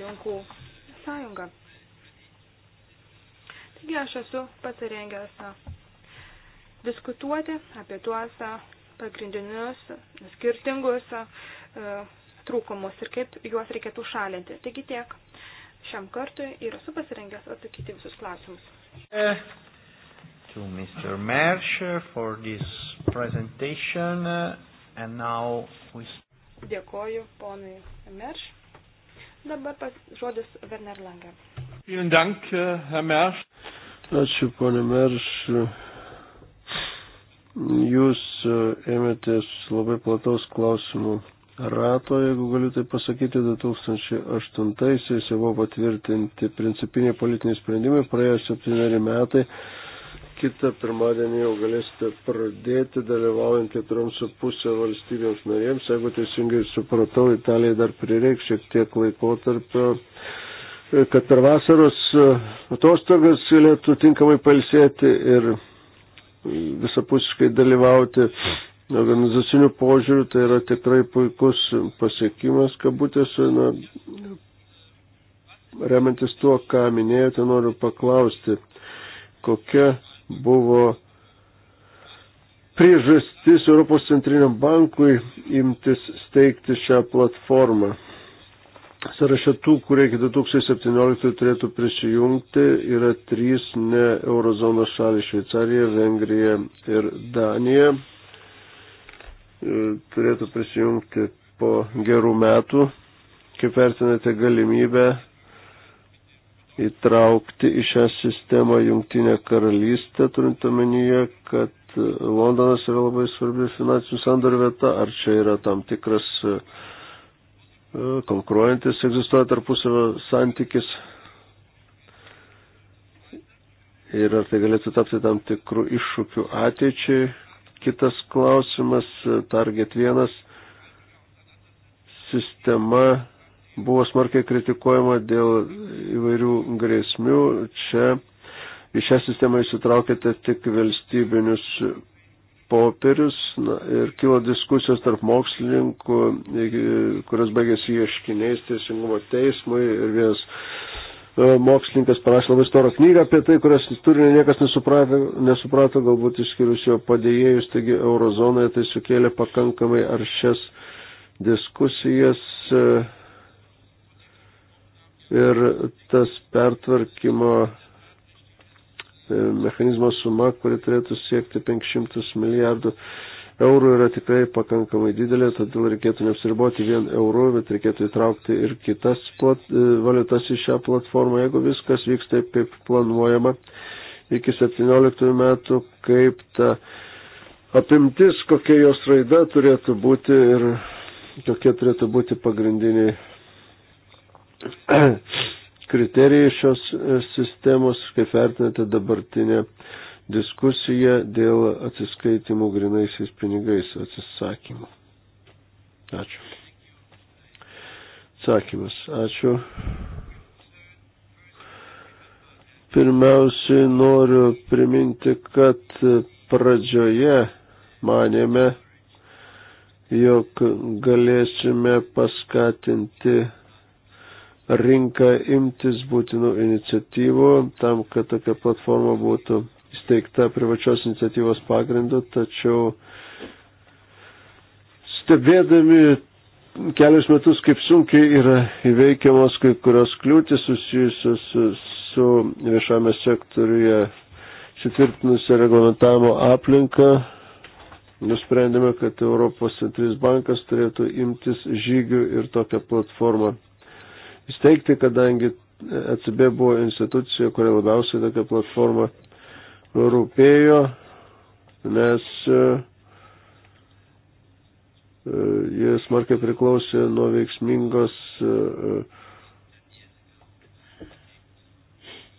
rinkų sąjungą. Taigi aš esu pasirengęs diskutuoti apie tuos pagrindinius skirtingus e, trūkumus ir kaip juos reikėtų šalinti. Taigi tiek šiam kartui ir esu pasirengęs atsakyti visus klausimus. E, to Mr. Mersch for this presentation. And now we... Dėkoju ponui Mersch. Dabar pas, žodis Werner Lange. Vielen Dank, äh, Herr Mersch. Ačiū, ponė Merš. Jūs äh, ėmėtės labai plataus klausimų rato, jeigu galiu tai pasakyti, 2008-aisiais jau buvo patvirtinti principiniai politiniai sprendimai, praėjo septyneri metai, kitą pirmadienį jau galėsite pradėti dalyvaujant keturioms su pusė valstybėms narėms. Jeigu teisingai supratau, Italijai dar prireiks šiek tiek laikotarpio, kad per vasaros atostogas galėtų tinkamai palsėti ir visapusiškai dalyvauti organizacinių požiūrių. Tai yra tikrai puikus pasiekimas, kabutėse, na, remiantis tuo, ką minėjote, noriu paklausti, kokia buvo priežastis Europos centriniam bankui imtis steigti šią platformą. Sąraše tų, kurie iki 2017 turėtų prisijungti, yra trys ne eurozonos šalis - Šveicarija, Vengrija ir Danija. E, turėtų prisijungti po gerų metų. Kaip vertinate galimybę įtraukti į šią sistemą jungtinę karalystę, turint omenyje, kad Londonas yra labai svarbi finansinių sandorių vieta, ar čia yra tam tikras e, konkuruojantis egzistuoja tarpusavio santykis ir ar tai galėtų tapti tam tikrų iššūkių ateičiai. Kitas klausimas, e, target vienas, sistema buvo smarkiai kritikuojama dėl įvairių grėsmių. Čia į šią sistemą įsitraukėte tik valstybinius popierius na, ir kilo diskusijos tarp mokslininkų, e, kurios baigėsi ieškiniais teisingumo teismui ir vienas e, mokslininkas parašė labai storą knygą apie tai, kurias turinio niekas nesuprato, nesuprato, galbūt išskyrus jo padėjėjus, taigi eurozonoje tai sukėlė pakankamai aršias diskusijas. E, ir tas pertvarkymo e, mechanizmo suma, kuri turėtų siekti 500 milijardų eurų, yra tikrai pakankamai didelė, todėl reikėtų neapsiriboti vien eurų, bet reikėtų įtraukti ir kitas plat, e, valiutas į šią platformą, jeigu viskas vyks taip, kaip planuojama iki 17 metų, kaip ta apimtis, kokia jos raida turėtų būti ir kokie turėtų būti pagrindiniai kriterijai šios e, sistemos, kaip vertinate dabartinę diskusiją dėl atsiskaitimų grinaisiais pinigais atsisakymų. Ačiū. Atsakymas. Ačiū. Pirmiausiai noriu priminti, kad pradžioje manėme, jog galėsime paskatinti rinką imtis būtinų iniciatyvų tam, kad tokia platforma būtų įsteigta privačios iniciatyvos pagrindu, tačiau stebėdami kelius metus, kaip sunkiai yra įveikiamos kai kurios kliūtis susijusios su, su viešame sektoriuje sitvirtinusią reglamentavimo aplinką, nusprendėme, kad Europos centrinis bankas turėtų imtis žygių ir tokią platformą įsteigti, kadangi ECB buvo institucija, kuria labiausiai tokia platforma rūpėjo, nes e, e, jie smarkiai priklausė nuo veiksmingos e,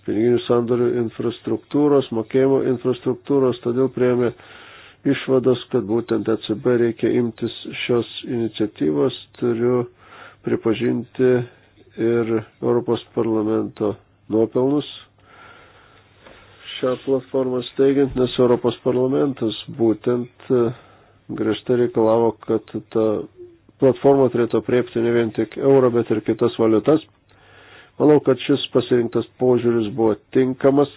piniginių sandorių infrastruktūros, mokėjimo infrastruktūros, todėl prieėmė išvados, kad būtent ECB reikia imtis šios iniciatyvos. Turiu pripažinti, ir Europos parlamento nuopelnus šią platformą steigiant, nes Europos parlamentas būtent e, griežtai reikalavo, kad ta platforma turėtų apriepti ne vien tik eurą, bet ir kitas valiutas. Manau, kad šis pasirinktas požiūris buvo tinkamas.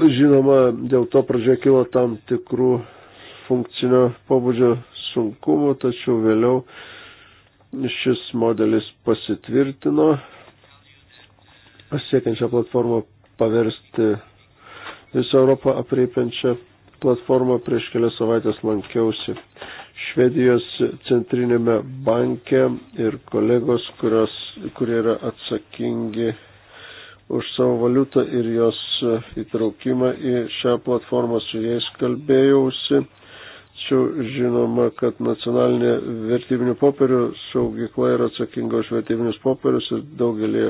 Žinoma, dėl to pradžioje kilo tam tikrų funkcinio pobūdžio sunkumų, tačiau vėliau uh, šis modelis pasitvirtino, pasiekiančią platformą paversti visą Europą apreipiančią platformą. Prieš kelias savaitės lankiausi Švedijos centrinėme banke ir kolegos, kurios, kurie yra atsakingi už savo valiutą ir jos įtraukimą į šią platformą su jais kalbėjausi Tačiau žinoma, kad nacionalinė vertybinių popierių saugykla yra atsakinga už vertybinius popierius ir daugelį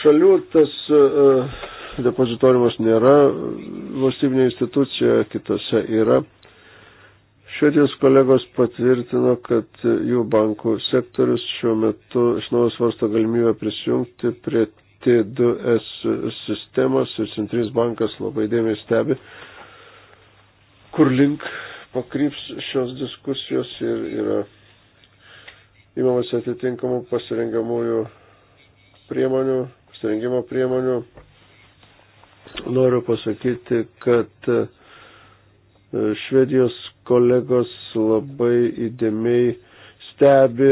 šalių tas uh, depozitoriumas nėra valstybinė institucija, kitose yra. Švedijos kolegos patvirtino, kad jų bankų sektorius šiuo metu iš naujo svarsto galimybę prisijungti prie T2S sistemos ir Centrinis bankas labai dėmesį stebi, kur link pakryps šios diskusijos ir yra įmamas atitinkamų pasirengamųjų priemonių, pasirengimo priemonių. Noriu pasakyti, kad e, Švedijos kolegos labai įdėmiai stebi,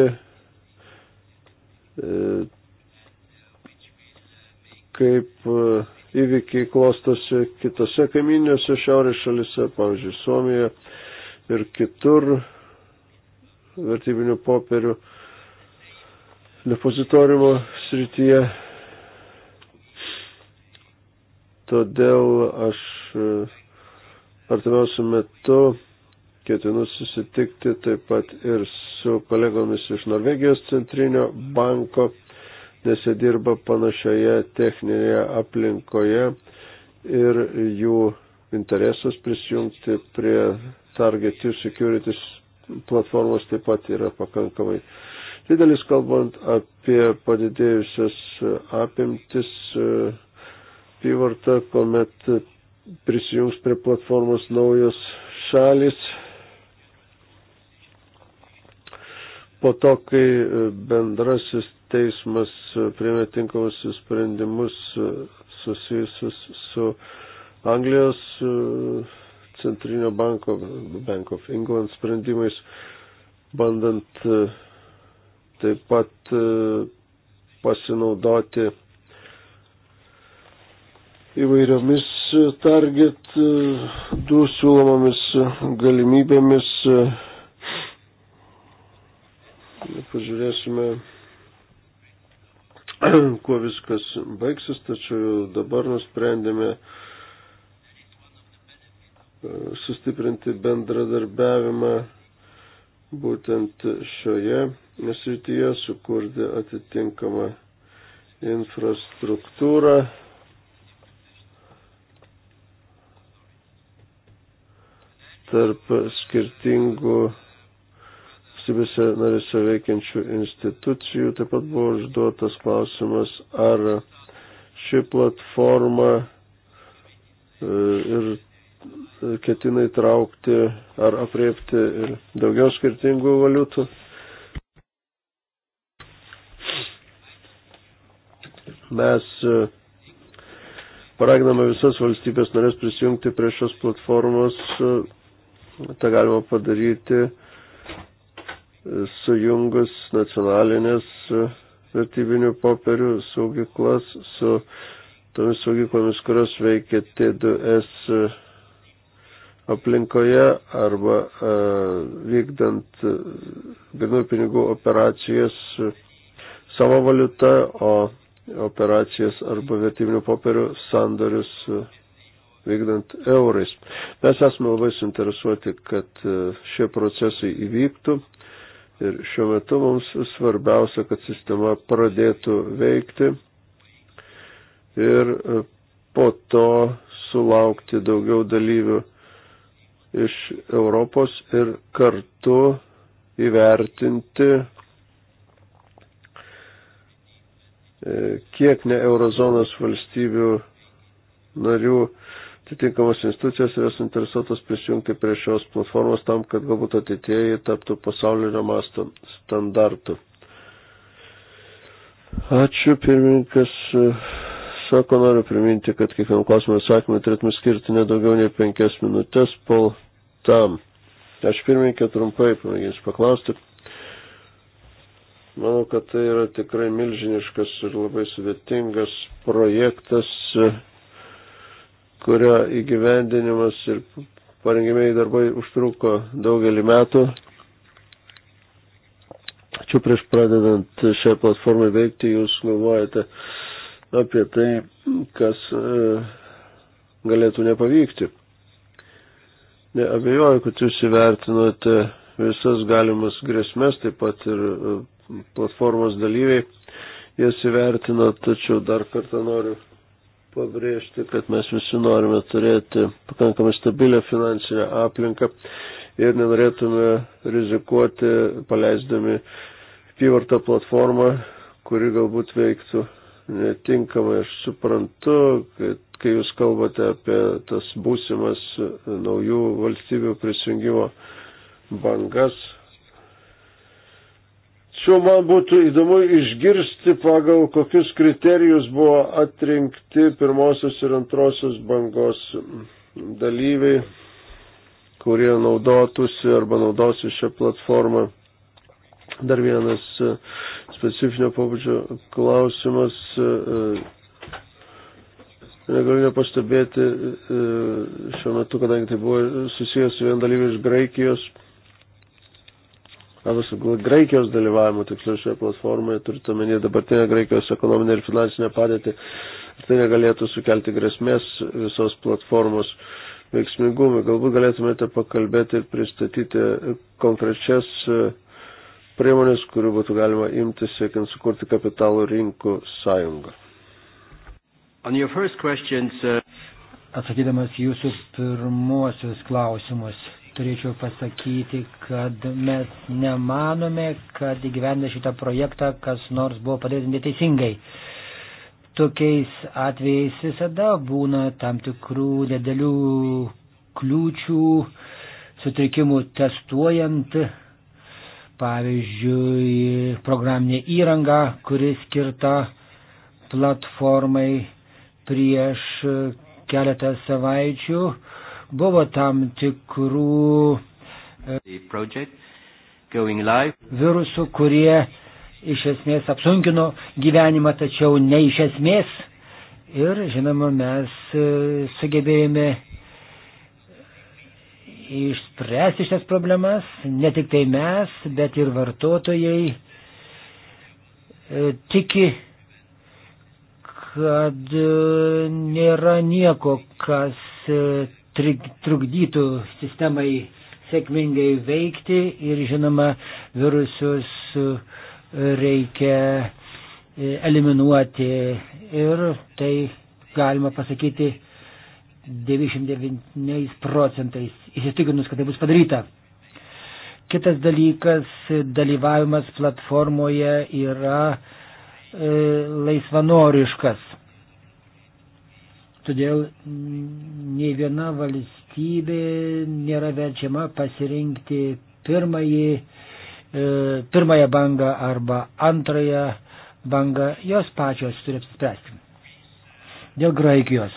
e, kaip e, įvykiai klostosi kitose kaiminėse šiaurės šalise, pavyzdžiui, Suomijoje ir kitur vertybinių popierių depozitoriumo srityje. Todėl aš e, artimiausiu metu ketinu susitikti taip pat ir su kolegomis iš Norvegijos centrinio banko, nes jie dirba panašioje techninėje aplinkoje ir jų interesas prisijungti prie Target 2 Securities platformos taip pat yra pakankamai didelis, kalbant apie padidėjusias apimtis e, apyvartą, kuomet prisijungs prie platformos naujos šalis. Po to, kai bendrasis teismas priėmė tinkamus sprendimus susijusius su Anglijos e, Centrinio banko, Bank of England sprendimais, bandant e, taip pat e, pasinaudoti įvairiomis e, target du siūlomomis galimybėmis. Pažiūrėsime, kuo viskas baigsis, tačiau dabar nusprendėme E, sustiprinti bendradarbiavimą būtent šioje srityje, sukurti atitinkamą infrastruktūrą. tarp skirtingų valstybėse narėse veikiančių institucijų. Taip pat buvo užduotas klausimas, ar ši platforma e, ir ketina įtraukti ar apriepti ir daugiau skirtingų valiutų. Mes e, paraginame visas valstybės norės prisijungti prie šios platformos. E, Ta galima padaryti e, sujungus nacionalinės vertybinių popierių saugyklas su tomis saugyklomis, kurios veikia T2S aplinkoje arba e, vykdant e, grinų pinigų operacijas e, savo valiutą, o operacijas arba vertybinių popierių sandorius vykdant eurais. Mes esame labai suinteresuoti, kad šie procesai įvyktų ir šiuo metu mums svarbiausia, kad sistema pradėtų veikti ir po to sulaukti daugiau dalyvių iš Europos ir kartu įvertinti, e, kiek ne eurozonos valstybių narių atitinkamos institucijos yra suinteresuotos prisijungti prie šios platformos tam, kad galbūt ateitieji taptų pasaulinio masto standartu. Ačiū pirmininkas sako, noriu priminti, kad kiekvienam klausimui atsakymui turėtume skirti nedaugiau nei penkias minutės, pol tam. Aš pirmininkė trumpai pamėginsiu paklausti. Manau, kad tai yra tikrai milžiniškas ir labai sudėtingas projektas, kurio įgyvendinimas ir parengimiai darbai užtruko daugelį metų. Čia prieš pradedant šią platformą veikti, jūs galvojate, apie tai, kas e, galėtų nepavykti. Neabejoju, kad jūs įvertinote visas galimas grėsmės, taip pat ir e, platformos dalyviai jas įvertino, tačiau dar kartą noriu pabrėžti, kad mes visi norime turėti pakankamai stabilę finansinę aplinką ir nenorėtume rizikuoti paleisdami apyvartą platformą, kuri galbūt veiktų netinkamai. Aš suprantu, kad kai jūs kalbate apie tas būsimas naujų valstybių prisijungimo bangas, Tačiau man būtų įdomu išgirsti, pagal kokius kriterijus buvo atrinkti pirmosios ir antrosios bangos dalyviai, kurie naudotųsi arba naudosi šią platformą. Dar vienas e, specifinio pobūdžio klausimas. E, e, negaliu nepastebėti šiuo metu, kadangi tai buvo susijęs su vien dalyviu iš Graikijos, arba su Graikijos dalyvavimu, tiksliau šioje platformoje, turite omenyje dabartinę Graikijos ekonominę ir finansinę padėtį, tai negalėtų sukelti grėsmės visos platformos veiksmingumui. Galbūt galėtumėte pakalbėti ir pristatyti konkrečias uh, priemonės, kurių būtų galima imtis siekiant sukurti kapitalų rinkų sąjungą. Sir... Atsakydamas jūsų pirmuosius klausimus, turėčiau pasakyti, kad mes nemanome, kad įgyvendę šitą projektą kas nors buvo padaryta neteisingai. Tokiais atvejais visada būna tam tikrų didelių kliūčių, sutrikimų testuojant pavyzdžiui, programinė įranga, kuri skirta platformai prieš keletą savaičių buvo tam tikrų e, virusų, kurie iš esmės apsunkino gyvenimą, tačiau ne iš esmės. Ir žinoma, mes e, sugebėjome išspręsti šias problemas, ne tik tai mes, bet ir vartotojai e, tiki, kad e, nėra nieko, kas e, trukdytų sistemai sėkmingai veikti ir žinoma virusus reikia eliminuoti ir tai galima pasakyti 99 procentais įsitikinus, kad tai bus padaryta. Kitas dalykas - dalyvavimas platformoje yra e, laisvanoriškas. Todėl nei viena valstybė nėra verčiama pasirinkti pirmąjį, e, pirmąją bangą arba antrąją bangą. Jos pačios turi apsispręsti. Dėl Graikijos.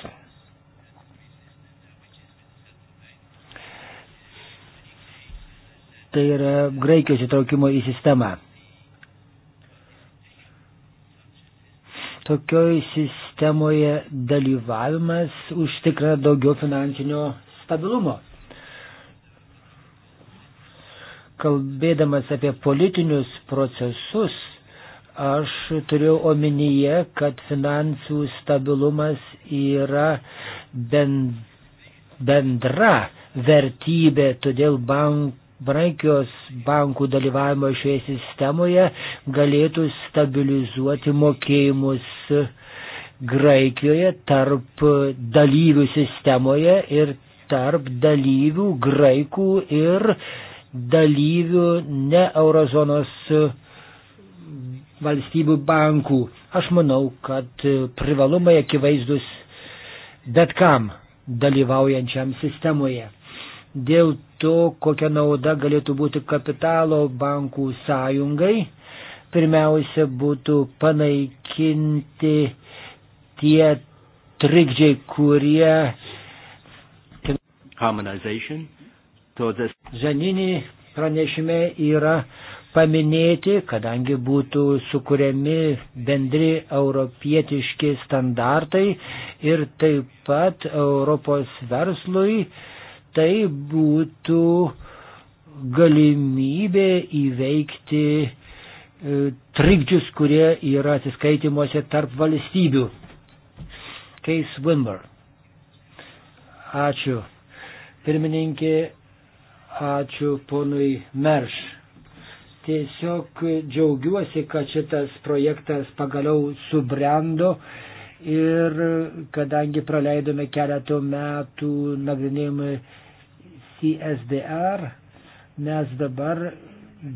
tai yra Graikijos įtraukimo į sistemą. Tokioj sistemoje dalyvavimas užtikra daugiau finansinio stabilumo. Kalbėdamas apie politinius procesus, aš turiu omenyje, kad finansų stabilumas yra bendra vertybė, todėl bank, Brankijos bankų dalyvavimo šioje sistemoje galėtų stabilizuoti mokėjimus Graikijoje tarp dalyvių sistemoje ir tarp dalyvių graikų ir dalyvių ne eurozonos valstybių bankų. Aš manau, kad privalumai akivaizdus bet kam dalyvaujančiam sistemoje dėl to, kokia nauda galėtų būti kapitalo bankų sąjungai. Pirmiausia, būtų panaikinti tie trikdžiai, kurie Žaninį pranešime yra paminėti, kadangi būtų sukūrėmi bendri europietiški standartai ir taip pat Europos verslui uh, tai būtų galimybė įveikti e, trikdžius, kurie yra atsiskaitimuose tarp valstybių. Keis Wimber. Ačiū. Pirmininkė, ačiū ponui Merš. Tiesiog džiaugiuosi, kad šitas projektas pagaliau subrendo ir kadangi praleidome keletų metų nagrinėjimai CSDR mes dabar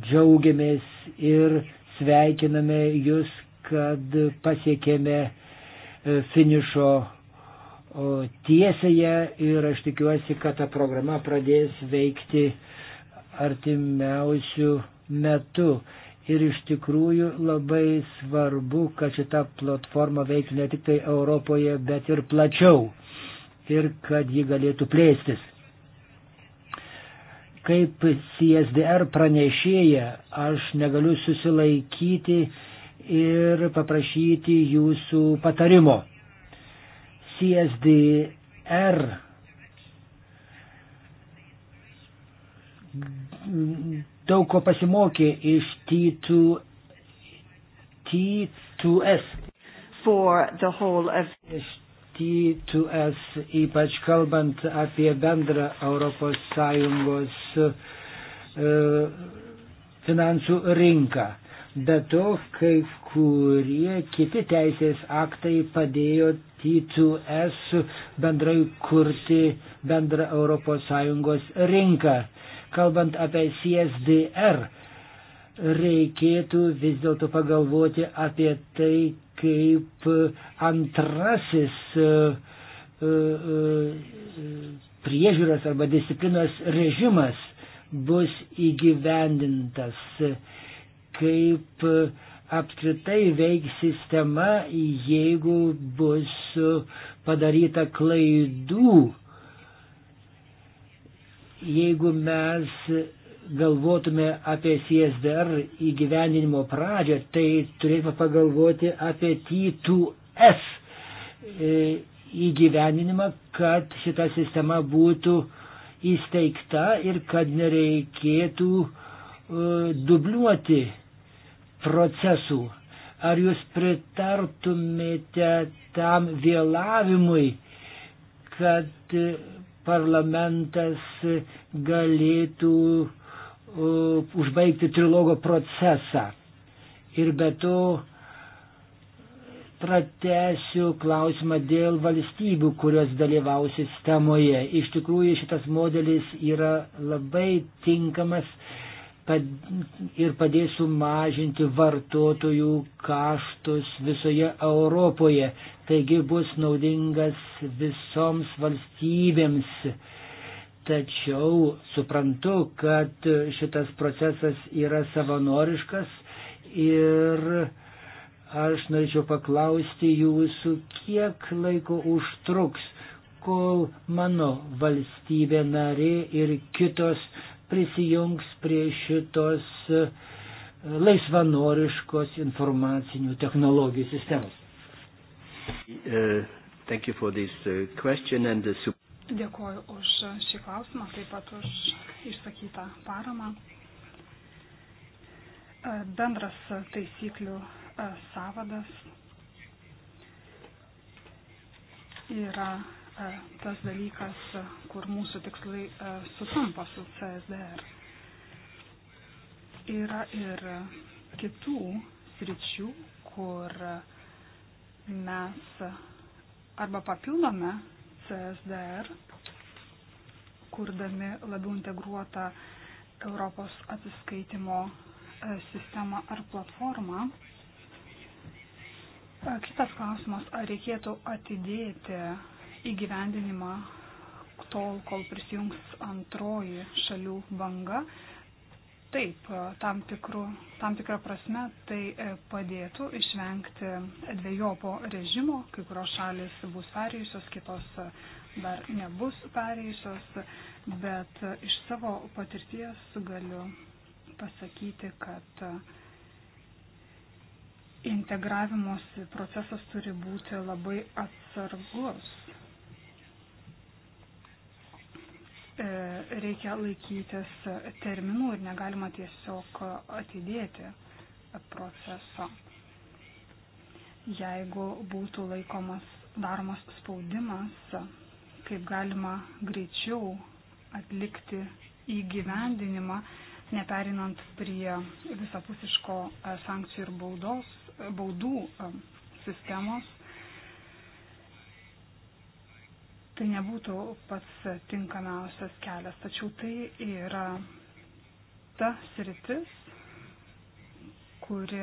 džiaugiamės ir sveikiname jūs, kad pasiekėme e, finišo tiesėje ir aš tikiuosi, kad ta programa pradės veikti artimiausių metų. Ir iš tikrųjų labai svarbu, kad šita platforma veiktų ne tik tai Europoje, bet ir plačiau. Ir kad ji galėtų plėstis. Kaip CSDR pranešėja, aš negaliu susilaikyti ir paprašyti jūsų patarimo. CSDR daug ko pasimokė iš T2, T2S. Of... Iš T2S, ypač kalbant apie bendrą ES e, finansų rinką. Be to, kai kurie kiti teisės aktai padėjo T2S bendrai kurti bendrą ES rinką. Kalbant apie CSDR, reikėtų vis dėlto pagalvoti apie tai, kaip e, antrasis e, e, priežiūros arba disciplinos režimas bus įgyvendintas, kaip apskritai veiks sistema, jeigu bus padaryta klaidų, jeigu mes galvotume apie CSDR įgyvendinimo pradžią, tai turėtume pagalvoti apie T2S e, įgyvendinimą, kad šita sistema būtų įsteigta ir kad nereikėtų e, dubliuoti procesų. Ar jūs pritartumėte tam vėlavimui, kad e, parlamentas galėtų uh, Uh, užbaigti trilogo procesą. Ir be to pratesiu klausimą dėl valstybių, kurios dalyvaus sistemoje. Iš tikrųjų šitas modelis yra labai tinkamas ir padės sumažinti vartotojų kaštus visoje Europoje. Taigi bus naudingas visoms valstybėms Tačiau suprantu, kad šitas procesas yra savanoriškas ir aš norėčiau paklausti jūsų, kiek laiko užtruks, kol mano valstybė narė ir kitos prisijungs prie šitos e, laisvanoriškos informacinių technologijų sistemos. Uh, thank you for this uh, question and the Dėkuoju už šį klausimą, taip pat už išsakytą paramą. E, bendras taisyklių e, savadas yra e, tas dalykas, kur mūsų tikslai sutampa su CSDR. Yra ir kitų sričių, kur mes arba papildome CSDR, kurdami labiau integruotą Europos atsiskaitimo e, sistemą ar platformą. E, kitas klausimas, ar reikėtų atidėti įgyvendinimą tol, kol prisijungs antroji šalių banga Taip, e, tam, tikru, tam tikrą prasme tai e, padėtų išvengti dviejopo režimo, kai kurios šalis bus perėjusios, kitos e, dar nebus perėjusios, bet iš savo patirties galiu pasakyti, kad integravimosi procesas turi būti labai atsargus E, reikia laikytis terminų ir negalima tiesiog atidėti proceso. Jeigu būtų laikomas daromas spaudimas, kaip galima greičiau atlikti įgyvendinimą, neperinant prie visapusiško sankcijų ir baudos, baudų e, sistemos, tai nebūtų pats tinkamiausias kelias, tačiau tai yra ta sritis, kuri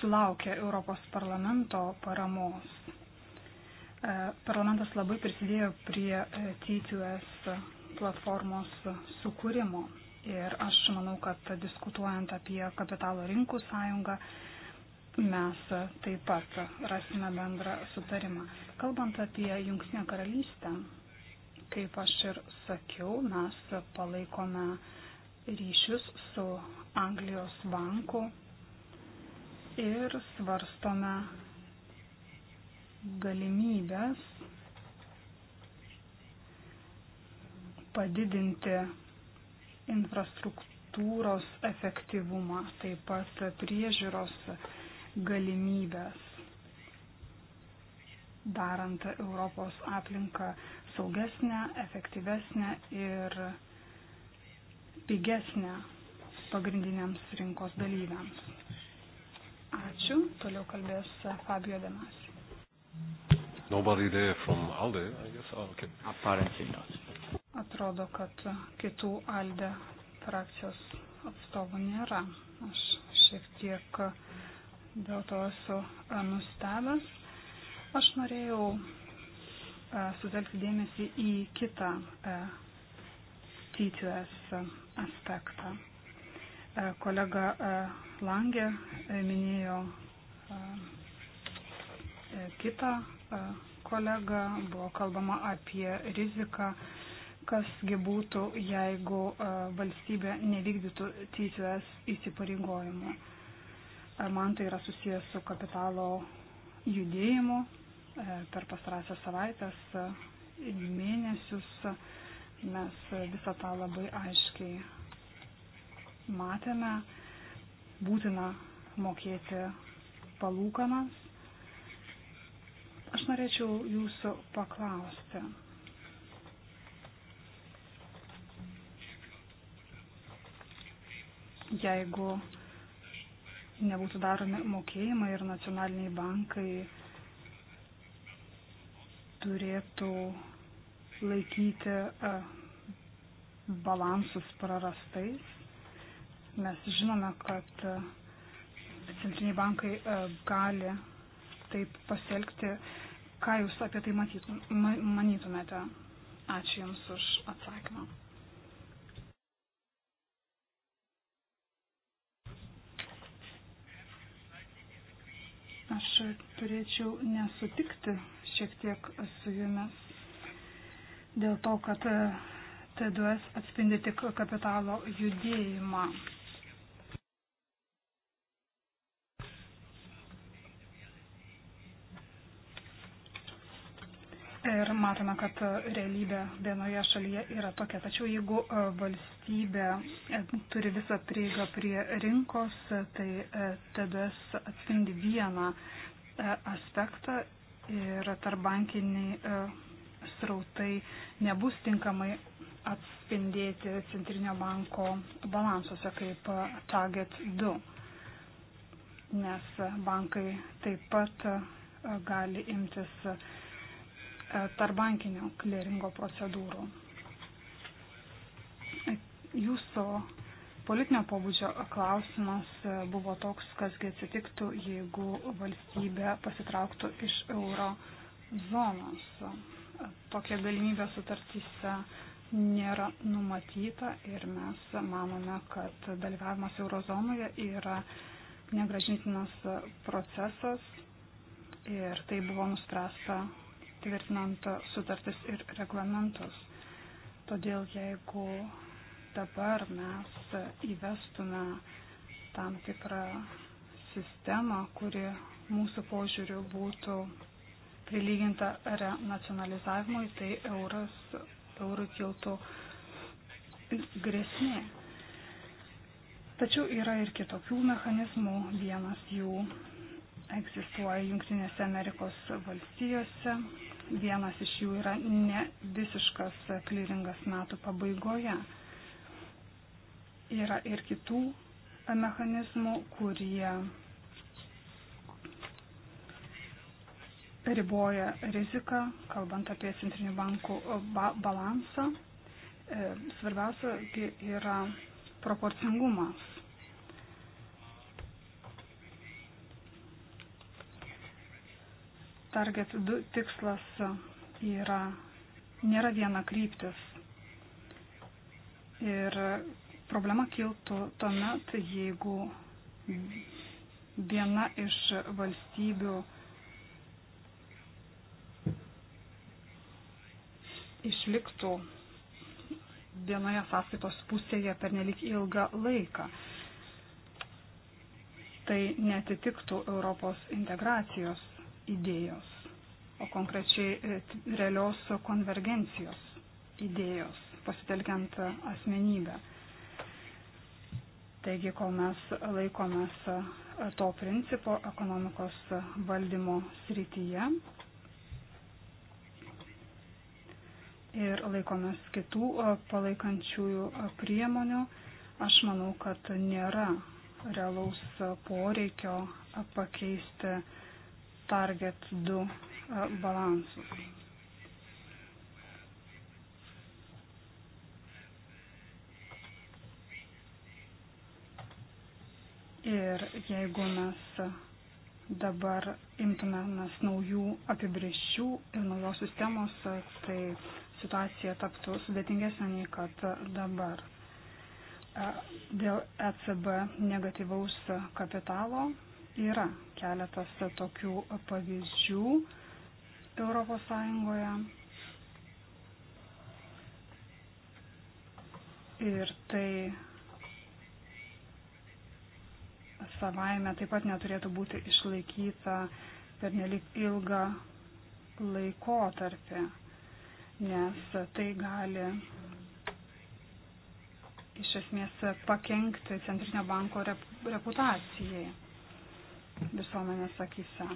sulaukė Europos parlamento paramos. E, Parlamentas labai prisidėjo prie e, T2S platformos sukūrimo ir aš manau, kad diskutuojant apie kapitalo rinkų sąjungą, mes taip pat rasime bendrą sutarimą. Kalbant apie Junktinę karalystę, kaip aš ir sakiau, mes palaikome ryšius su Anglijos banku ir svarstome galimybės padidinti infrastruktūros efektyvumą, taip pat priežiūros efektyvumą galimybės, darant Europos aplinką saugesnę, efektyvesnę ir pigesnę pagrindiniams rinkos dalyviams. Ačiū. Toliau kalbės Fabio Demasi. Nobody there from Alde, I guess. Oh, okay. Apparently not. Atrodo, kad kitų Alde frakcijos atstovų nėra. Aš šiek tiek uh, dėl to esu e, nustebęs. Aš norėjau e, sutelkti dėmesį į kitą e, tytuvės aspektą. Kolega Langė minėjo kitą kolegą, buvo kalbama apie riziką, kasgi būtų, jeigu valstybė nevykdytų tytuvės įsipareigojimų. Man tai yra susijęs su kapitalo judėjimu e, per pastarąsias savaitės, e, mėnesius. Mes visą tą labai aiškiai matėme. Būtina mokėti palūkanas. Aš norėčiau jūsų paklausti. Jeigu nebūtų daromi mokėjimai ir nacionaliniai bankai turėtų laikyti e, balansus prarastais. Mes žinome, kad e, centriniai bankai e, gali taip pasielgti. Ką Jūs apie tai matytum, manytumėte? Ačiū Jums už atsakymą. Aš turėčiau nesutikti šiek tiek su jumis dėl to, kad T2S atspindi tik kapitalo judėjimą. Ir matome, kad realybė vienoje šalyje yra tokia. Tačiau jeigu e, valstybė e, turi visą prieigą prie rinkos, tai e, TDS atspindi vieną aspektą ir tarbankiniai srautai nebus tinkamai atspindėti Centrinio banko balansuose kaip Target 2, nes bankai taip pat gali imtis E, tarbankinio kleringo procedūrų. E, jūsų politinio pobūdžio klausimas e, buvo toks, kasgi atsitiktų, jeigu valstybė pasitrauktų iš euro zonos. Tokia galimybė sutartyse nėra numatyta ir mes manome, kad dalyvavimas eurozonoje yra negražintinas procesas ir tai buvo nuspręsta tvirtinant sutartis ir reglamentus. Todėl jeigu dabar mes įvestume tam tikrą sistemą, kuri mūsų požiūriu būtų prilyginta renacionalizavimui, tai euras, eurui kiltų grėsmė. Tačiau yra ir kitokių mechanizmų. Vienas jų egzistuoja Junktinėse Amerikos valstijose, vienas iš jų yra ne visiškas klyringas metų pabaigoje. Yra ir kitų mechanizmų, kurie riboja riziką, kalbant apie centrinių bankų ba balansą. E, svarbiausia yra proporcingumas Target 2 tikslas yra, nėra viena kryptis. Ir problema kiltų tuomet, jeigu viena iš valstybių išliktų vienoje sąskaitos pusėje per nelik ilgą laiką. Tai netitiktų Europos integracijos idėjos, o konkrečiai e, realios konvergencijos idėjos, pasitelkiant asmenybę. Taigi, kol mes laikomės e, to principo ekonomikos valdymo srityje ir laikomės kitų e, palaikančiųjų priemonių, aš manau, kad nėra realaus poreikio pakeisti Target 2 e, balansus. Ir jeigu mes dabar imtumėmės naujų apibrieščių ir naujos sistemos, tai situacija taptų sudėtingesnė nei kad dabar. E, dėl ECB negatyvaus kapitalo Yra keletas tokių pavyzdžių Europos Sąjungoje. Ir tai savaime taip pat neturėtų būti išlaikyta per nelik ilgą laikotarpį, nes tai gali iš esmės pakengti Centrinio banko reputacijai visuomenės akise.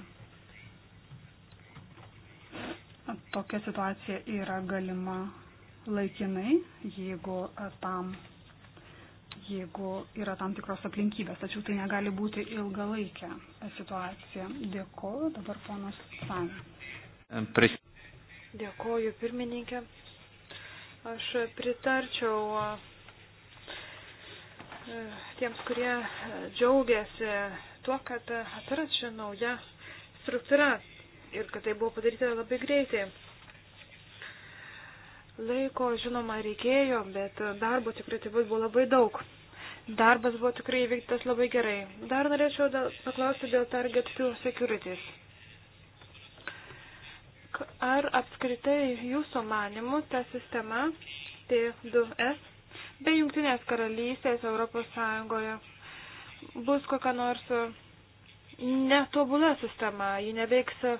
Tokia situacija yra galima laikinai, jeigu tam jeigu yra tam tikros aplinkybės, tačiau tai negali būti ilgalaikė situacija. Dėkoju, dabar ponas San. Dėkoju, pirmininkė. Aš pritarčiau e, tiems, kurie džiaugiasi tuo, kad atsiras ši nauja struktūra ir kad tai buvo padaryta labai greitai. Laiko, žinoma, reikėjo, bet darbo tikrai taip pat buvo labai daug. Darbas buvo tikrai įveiktas labai gerai. Dar norėčiau dėl, paklausti dėl Target 2 Securities. Ar apskritai jūsų manimų ta sistema T2S be jungtinės karalystės Europos Sąjungoje bus kokia nors e, netobula sistema, ji neveiks e,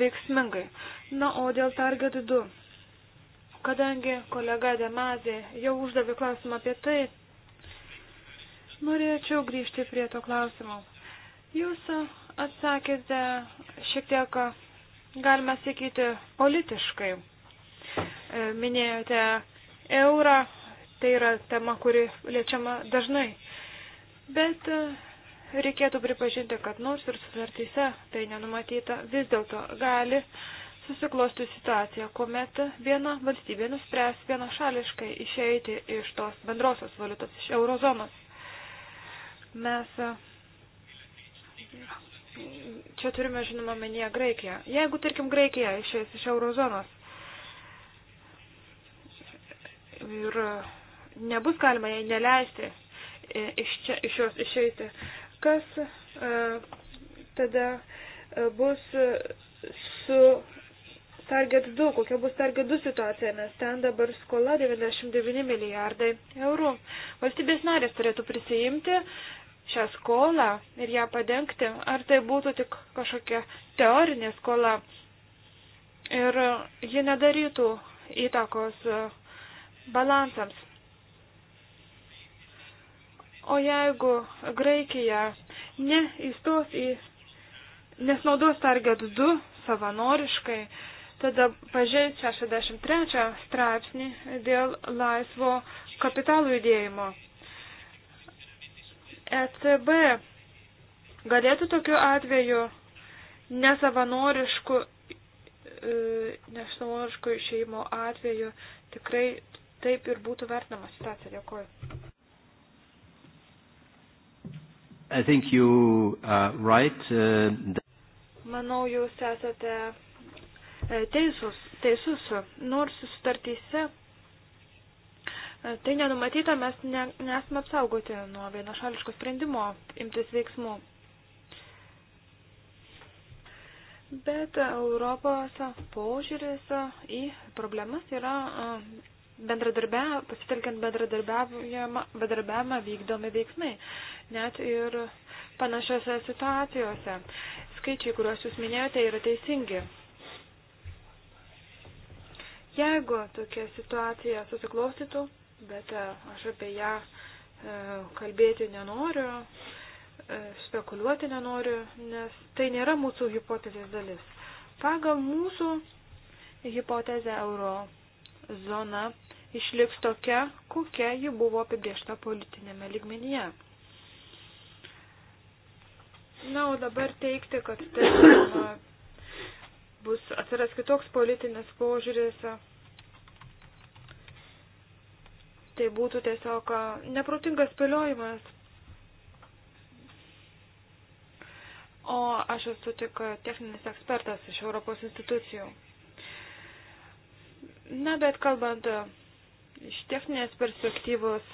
veiksmingai. Na, o dėl Target 2. Kadangi kolega Demazė jau uždavė klausimą apie tai, norėčiau grįžti prie to klausimo. Jūs atsakėte šiek tiek, galima sakyti, politiškai. E, minėjote eurą, tai yra tema, kuri liečiama dažnai. Bet e, reikėtų pripažinti, kad nors ir sutartyse tai nenumatyta, vis dėlto gali susiklosti situacija, kuomet viena valstybė nuspręs vienašališkai išeiti iš tos bendrosios valiutos, iš eurozonos. Mes e, čia turime, žinoma, menyje Graikiją. Jeigu, tarkim, Graikija išeis iš eurozonos ir nebus galima jai neleisti E, iš, čia, iš jos išeiti. Kas e, tada e, bus su Target 2, kokia bus Target 2 situacija, nes ten dabar skola 99 milijardai eurų. Valstybės narės turėtų prisijimti šią skolą ir ją padengti, ar tai būtų tik kažkokia teorinė skola ir ji nedarytų įtakos balansams. O jeigu Graikija neįstos į, nesnaudos target 2 savanoriškai, tada pažeis 63 straipsnį dėl laisvo kapitalų judėjimo. ECB galėtų tokiu atveju nesavanoriškų e, nesavanoriškų išėjimo atveju tikrai taip ir būtų vertinama situacija. Dėkuoju. I think you are uh, right. Uh, Manau, jūs esate e, teisus, teisus, nors sutartyse e, tai nenumatyta, mes ne, nesame apsaugoti nuo vienašališko sprendimo imtis veiksmų. Bet Europos požiūris į problemas yra e, bendradarbia, pasitelkiant bendradarbiavimą vykdomi veiksmai, net ir panašiose situacijose. Skaičiai, kuriuos jūs minėjote, yra teisingi. Jeigu tokia situacija susiklostytų, bet e, aš apie ją e, kalbėti nenoriu, e, spekuliuoti nenoriu, nes tai nėra mūsų hipotezės dalis. Pagal mūsų hipotezę Europą zona išliks tokia, kokia ji buvo apibriešta politinėme ligmenyje. Na, o dabar teikti, kad tarkim, bus atsiras kitoks politinis požiūris, tai būtų tiesiog neprotingas spėliojimas. O aš esu tik techninis ekspertas iš Europos institucijų. Na, bet kalbant e, iš techninės perspektyvos,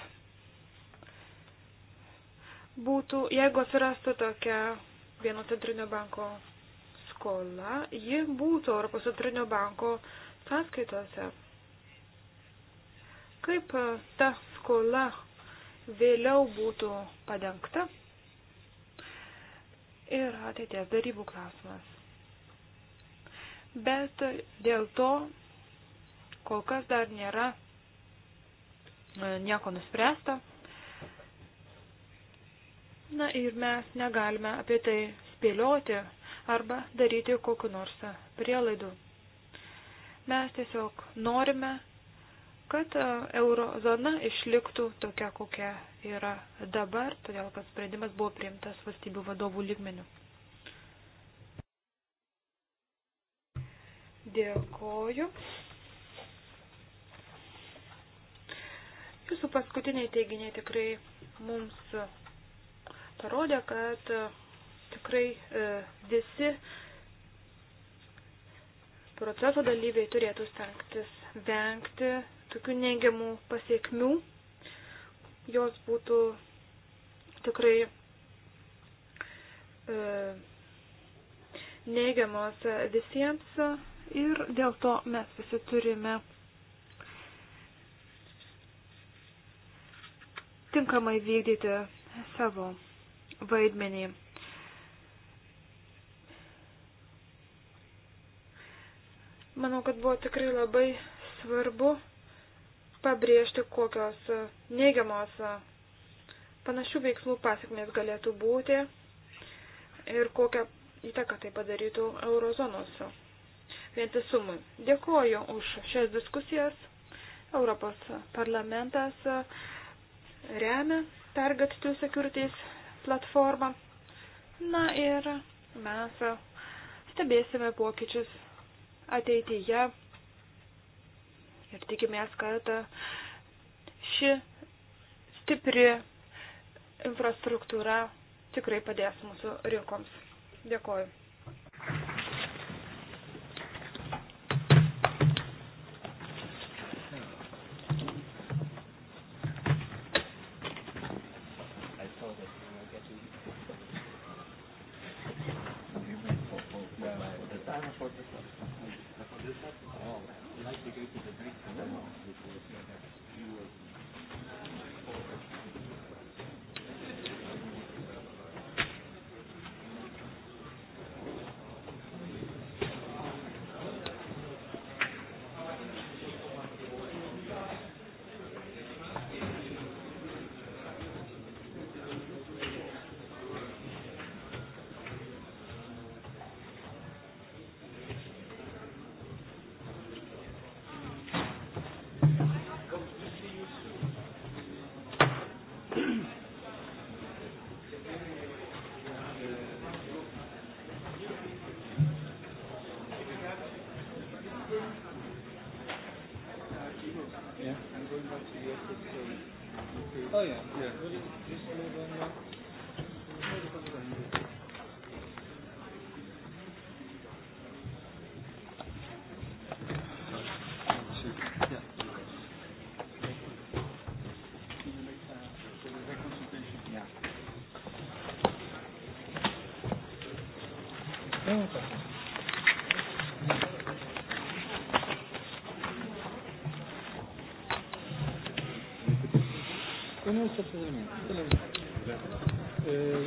būtų, jeigu atsirastų tokia vieno centrinio banko skola, ji būtų Europos centrinio banko sąskaitose. Kaip e, ta skola vėliau būtų padengta, yra ateities darybų klausimas. Bet dėl to Kol kas dar nėra e, nieko nuspręsta. Na ir mes negalime apie tai spėlioti arba daryti kokiu nors prielaidu. Mes tiesiog norime, kad e, eurozona išliktų tokia, kokia yra dabar, todėl kad sprendimas buvo priimtas valstybių vadovų lygmenių. Dėkoju. Jūsų paskutiniai teiginiai tikrai mums parodė, kad e, tikrai e, visi proceso dalyviai turėtų stengtis vengti tokių neigiamų pasiekmių. Jos būtų tikrai e, neigiamos visiems ir dėl to mes visi turime tinkamai vykdyti savo vaidmenį. Manau, kad buvo tikrai labai svarbu pabrėžti, kokios neigiamos panašių veiksmų pasiekmės galėtų būti ir kokią įtaką tai padarytų eurozonos vientisumui. Dėkoju už šias diskusijas. Europos parlamentas remia Target 2 Securities platformą. Na ir mes stebėsime pokyčius ateityje ir tikimės, kad ši stipri infrastruktūra tikrai padės mūsų rinkoms. Dėkoju.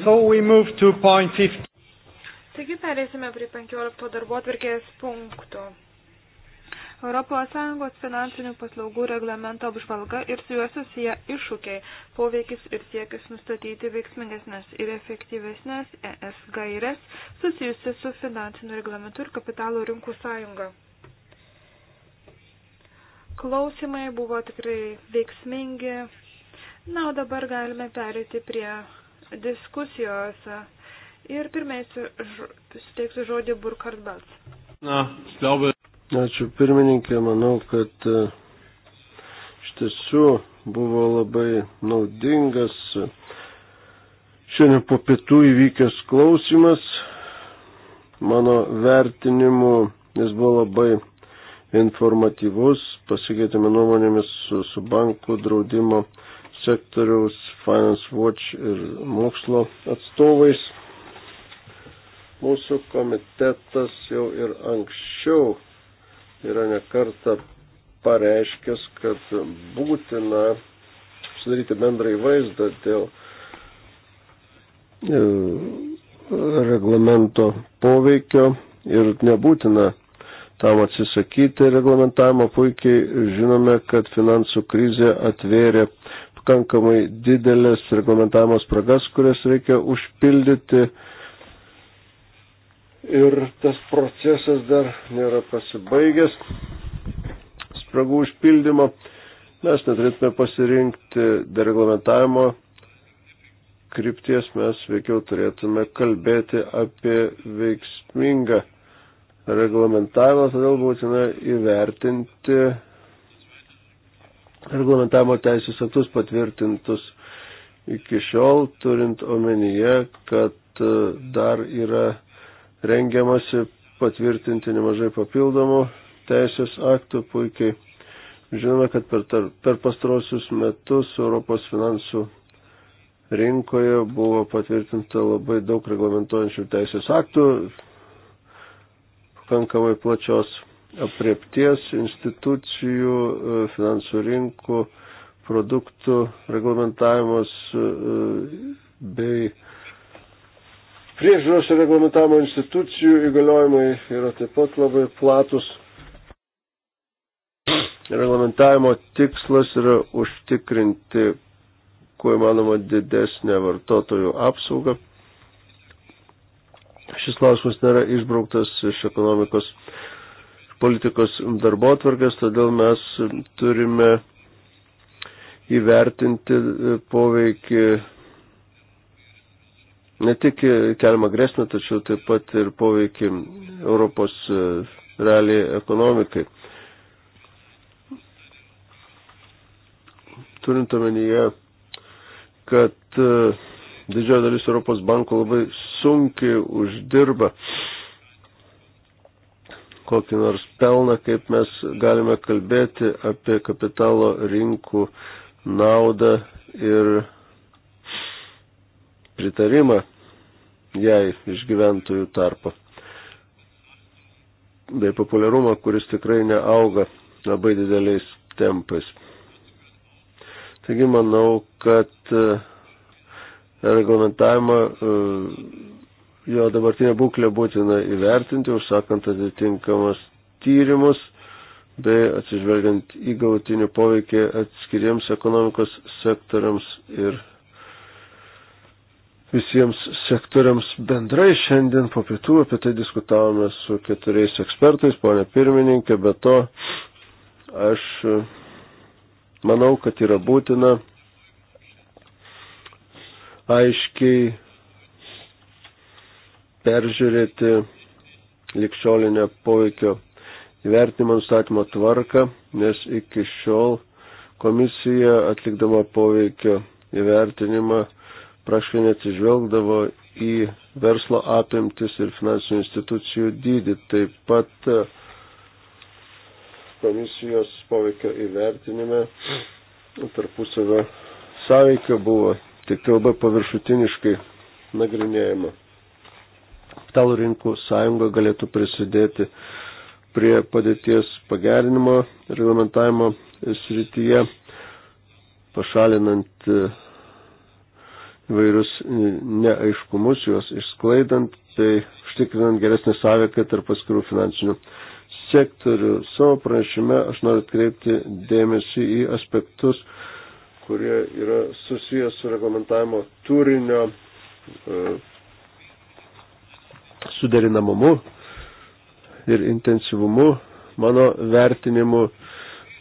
So we move to point 15. Taigi perėsime prie 15 darbo atvirkės punktų. ES finansinių paslaugų reglamento apžvalga ir su juo susiję iššūkiai, poveikis ir siekis nustatyti veiksmingesnės ir efektyvesnės ES gairės susijusi su finansiniu reglamentu ir kapitalo rinkų sąjunga. Klausimai buvo tikrai veiksmingi. Na, o dabar galime perėti prie diskusijose. Ir pirmiausia, suteiksiu žodį Burkhard Balts. Na, galbūt. Ačiū pirmininkė, manau, kad e, iš tiesų buvo labai naudingas šiandien po pietų įvykęs klausimas. Mano vertinimu jis buvo labai informatyvus, pasikeitėme nuomonėmis su, su bankų draudimo sektoriaus Finance Watch ir mokslo atstovais. Mūsų komitetas jau ir anksčiau yra nekarta pareiškęs, kad būtina sudaryti bendrai vaizdą dėl e, reglamento poveikio ir nebūtina tam atsisakyti reglamentavimo. Puikiai žinome, kad finansų krizė atvėrė pakankamai didelės reglamentavimo spragas, kurias reikia užpildyti. Ir tas procesas dar nėra pasibaigęs spragų užpildymo. Mes neturėtume pasirinkti dereglamentavimo krypties, mes veikiau turėtume kalbėti apie veiksmingą reglamentavimą, todėl būtina įvertinti reglamentavimo teisės aktus patvirtintus iki šiol, turint omenyje, kad e, dar yra rengiamasi patvirtinti nemažai papildomų teisės aktų. Puikiai žinome, kad per, tar, per pastarosius metus Europos finansų rinkoje buvo patvirtinta labai daug reglamentuojančių teisės aktų, pakankamai plačios apriepties institucijų, e, finansų rinkų, produktų reglamentavimas e, bei priežiūros ir reglamentavimo institucijų įgaliojimai yra taip pat labai platus. Reglamentavimo tikslas yra užtikrinti kuo įmanoma didesnę vartotojų apsaugą. Šis klausimas nėra išbrauktas iš ekonomikos politikos darbo atvarkės, todėl mes turime įvertinti poveikį ne tik keliamą grėsmę, tačiau taip pat ir poveikį Europos realiai ekonomikai. Turint omenyje, kad didžioji dalis Europos bankų labai sunkiai uždirba, uh, kokį nors pelną, kaip mes galime kalbėti apie kapitalo rinkų naudą ir pritarimą jai iš gyventojų tarpo. Bei populiarumą, kuris tikrai neauga labai dideliais tempais. Taigi manau, kad e, reglamentavimą e, jo dabartinę būklę būtina įvertinti, užsakant atitinkamas tyrimus bei atsižvelgiant į gautinį poveikį atskiriems ekonomikos sektoriams ir visiems sektoriams bendrai šiandien po pietų apie tai diskutavome su keturiais ekspertais, ponė pirmininkė, bet to aš e, manau, kad yra būtina aiškiai peržiūrėti likščiolinę poveikio įvertinimo nustatymo tvarką, nes iki šiol komisija atlikdama poveikio įvertinimą praškai neatsižvelgdavo į verslo apimtis ir finansinių institucijų dydį. Taip pat e, komisijos poveikio įvertinime tarpusavio sąveikio buvo tik tai labai paviršutiniškai nagrinėjama kapitalų rinkų sąjunga galėtų prisidėti prie padėties pagerinimo reglamentavimo srityje, pašalinant e, įvairius e, neaiškumus, juos išsklaidant, tai užtikrinant geresnį sąveiką tarp paskirų finansinių sektorių. Savo pranešime aš noriu atkreipti dėmesį į aspektus, kurie yra susijęs su reglamentavimo turinio e, suderinamumu ir intensyvumu. Mano vertinimu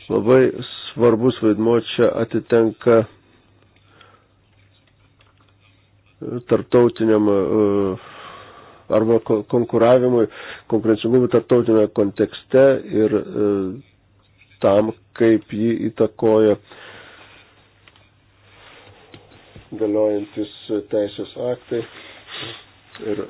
labai svarbus vaidmuo čia atitenka tarptautiniam e, arba konkuravimui, konkurencingumui tarptautinėme kontekste ir e, tam, kaip jį įtakoja galiojantis teisės aktai ir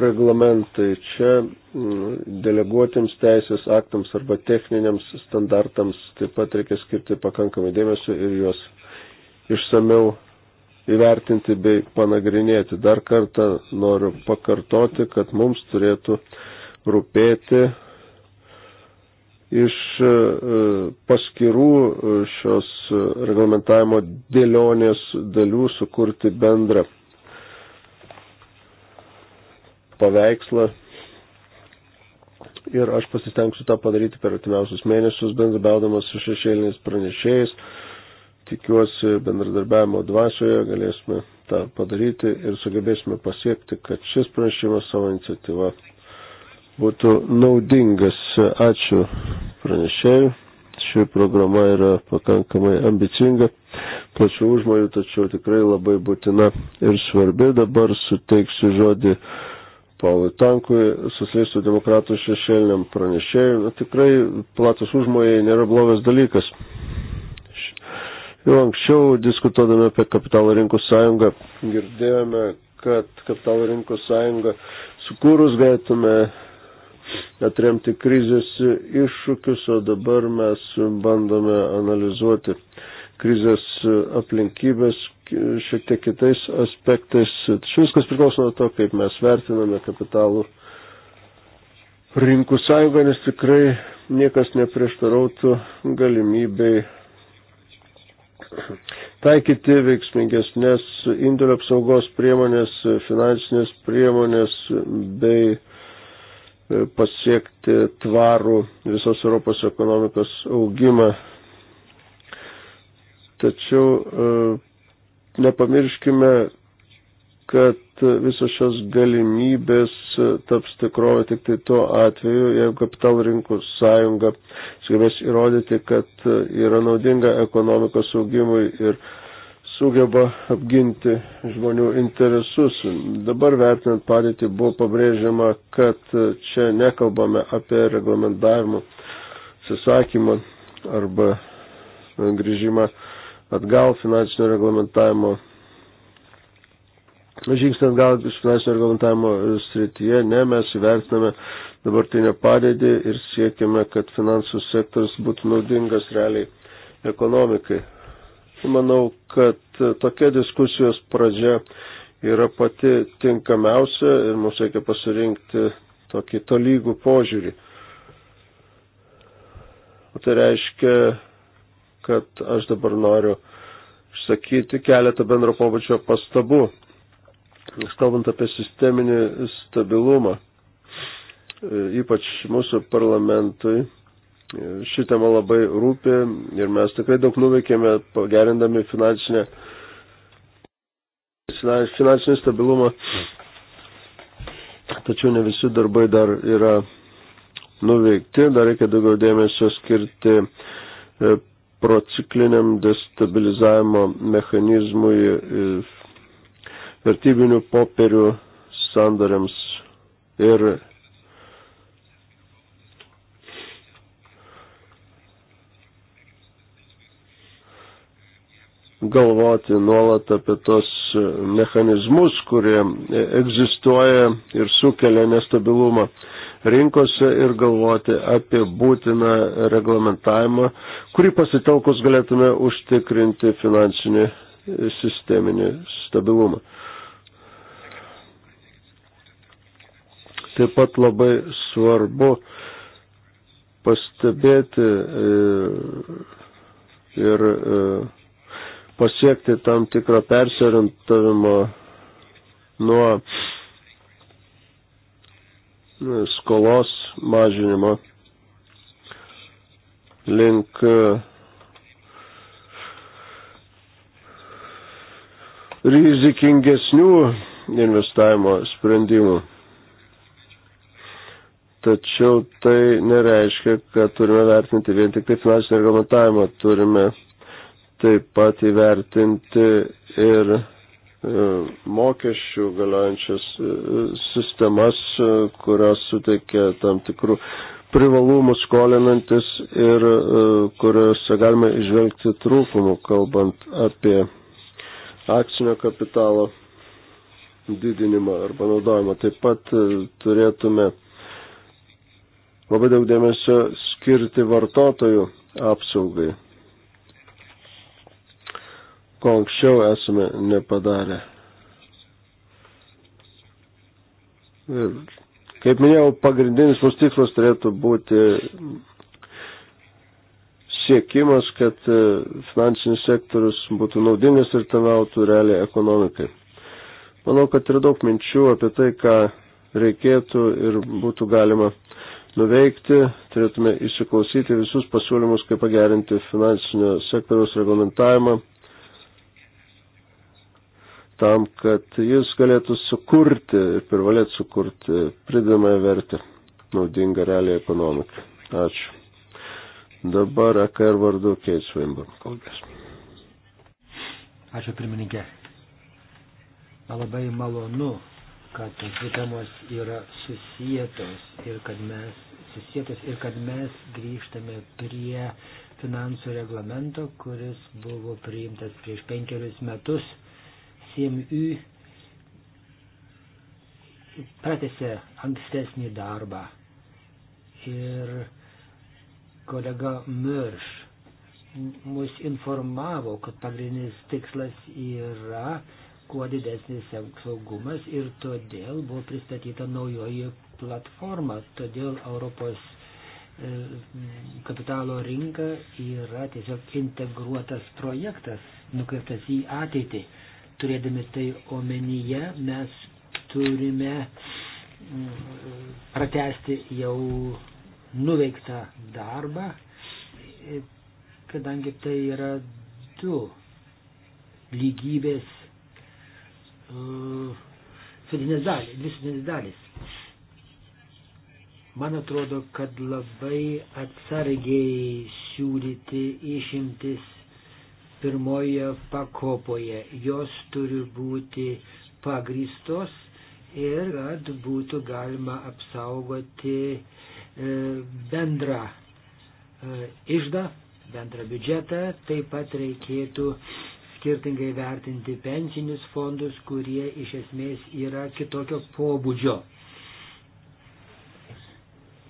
reglamentai. Čia mm, deleguotiems teisės aktams arba techniniams standartams taip pat reikia skirti pakankamai dėmesio ir juos išsameu įvertinti bei panagrinėti. Dar kartą noriu pakartoti, kad mums turėtų rūpėti iš e, paskirų e, šios e, reglamentavimo dėlionės dalių sukurti bendrą paveikslą ir aš pasistengsiu tą padaryti per atimiausius mėnesius, bendrabiaudamas su šešėliniais pranešėjais. Tikiuosi bendradarbiavimo dvasioje galėsime tą padaryti ir sugebėsime pasiekti, kad šis pranešimas savo iniciatyva būtų naudingas. Ačiū pranešėjui. Ši programa yra pakankamai ambicinga, plačių užmojų, tačiau tikrai labai būtina ir svarbi. Dabar suteiksiu žodį Paului Tankui, socialistų demokratų šešėliniam pranešėjui. Na, tikrai platus užmojai nėra blogas dalykas. Jau anksčiau diskutuodami apie kapitalo rinkų sąjungą girdėjome, kad kapitalo rinkų sąjungą sukūrus galėtume atremti krizės iššūkius, o dabar mes bandome analizuoti krizės aplinkybės šiek tiek kitais aspektais. Tačiau viskas priklauso nuo to, kaip mes vertiname kapitalų rinkų sąjungą, nes tikrai niekas neprieštarautų galimybei taikyti veiksmingesnės indėlio apsaugos priemonės, finansinės priemonės bei pasiekti tvarų visos Europos ekonomikos augimą Tačiau e, nepamirškime, kad visos šios galimybės taps tikrovė tik tai tuo atveju, jeigu kapital rinkų sąjunga sugebės įrodyti, kad yra naudinga ekonomikos augimui ir sugeba apginti žmonių interesus. Dabar vertinant padėtį buvo pabrėžiama, kad čia nekalbame apie reglamentavimą, susakymą arba grįžimą atgal finansinio reglamentavimo, žingsnį atgal finansinio reglamentavimo srityje, ne, mes įvertiname dabartinę padėtį ir siekiame, kad finansų sektoris būtų naudingas realiai ekonomikai. Manau, kad tokia diskusijos pradžia yra pati tinkamiausia ir mums reikia pasirinkti tokį tolygų požiūrį. O tai reiškia kad aš dabar noriu išsakyti keletą bendro pobūdžio pastabų, kalbant apie sisteminį stabilumą. E, ypač mūsų parlamentui e, ši tema labai rūpi ir mes tikrai daug nuveikėme pagerindami finansinę, finansinį stabilumą, tačiau ne visi darbai dar yra nuveikti, dar reikia daugiau dėmesio skirti e, procikliniam destabilizavimo mechanizmui, e, vertybinių popierių sandariams ir galvoti nuolat apie tos mechanizmus, kurie egzistuoja ir sukelia nestabilumą rinkose ir galvoti apie būtiną reglamentavimą, kurį pasitelkus galėtume užtikrinti finansinį sisteminį stabilumą. Taip pat labai svarbu pastebėti e, ir, ir e, pasiekti tam tikrą persiorientavimą nuo e, skolos mažinimo link e, rizikingesnių investavimo sprendimų. Tačiau tai nereiškia, kad turime vertinti vien tik tai finansinį reglamentavimą, turime taip pat įvertinti ir e, mokesčių galiojančias e, sistemas, e, kurios suteikia tam tikrų privalumų skolinantis ir kuriuose galima išvelgti trūkumų, kalbant apie akcinio kapitalo didinimą arba naudojimą. Taip pat turėtume labai daug dėmesio skirti vartotojų apsaugai ko anksčiau esame nepadarę. Ir, kaip minėjau, pagrindinis mūsų tikslas turėtų būti siekimas, kad e, finansinis sektorius būtų naudingas ir tarnautų realiai ekonomikai. Manau, kad yra daug minčių apie tai, ką reikėtų ir būtų galima nuveikti. Turėtume įsiklausyti visus pasiūlymus, kaip pagerinti finansinio sektoriaus reglamentavimą, tam, kad jis galėtų sukurti ir privalėtų sukurti pridamąją vertę naudingą realiai ekonomiką. Ačiū. Dabar AKR vardu Keis Vimbar kalbės. Ačiū pirmininkė. Labai malonu, kad dvi temos yra susijėtos ir kad mes susijėtos ir kad mes grįžtame prie finansų reglamento, kuris buvo priimtas prieš penkerius metus CMU pratėse ankstesnį darbą. Ir kolega Mirš mus informavo, kad pagrindinis tikslas yra kuo didesnis saugumas ir todėl buvo pristatyta naujoji platforma. Todėl Europos e, kapitalo rinka yra tiesiog integruotas projektas, nukreiptas į ateitį. Turėdami tai omenyje, mes turime mm, pratesti jau nuveiktą darbą, kadangi tai yra du lygybės uh, e, sudinės dalys, dvi sudinės dalys. Man atrodo, kad labai atsargiai siūlyti išimtis pirmoje pakopoje. Jos turi būti pagristos ir kad būtų galima apsaugoti e, bendrą e, išdą, bendrą biudžetą. Taip pat reikėtų skirtingai vertinti pensinius fondus, kurie iš esmės yra kitokio pobūdžio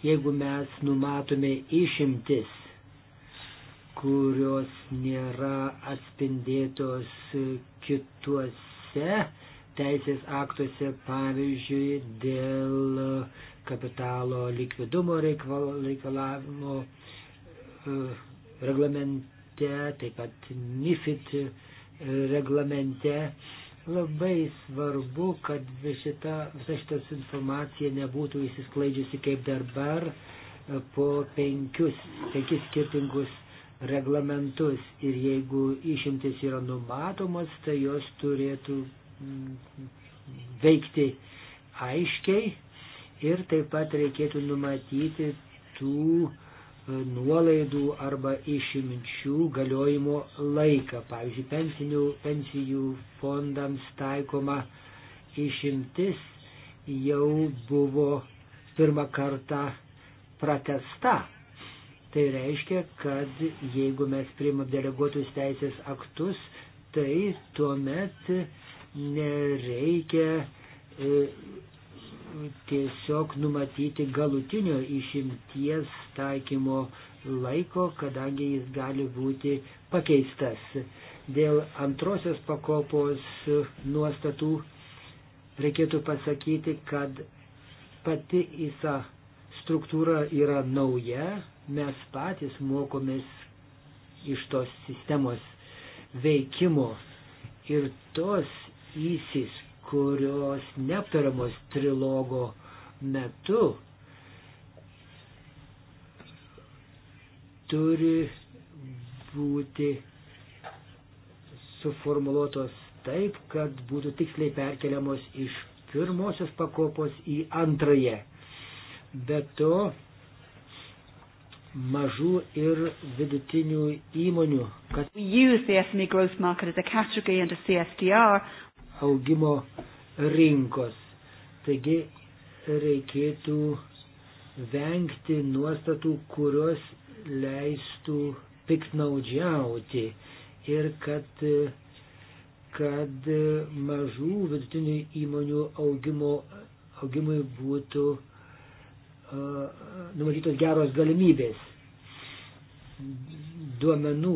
jeigu mes numatome išimtis kurios nėra atspindėtos kituose teisės aktuose, pavyzdžiui, dėl kapitalo likvidumo reikalavimo e, reglamente, taip pat NIFIT reglamente. Labai svarbu, kad šita, visa šitas informacija nebūtų įsisklaidžiusi kaip dabar e, po penkius, penkis skirtingus reglamentus ir jeigu išimtis yra numatomas, tai jos turėtų mm, veikti aiškiai ir taip pat reikėtų numatyti tų e, nuolaidų arba išimčių galiojimo laiką. Pavyzdžiui, pensinių, pensijų fondams taikoma išimtis jau buvo pirmą kartą pratesta Tai reiškia, kad jeigu mes priimam deleguotus teisės aktus, tai tuomet nereikia e, tiesiog numatyti galutinio išimties taikymo laiko, kadangi jis gali būti pakeistas. Dėl antrosios pakopos nuostatų reikėtų pasakyti, kad pati įsa struktūra yra nauja, mes patys mokomės iš tos sistemos veikimo ir tos įsis, kurios neaptariamos trilogo metu, turi būti suformuoluotos taip, kad būtų tiksliai perkeliamos iš pirmosios pakopos į antrąją. Be to, mažų ir vidutinių įmonių, kad e augimo rinkos. Taigi reikėtų vengti nuostatų, kurios leistų piknaudžiauti ir kad, kad mažų vidutinių įmonių augimo, augimui būtų uh, numatytos geros galimybės. Duomenų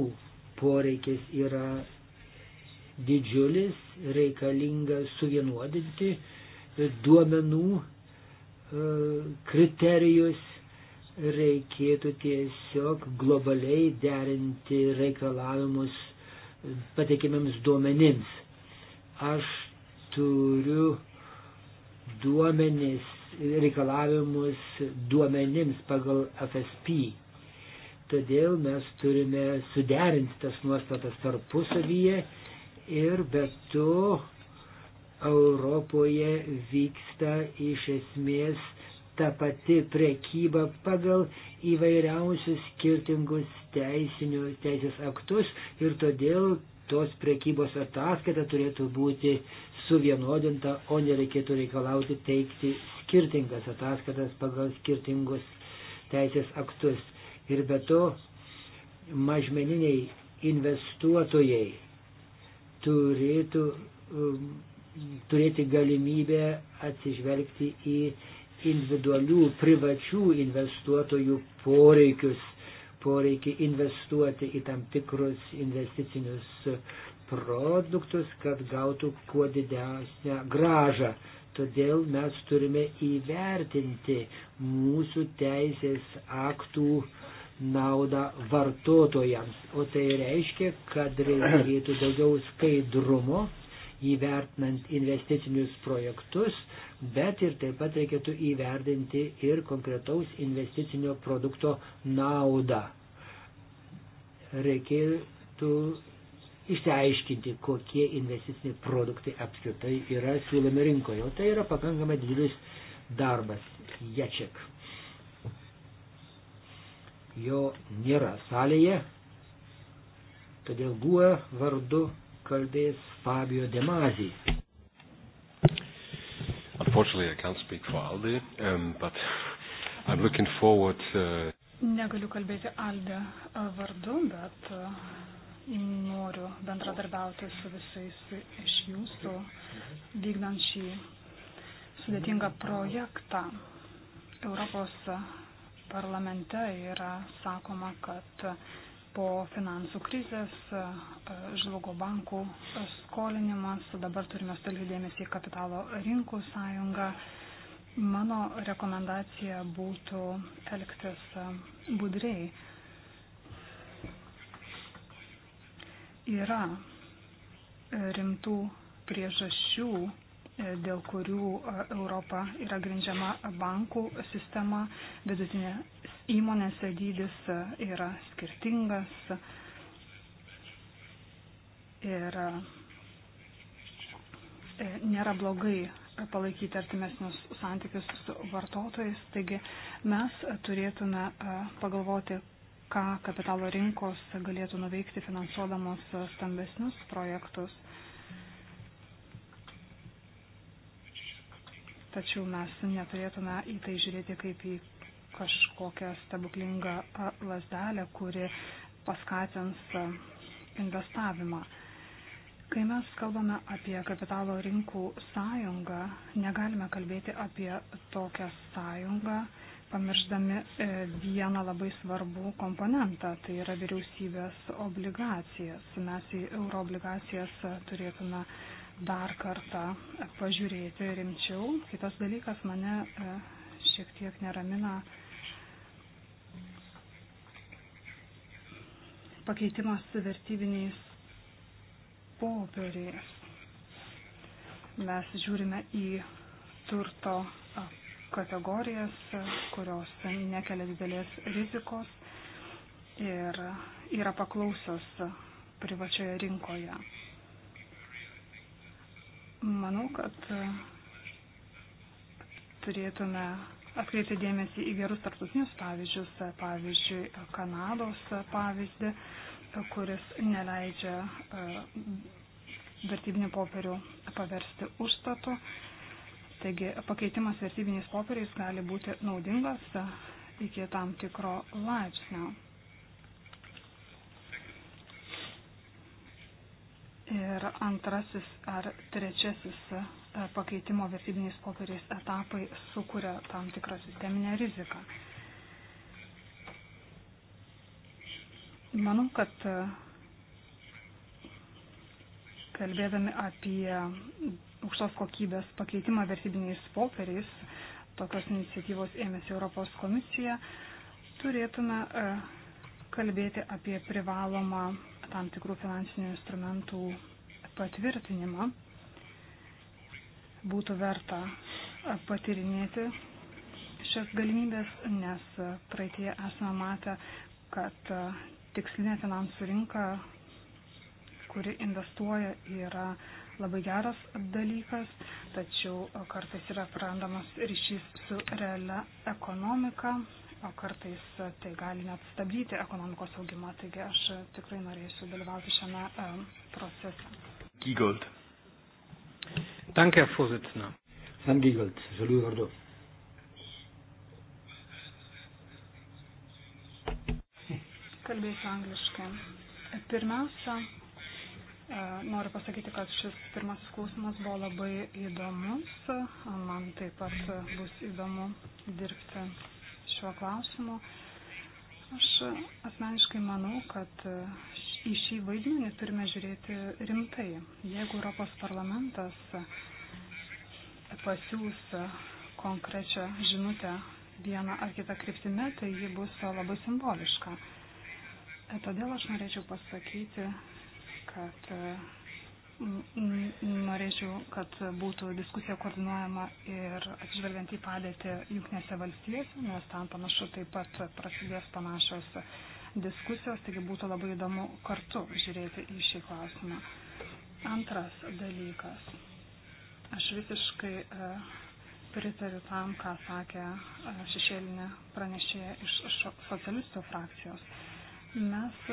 poreikis yra didžiulis, reikalinga suvienuodinti duomenų kriterijus, reikėtų tiesiog globaliai derinti reikalavimus pateikiamiams duomenims. Aš turiu duomenis reikalavimus duomenims pagal FSP. Todėl mes turime suderinti tas nuostatas tarpusavyje ir be to Europoje vyksta iš esmės ta pati prekyba pagal įvairiausius skirtingus teisinius teisės aktus ir todėl tos prekybos ataskaita turėtų būti suvienodinta, o nereikėtų reikalauti teikti skirtingas ataskaitas pagal skirtingus teisės aktus. Ir be to mažmeniniai investuotojai turėtų um, turėti galimybę atsižvelgti į individualių privačių investuotojų poreikius, poreikį investuoti į tam tikrus investicinius produktus, kad gautų kuo didesnę gražą. Todėl mes turime įvertinti mūsų teisės aktų naudą vartotojams. O tai reiškia, kad reikėtų daugiau skaidrumo įvertinant investicinius projektus, bet ir taip pat reikėtų įvertinti ir konkretaus investicinio produkto naudą. Reikėtų išsiaiškinti, kokie investiciniai produktai apskritai yra siūlomi rinkoje. O tai yra pakankamai didelis darbas. Ječiak. Jo nėra salėje, todėl guo vardu kalbės Fabio Demazį. Unfortunately, I can't speak for Aldi, um, but I'm looking forward. Uh... Negaliu kalbėti Aldi uh, vardu, bet uh, Noriu bendradarbiauti su visais iš jūsų, vykdant šį sudėtingą projektą. Europos parlamente yra sakoma, kad po finansų krizės e, žlugo bankų skolinimas, dabar turime stelti dėmesį į kapitalo rinkų sąjungą. Mano rekomendacija būtų elgtis budriai Yra e, rimtų priežasčių, e, dėl kurių e, Europa yra grindžiama bankų sistema, vidutinės įmonėse dydis yra skirtingas ir nėra blogai palaikyti artimesnius santykius su vartotojais. Taigi mes turėtume pagalvoti, ką kapitalo rinkos galėtų nuveikti finansuodamos stambesnius projektus. Tačiau mes neturėtume į tai žiūrėti kaip į kažkokią stebuklingą lasdelę, kuri paskatins investavimą. Kai mes kalbame apie kapitalo rinkų sąjungą, negalime kalbėti apie tokią sąjungą, pamiršdami e, vieną labai svarbų komponentą, tai yra vyriausybės obligacijas. Mes į euroobligacijas e, turėtume dar kartą pažiūrėti rimčiau. Kitas dalykas mane e, šiek tiek neramina pakeitimas vertybiniais popieriais. Mes žiūrime į turto kategorijas, kurios nekelia didelės rizikos ir yra paklausios privačioje rinkoje. Manau, kad turėtume atkreipti dėmesį į gerus tarptautinius pavyzdžius, pavyzdžiui, Kanados pavyzdį, kuris neleidžia e, vertybinių popierių paversti užstato. Uh, Taigi pakeitimas vertybiniais popieriais gali būti naudingas iki tam tikro laipsnio. Ir antrasis ar trečiasis e, pakeitimo vertybiniais popieriais etapai sukuria tam tikrą sisteminę riziką. Manau, kad e, kalbėdami apie aukštos kokybės pakeitimą vertybiniais popieriais, tokios iniciatyvos ėmėsi Europos komisija, turėtume e, kalbėti apie privalomą tam tikrų finansinių instrumentų patvirtinimą. Būtų verta e, patirinėti šias galimybės, nes e, praeitie esame matę, kad tikslinė finansų rinka, kuri investuoja, yra labai geras dalykas, tačiau kartais yra prarandamas ryšys su realia ekonomika, o kartais tai gali net stabdyti ekonomikos augimą. Taigi aš tikrai norėsiu dalyvauti šiame e, procese. Gygold. Danke, Herr Vorsitzender. Sam Gygold, Žaliųjų vardu. Kalbėsiu angliškai. Pirmiausia, E, noriu pasakyti, kad šis pirmas klausimas buvo labai įdomus. Man taip pat bus įdomu dirbti šiuo klausimu. Aš asmeniškai manau, kad į šį vaidmenį turime žiūrėti rimtai. Jeigu Europos parlamentas pasiūs konkrečią žinutę vieną ar kitą kryptimę, tai ji bus labai simboliška. E, todėl aš norėčiau pasakyti kad norėčiau, kad būtų diskusija koordinuojama ir atsižvelgiant į padėtį jungtinėse valstijose, nes ten panašu taip pat prasidės panašios diskusijos, taigi būtų labai įdomu kartu žiūrėti į šį klausimą. Antras dalykas. Aš visiškai e, pritariu tam, ką sakė e, šešėlinė pranešėja iš socialistų frakcijos. Mes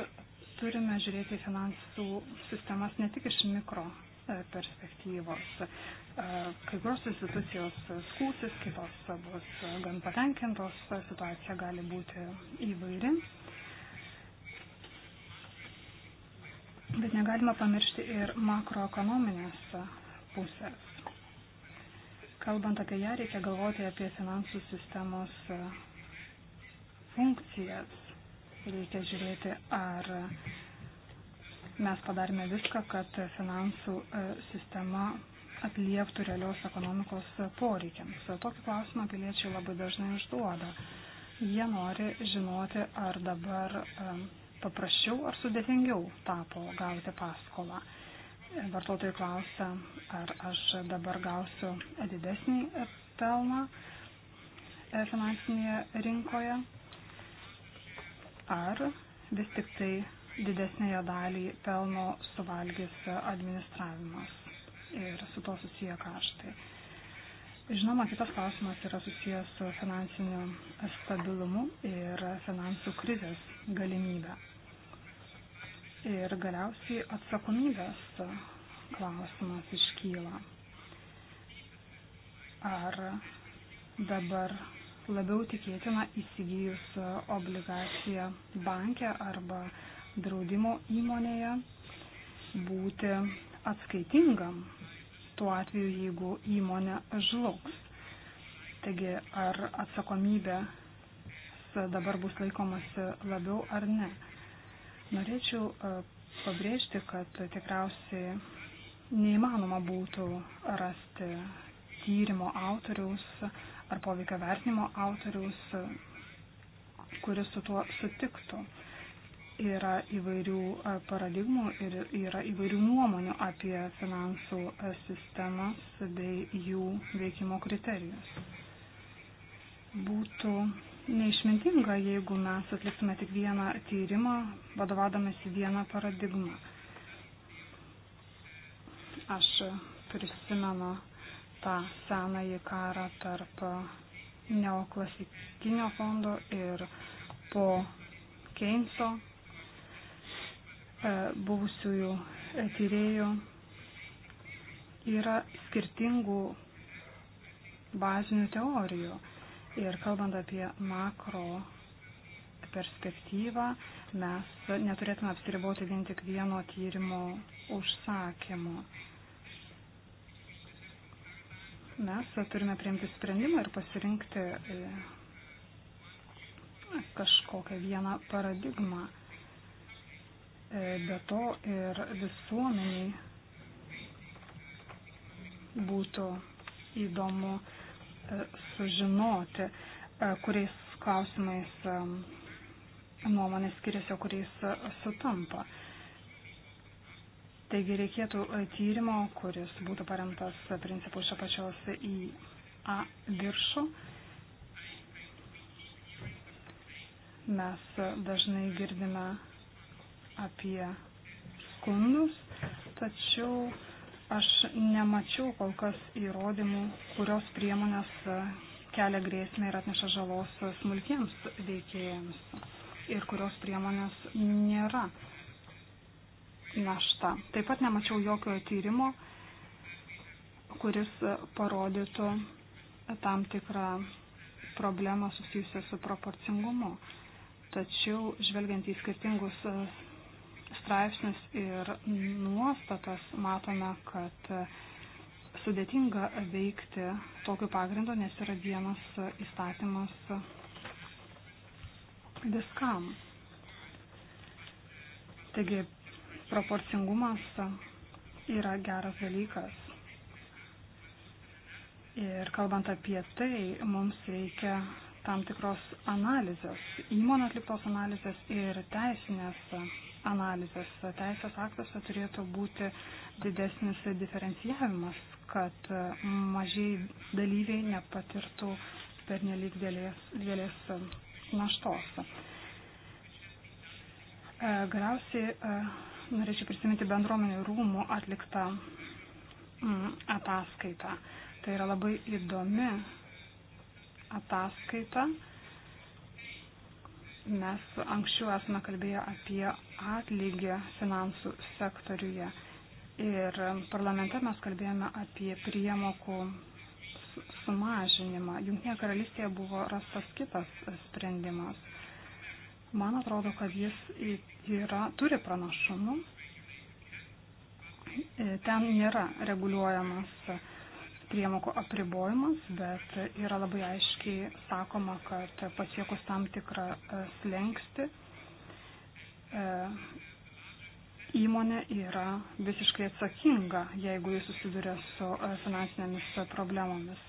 turime žiūrėti į finansų sistemas ne tik iš mikro e, perspektyvos. E, kai kurios institucijos skūsis, kitos bus gan patenkintos, situacija gali būti įvairi. Bet negalima pamiršti ir makroekonominės pusės. Kalbant apie ją, reikia galvoti apie finansų sistemos funkcijas reikia žiūrėti, ar mes padarėme viską, kad finansų e, sistema atlieptų realios ekonomikos e, poreikiams. Tokį klausimą piliečiai labai dažnai užduoda. Jie nori žinoti, ar dabar e, paprasčiau ar sudėtingiau tapo gauti paskolą. Vartotojai klausia, ar aš dabar gausiu didesnį pelną finansinėje rinkoje ar vis tik tai didesnėje dalį pelno suvalgys administravimas ir su to susiję kaštai. Žinoma, kitas klausimas yra susijęs su finansiniu stabilumu ir finansų krizės galimybė. Ir galiausiai atsakomybės klausimas iškyla. Ar dabar labiau tikėtina įsigijus obligaciją bankę arba draudimo įmonėje būti atskaitingam tuo atveju, jeigu įmonė žlugs. Taigi, ar atsakomybė dabar bus laikomasi labiau ar ne. Norėčiau e, pabrėžti, kad tikriausiai neįmanoma būtų rasti tyrimo autoriaus ar poveikio vertinimo autoriaus, kuris su tuo sutiktų. Yra įvairių e, paradigmų ir yra įvairių nuomonių apie finansų e, sistemas bei jų veikimo kriterijus. Būtų neišmintinga, jeigu mes atliksime tik vieną tyrimą, vadovadamėsi vieną paradigmą. Aš prisimenu tą senąjį karą tarp neoklasikinio fondo ir po Keinso e, buvusiųjų tyriejų yra skirtingų bazinių teorijų. Ir kalbant apie makro perspektyvą, mes neturėtume apsiriboti vien tik vieno tyrimo užsakymu. Mes turime priimti sprendimą ir pasirinkti e, kažkokią vieną paradigmą. E, be to ir visuomeniai būtų įdomu e, sužinoti, kuriais klausimais nuomonės skiriasi, o kuriais sutampa. Taigi reikėtų e, tyrimo, kuris būtų paremtas e, principų iš apačios į A viršų. Mes e, dažnai girdime apie skundus, tačiau aš nemačiau kol kas įrodymų, kurios priemonės kelia grėsmę ir atneša žalos smulkiems veikėjams ir kurios priemonės nėra našta. Taip pat nemačiau jokio tyrimo, kuris parodytų tam tikrą problemą susijusią su proporcingumu. Tačiau žvelgiant į skirtingus straipsnius ir nuostatas matome, kad sudėtinga veikti tokiu pagrindu, nes yra vienas įstatymas viskam. Taigi proporcingumas yra geras dalykas. Ir kalbant apie tai, mums reikia tam tikros analizės, įmonės atliktos analizės ir teisinės analizės. Teisės aktuose turėtų būti didesnis diferencijavimas, kad mažiai dalyviai nepatirtų per nelik dėlės naštos. Galiausiai norėčiau prisiminti bendruomenių rūmų atliktą mm, ataskaitą. Tai yra labai įdomi ataskaita. Mes anksčiau esame kalbėję apie atlygį finansų sektoriuje ir parlamente mes kalbėjome apie priemokų sumažinimą. Junktinėje karalystėje buvo rastas kitas sprendimas. Man atrodo, kad jis yra, turi pranašumų. E, ten nėra reguliuojamas priemokų apribojimas, bet yra labai aiškiai sakoma, kad pasiekus tam tikrą e, slengsti e, įmonė yra visiškai atsakinga, jeigu jis susiduria su finansinėmis problemomis.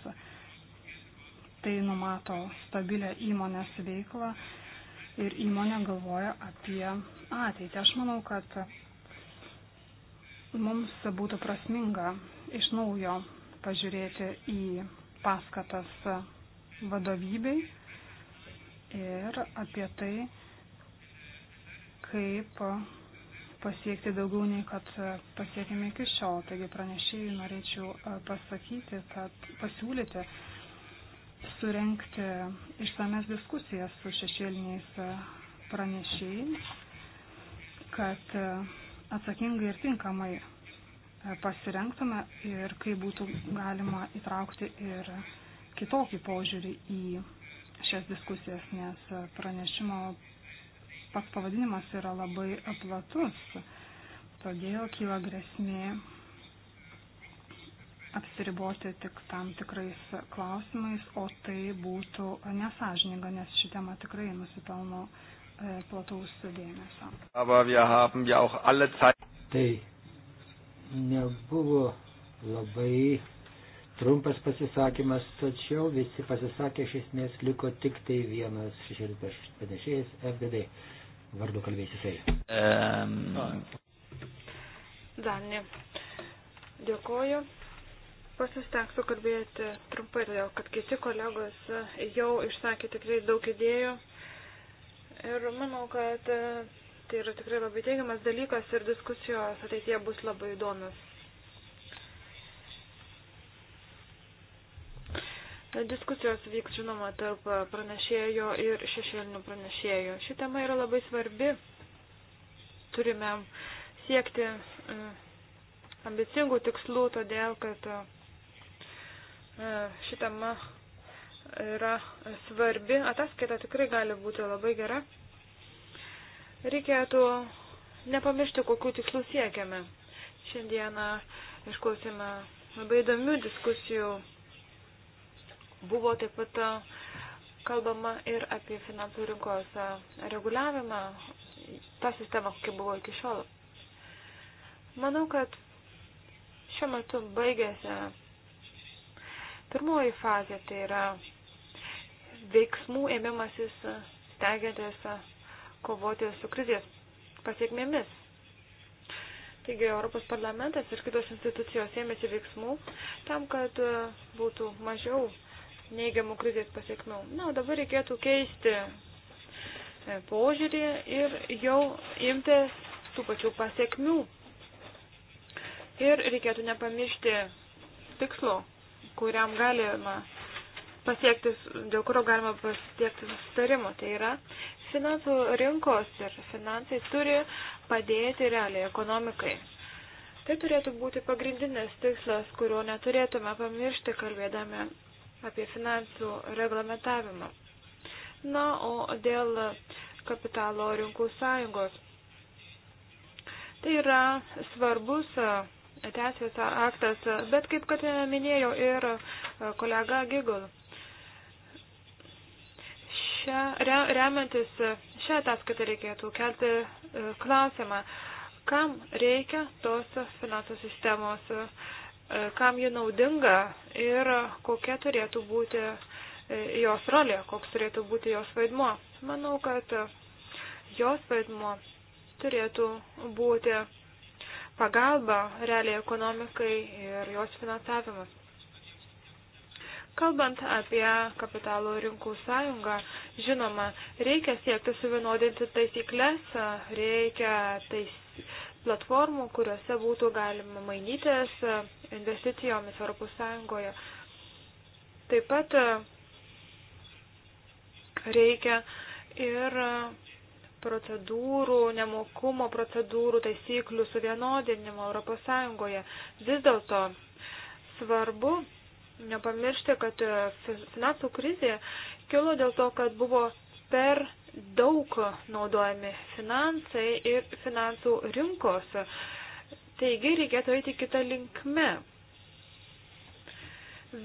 Tai numato stabilę įmonės veiklą ir įmonė galvoja apie ateitį. Aš manau, kad mums būtų prasminga iš naujo pažiūrėti į paskatas vadovybei ir apie tai, kaip pasiekti daugiau nei kad pasiekime iki šiol. Taigi pranešėjai norėčiau e, pasakyti, kad pasiūlyti, surenkti išsames diskusijas su šešėliniais pranešėjais, kad atsakingai ir tinkamai pasirenktume ir kaip būtų galima įtraukti ir kitokį požiūrį į šias diskusijas, nes pranešimo pats pavadinimas yra labai platus, todėl kyla grėsmė apsiriboti tik tam tikrais klausimais, o tai būtų nesažininga, nes ši tema tikrai nusipelno e, plataus dėmesio. Tai nebuvo labai trumpas pasisakymas, tačiau visi pasisakė iš esmės liko tik tai vienas šešėlis pranešėjas FDD. Vardu kalbės jisai. Um. Danė. Dėkoju. Pasistengsiu kalbėti trumpai, todėl kad kiti kolegos jau išsakė tikrai daug idėjų. Ir manau, kad e, tai yra tikrai labai teigiamas dalykas ir diskusijos ateityje bus labai įdomios. Diskusijos vyks, žinoma, tarp pranešėjo ir šešėlinių pranešėjų. Ši tema yra labai svarbi. Turime siekti e, ambicingų tikslų, todėl kad e, E, ši tema yra svarbi, ataskaita tikrai gali būti labai gera. Reikėtų nepamiršti, kokiu tikslu siekiame. Šiandieną išklausėme labai įdomių diskusijų. Buvo taip pat e, kalbama ir apie finansų rinkos e, reguliavimą, tą sistemą, kokia buvo iki šiol. Manau, kad šiuo metu baigėsi Pirmoji fazė tai yra veiksmų ėmimasis stengiantis kovoti su krizės pasiekmėmis. Taigi Europos parlamentas ir kitos institucijos ėmėsi veiksmų tam, kad būtų mažiau neigiamų krizės pasiekmių. Na, o dabar reikėtų keisti požiūrį ir jau imtis tų pačių pasiekmių. Ir reikėtų nepamiršti tikslo, kuriam galima pasiekti, dėl kurio galima pasiekti sustarimo. Tai yra, finansų rinkos ir finansai turi padėti realiai ekonomikai. Tai turėtų būti pagrindinis tikslas, kurio neturėtume pamiršti, kalbėdami apie finansų reglamentavimą. Na, o dėl kapitalo rinkų sąjungos. Tai yra svarbus teisės aktas, bet kaip kad minėjau ir e, kolega Gigul. Šia, re, remiantis šią ataskaitą reikėtų kelti e, klausimą, kam reikia tos finansų sistemos, e, kam ji naudinga ir kokia turėtų būti jos rolė, koks turėtų būti jos vaidmo. Manau, kad jos vaidmo turėtų būti pagalba realiai ekonomikai ir jos finansavimas. Kalbant apie kapitalų rinkų sąjungą, žinoma, reikia siekti suvienodinti taisyklės, reikia tais platformų, kuriuose būtų galima mainytis investicijomis Europos Sąjungoje. Taip pat reikia ir procedūrų, nemokumo procedūrų, taisyklių suvienodinimo ES. Vis dėlto svarbu nepamiršti, kad e, finansų krizė kilo dėl to, kad buvo per daug naudojami finansai ir finansų rinkos. Taigi reikėtų eiti kitą linkmę.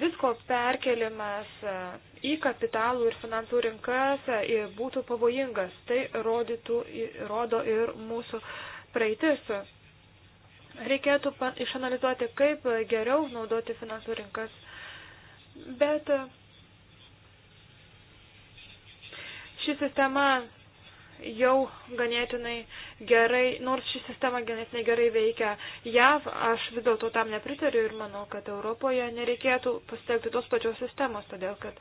Visko perkelimas e, į kapitalų ir finansų rinkas e, būtų pavojingas. Tai rodytų, rodo ir mūsų praeitis. Reikėtų išanalizuoti, kaip geriau naudoti finansų rinkas. Bet e, ši sistema jau ganėtinai gerai, nors ši sistema ganėtinai gerai veikia JAV, aš vis dėlto tam nepritariu ir manau, kad Europoje nereikėtų pasitelkti tos pačios sistemos, todėl kad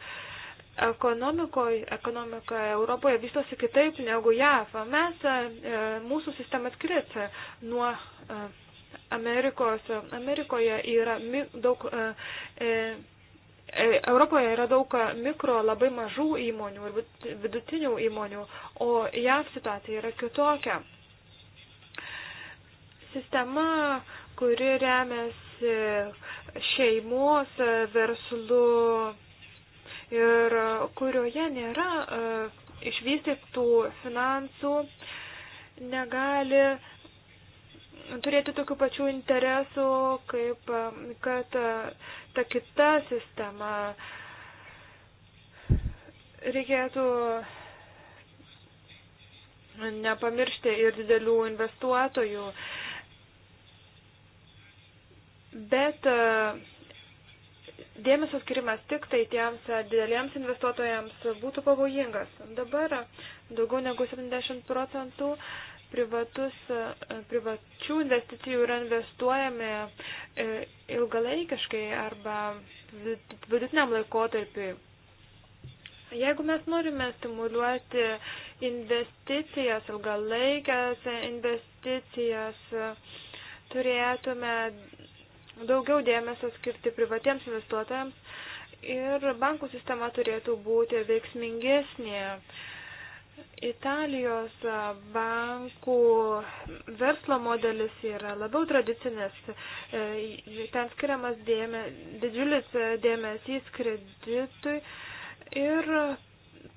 ekonomikoje, ekonomika Europoje vystosi kitaip negu JAV. Mes, e, mūsų sistema skiriasi nuo e, Amerikos. Amerikoje yra daug. E, e, Europoje yra daug mikro, labai mažų įmonių ir vidutinių įmonių, o JAV situacija yra kitokia. Sistema, kuri remiasi šeimos verslu ir kurioje nėra e, išvystytų finansų, negali turėti tokių pačių interesų, kaip e, kad e, ta kita sistema. Reikėtų nepamiršti ir didelių investuotojų bet e, dėmesio skirimas tik tai tiems e, dideliems investuotojams būtų pavojingas. Dabar daugiau negu 70 procentų privatus, e, privačių investicijų yra investuojami ilgalaikiškai arba vidutiniam laikotarpiui. Jeigu mes norime stimuliuoti investicijas, ilgalaikės investicijas, turėtume daugiau dėmesio skirti privatiems investuotojams ir bankų sistema turėtų būti veiksmingesnė. Italijos bankų verslo modelis yra labiau tradicinis. E, ten skiriamas dėme, didžiulis e, dėmesys kreditui ir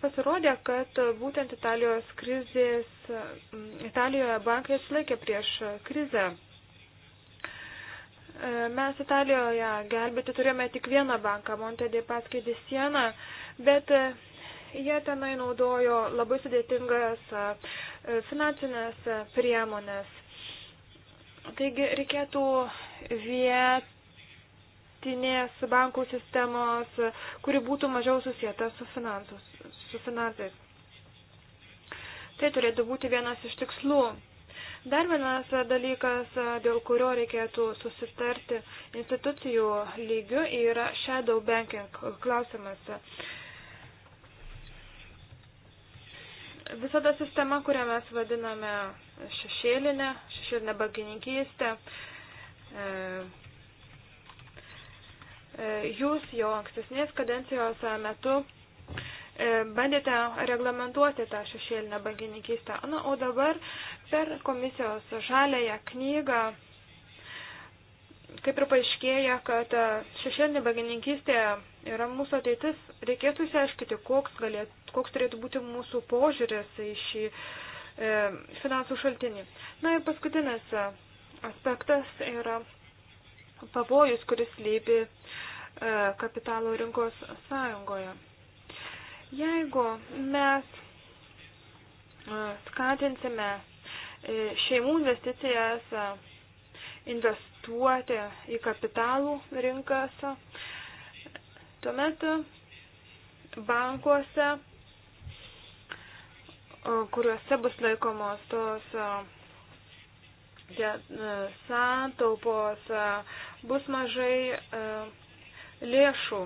pasirodė, kad būtent Italijos krizės, Italijoje bankai atsilaikė prieš krizę. E, mes Italijoje gelbėti turėjome tik vieną banką, Monte dei Paschi di Siena, bet e, jie tenai naudojo labai sudėtingas e, finansinės priemonės. Taigi reikėtų vietinės bankų sistemos, kuri būtų mažiau susieta su, finansus, su finansais. Tai turėtų būti vienas iš tikslų. Dar vienas dalykas, dėl kurio reikėtų susitarti institucijų lygių, yra shadow banking klausimas. Visada sistema, kurią mes vadiname šešėlinę, šešėlinę bankininkystę, e, e, jūs jau ankstesnės kadencijos metu E, bandėte reglamentuoti tą šešėlinę bankininkystę. Na, o dabar per komisijos žalėją knygą, kaip ir paaiškėja, kad šešėlinė bankininkystė yra mūsų ateitis, reikėtų išsiaiškiti, koks, galėt, koks turėtų būti mūsų požiūris į šį e, finansų šaltinį. Na ir paskutinis aspektas yra pavojus, kuris lypi e, kapitalo rinkos sąjungoje. Jeigu mes skatinsime e, šeimų investicijas investuoti į kapitalų rinkas, tuomet bankuose, kuriuose bus laikomos tos e, santaupos, bus mažai lėšų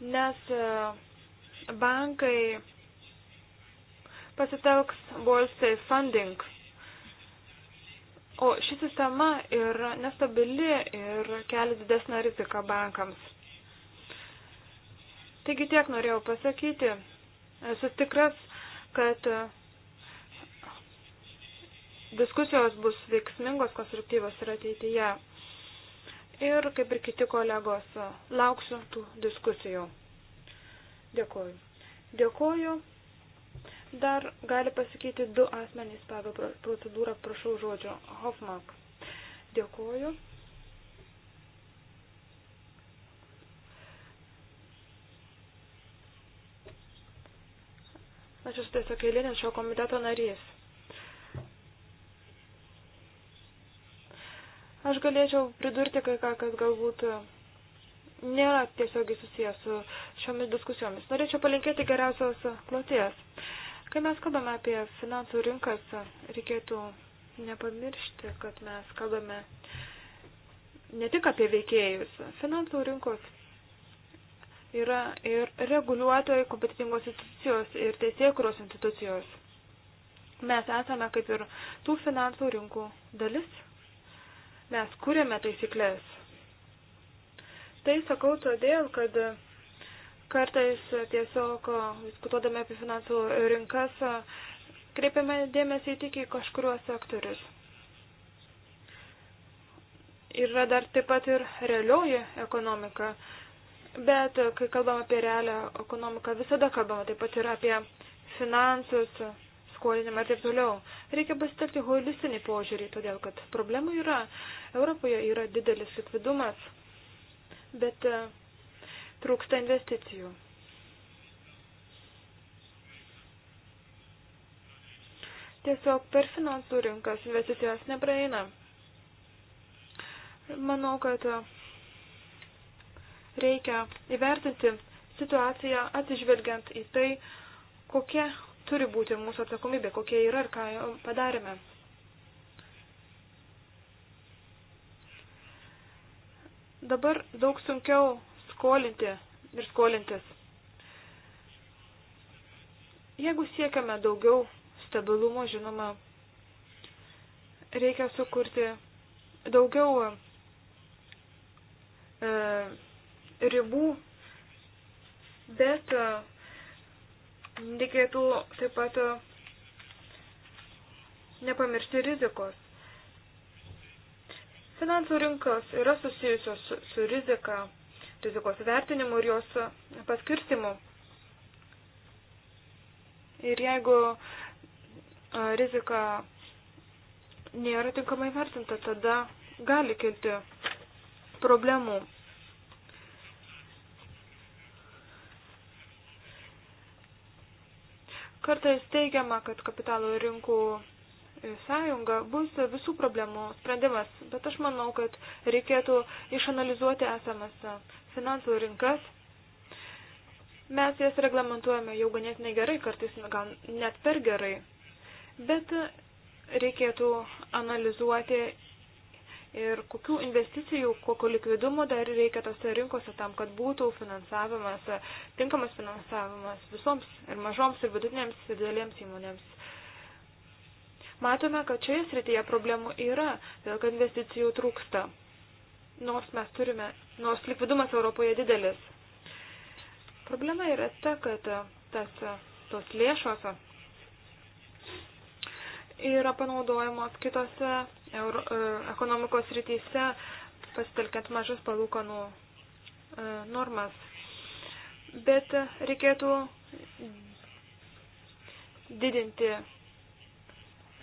nes e, bankai pasitelks bolsai funding. O ši sistema yra nestabili ir kelia didesnę riziką bankams. Taigi tiek norėjau pasakyti. Esu tikras, kad diskusijos bus veiksmingos, konstruktyvos ir ateityje ir, kaip ir kiti kolegos, lauksiu tų diskusijų. Dėkuoju. Dėkuoju. Dar gali pasakyti du asmenys pagal procedūrą, prašau žodžio. Hofmark. Dėkuoju. Aš esu tiesiog eilinis šio komiteto narys. Aš galėčiau pridurti kai ką, kas galbūt nėra tiesiogiai susijęs su šiomis diskusijomis. Norėčiau palinkėti geriausios kloties. Kai mes kalbame apie finansų rinkas, reikėtų nepamiršti, kad mes kalbame ne tik apie veikėjus. Finansų rinkos yra ir reguliuotojai, kompetitingos institucijos ir teisėkuros institucijos. Mes esame kaip ir tų finansų rinkų dalis Mes kūrėme taisyklės. Tai sakau todėl, kad kartais tiesiog diskutuodami apie finansų rinkas kreipiame dėmesį tik į kažkuriuos sektorius. Yra dar taip pat ir realioji ekonomika, bet kai kalbam apie realią ekonomiką, visada kalbam taip pat ir apie finansus, įsiskolinimą ir taip toliau. Reikia pasitelkti holistinį požiūrį, todėl kad problemų yra. Europoje yra didelis likvidumas, bet e, trūksta investicijų. Tiesiog per finansų rinkas investicijos nepraeina. Manau, kad e, reikia įvertinti situaciją atsižvelgiant į tai, kokia turi būti mūsų atsakomybė, kokia yra ir ką padarėme. Dabar daug sunkiau skolinti ir skolintis. Jeigu siekiame daugiau stabilumo, žinoma, reikia sukurti daugiau e, ribų, bet e, Reikėtų taip pat e, nepamiršti rizikos. Finansų rinkos yra susijusios su, su rizika, rizikos vertinimu ir jos paskirstimu. Ir jeigu e, rizika nėra tinkamai vertinta, tada gali kilti problemų. Kartais teigiama, kad kapitalo rinkų sąjunga bus visų problemų sprendimas, bet aš manau, kad reikėtų išanalizuoti esamas finansų rinkas. Mes jas reglamentuojame jau ganėtinai gerai, kartais gal net per gerai, bet reikėtų analizuoti ir kokių investicijų, kokio likvidumo dar reikia tose rinkose tam, kad būtų finansavimas, tinkamas finansavimas visoms ir mažoms ir vidutinėms ir didelėms įmonėms. Matome, kad šioje srityje problemų yra, dėl kad investicijų trūksta. Nors mes turime, nors likvidumas Europoje didelis. Problema yra ta, kad tas, tos lėšos yra panaudojamos kitose euro, e, ekonomikos rytise, pasitelkiant mažas palūkanų e, normas. Bet reikėtų didinti,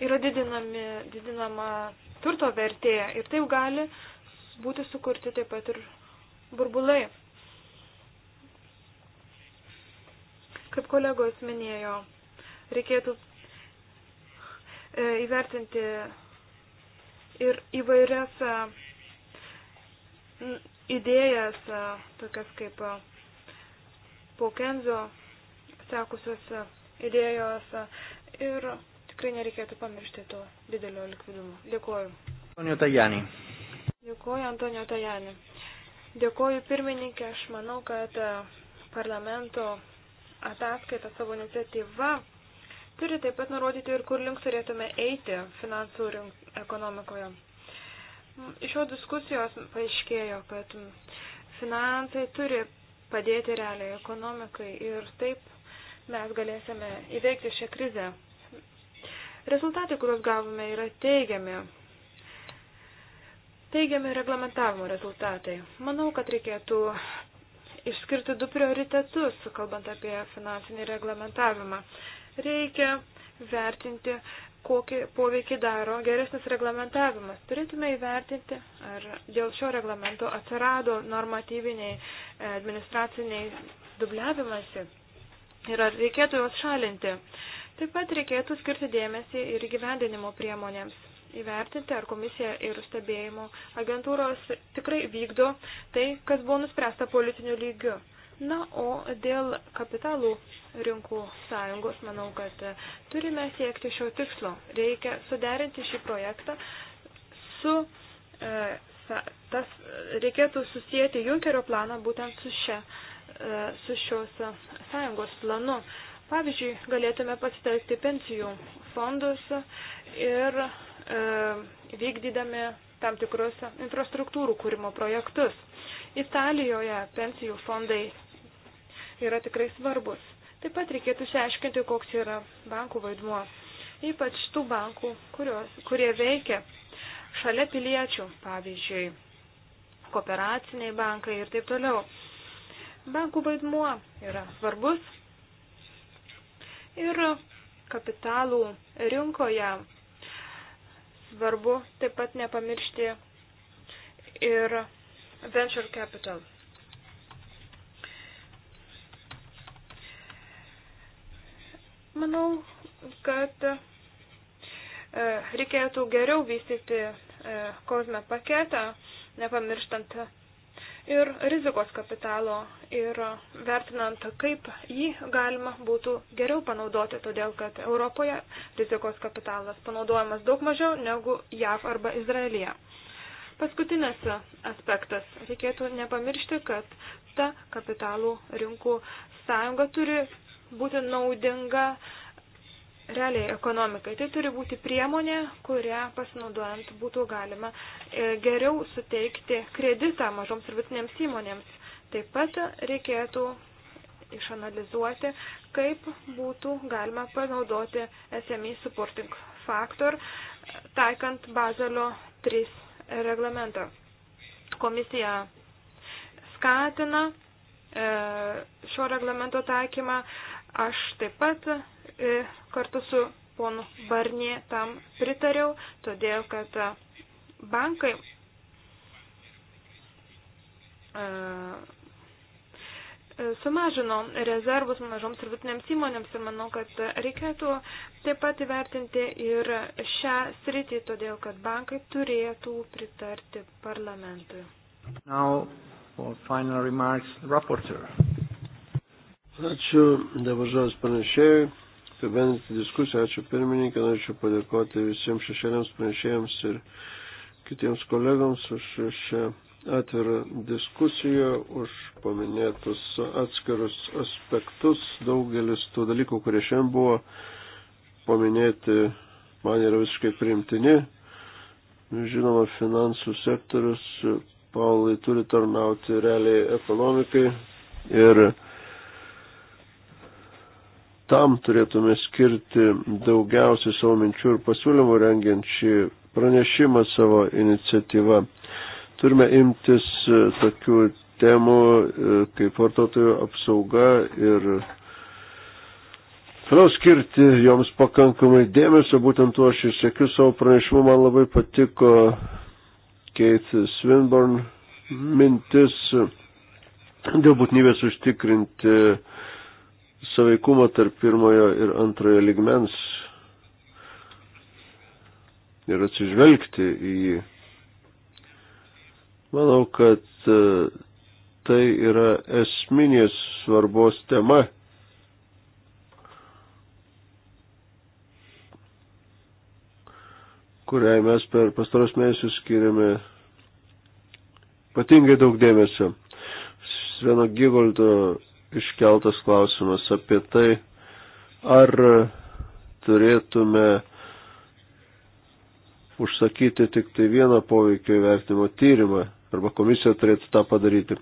yra didinami, didinama turto vertė ir taip gali būti sukurti taip pat ir burbulai. Kaip kolegos minėjo, reikėtų e, įvertinti ir įvairias idėjas, tokias kaip Paukenzio sekusios idėjos ir tikrai nereikėtų pamiršti to didelio likvidumo. Dėkuoju. Antonio Tajani. Dėkuoju, Antonio Tajani. Dėkuoju pirmininkė, aš manau, kad parlamento ataskaita savo iniciatyva turi taip pat nurodyti ir kur link turėtume eiti finansų rink, ekonomikoje. Iš jo diskusijos paaiškėjo, kad finansai turi padėti realiai ekonomikai ir taip mes galėsime įveikti šią krizę. Rezultatai, kuriuos gavome, yra teigiami. Teigiami reglamentavimo rezultatai. Manau, kad reikėtų išskirti du prioritetus, kalbant apie finansinį reglamentavimą reikia vertinti, kokį poveikį daro geresnis reglamentavimas. Turėtume įvertinti, ar dėl šio reglamento atsirado normatyviniai e, administraciniai dubliavimasi ir ar reikėtų juos šalinti. Taip pat reikėtų skirti dėmesį ir gyvendinimo priemonėms. Įvertinti, ar komisija ir stebėjimo agentūros tikrai vykdo tai, kas buvo nuspręsta politiniu lygiu. Na, o dėl kapitalų rinkų sąjungos. Manau, kad e, turime siekti šio tikslo. Reikia suderinti šį projektą su. E, tas reikėtų susijęti Junkerio planą būtent su, šia, e, su šios e, sąjungos planu. Pavyzdžiui, galėtume pasitelkti pensijų fondus ir e, vykdydami tam tikrus infrastruktūrų kūrimo projektus. Italijoje pensijų fondai yra tikrai svarbus. Taip pat reikėtų išsiaiškinti, koks yra bankų vaidmuo, ypač tų bankų, kurios, kurie veikia šalia piliečių, pavyzdžiui, kooperaciniai bankai ir taip toliau. Bankų vaidmuo yra svarbus ir kapitalų rinkoje svarbu taip pat nepamiršti ir venture capital Manau, kad e, reikėtų geriau vystyti e, kozme paketą, nepamirštant ir rizikos kapitalo ir vertinant, kaip jį galima būtų geriau panaudoti, todėl kad Europoje rizikos kapitalas panaudojamas daug mažiau negu JAV arba Izraelija. Paskutinis aspektas. Reikėtų nepamiršti, kad ta kapitalų rinkų sąjunga turi būti naudinga realiai ekonomikai. Tai turi būti priemonė, kurią pasinaudojant būtų galima e, geriau suteikti kreditą mažoms ir vidutinėms įmonėms. Taip pat reikėtų išanalizuoti, kaip būtų galima panaudoti SMI e supporting factor, taikant Bazelio 3 reglamentą. Komisija skatina e, šio reglamento taikymą, Aš taip pat e, kartu su ponu Barnie tam pritariau, todėl kad bankai e, sumažino rezervus mažoms ir vidutinėms įmonėms ir manau, kad reikėtų taip pat įvertinti ir šią sritį, todėl kad bankai turėtų pritarti parlamentui. Now, for final remarks, rapporteur. Ačiū, dabar žodis pranešėjai. Apibendinti diskusiją, ačiū pirmininkė, norėčiau padėkoti visiems šešėliams pranešėjams ir kitiems kolegams už šią atvirą diskusiją, už paminėtus atskirus aspektus. Daugelis tų dalykų, kurie šiandien buvo paminėti, man yra visiškai priimtini. Žinoma, finansų sektorius, Paulai, turi tarnauti realiai ekonomikai ir tam turėtume skirti daugiausiai savo minčių ir pasiūlymų rengiant šį pranešimą savo iniciatyvą. Turime imtis e, tokių temų e, kaip vartotojų apsauga ir toliau skirti joms pakankamai dėmesio, būtent tuo aš ir sėkiu savo pranešimu, man labai patiko Keith Swinburne mintis dėl būtinybės užtikrinti uh, saveikumo tarp pirmojo ir antrojo ligmens ir atsižvelgti į jį. Manau, kad e, tai yra esminės svarbos tema. kuriai mes per pastaros mėnesius skiriame ypatingai daug dėmesio. Sveno Gigoldo iškeltas klausimas apie tai, ar turėtume užsakyti tik tai vieną poveikio įvertimo tyrimą, arba komisija turėtų tą padaryti.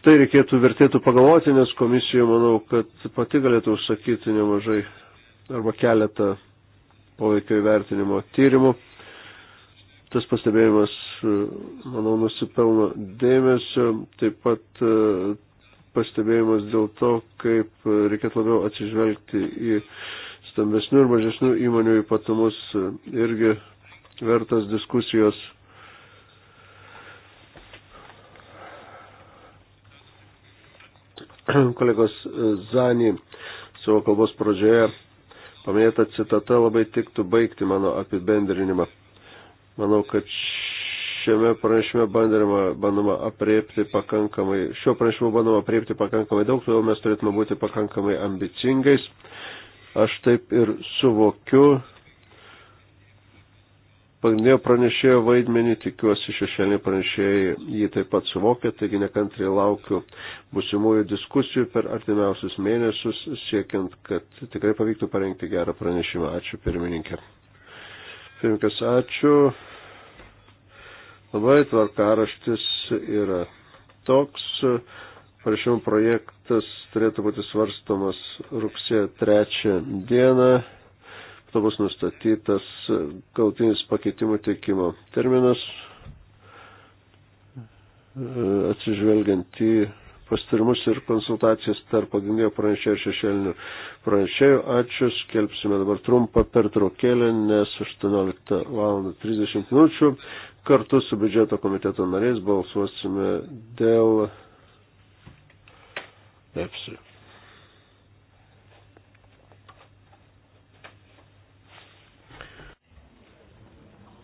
Tai reikėtų vertėtų pagalvoti, nes komisija, manau, kad pati galėtų užsakyti nemažai arba keletą poveikio įvertinimo tyrimų. Tas pastebėjimas E, manau, nusipelno dėmesio. Taip pat e, pastebėjimas dėl to, kaip reikėtų labiau atsižvelgti į stambesnių ir mažesnių įmonių ypatumus, e, irgi vertas diskusijos. Kolegos Zanį savo kalbos pradžioje paminėta citata labai tiktų baigti mano apibendrinimą. Manau, kad šiame pranešime bandoma, bandoma apriepti pakankamai, šiuo pranešimu bandoma apriepti pakankamai daug, todėl mes turėtume būti pakankamai ambicingais. Aš taip ir suvokiu pagrindinio pranešėjo vaidmenį, tikiuosi šešėliniai pranešėjai jį taip pat suvokia, taigi nekantriai laukiu busimųjų diskusijų per artimiausius mėnesius, siekiant, kad tikrai pavyktų parengti gerą pranešimą. Ačiū pirmininkė. Pirmininkas, ačiū. Labai tvarkaraštis yra toks. Parašymų projektas turėtų būti svarstomas rugsėjo 3 dieną. To bus nustatytas galtinis pakeitimų teikimo terminas atsižvelgiant į pastarimus ir konsultacijas tarp pagrindinio pranešėjo ir šešėlinių pranešėjų. Ačiū, skelbsime dabar trumpą pertraukėlę, nes 18 val. 30 minučių Kartu su biudžeto komiteto nariais balsuosime dėl EPSI.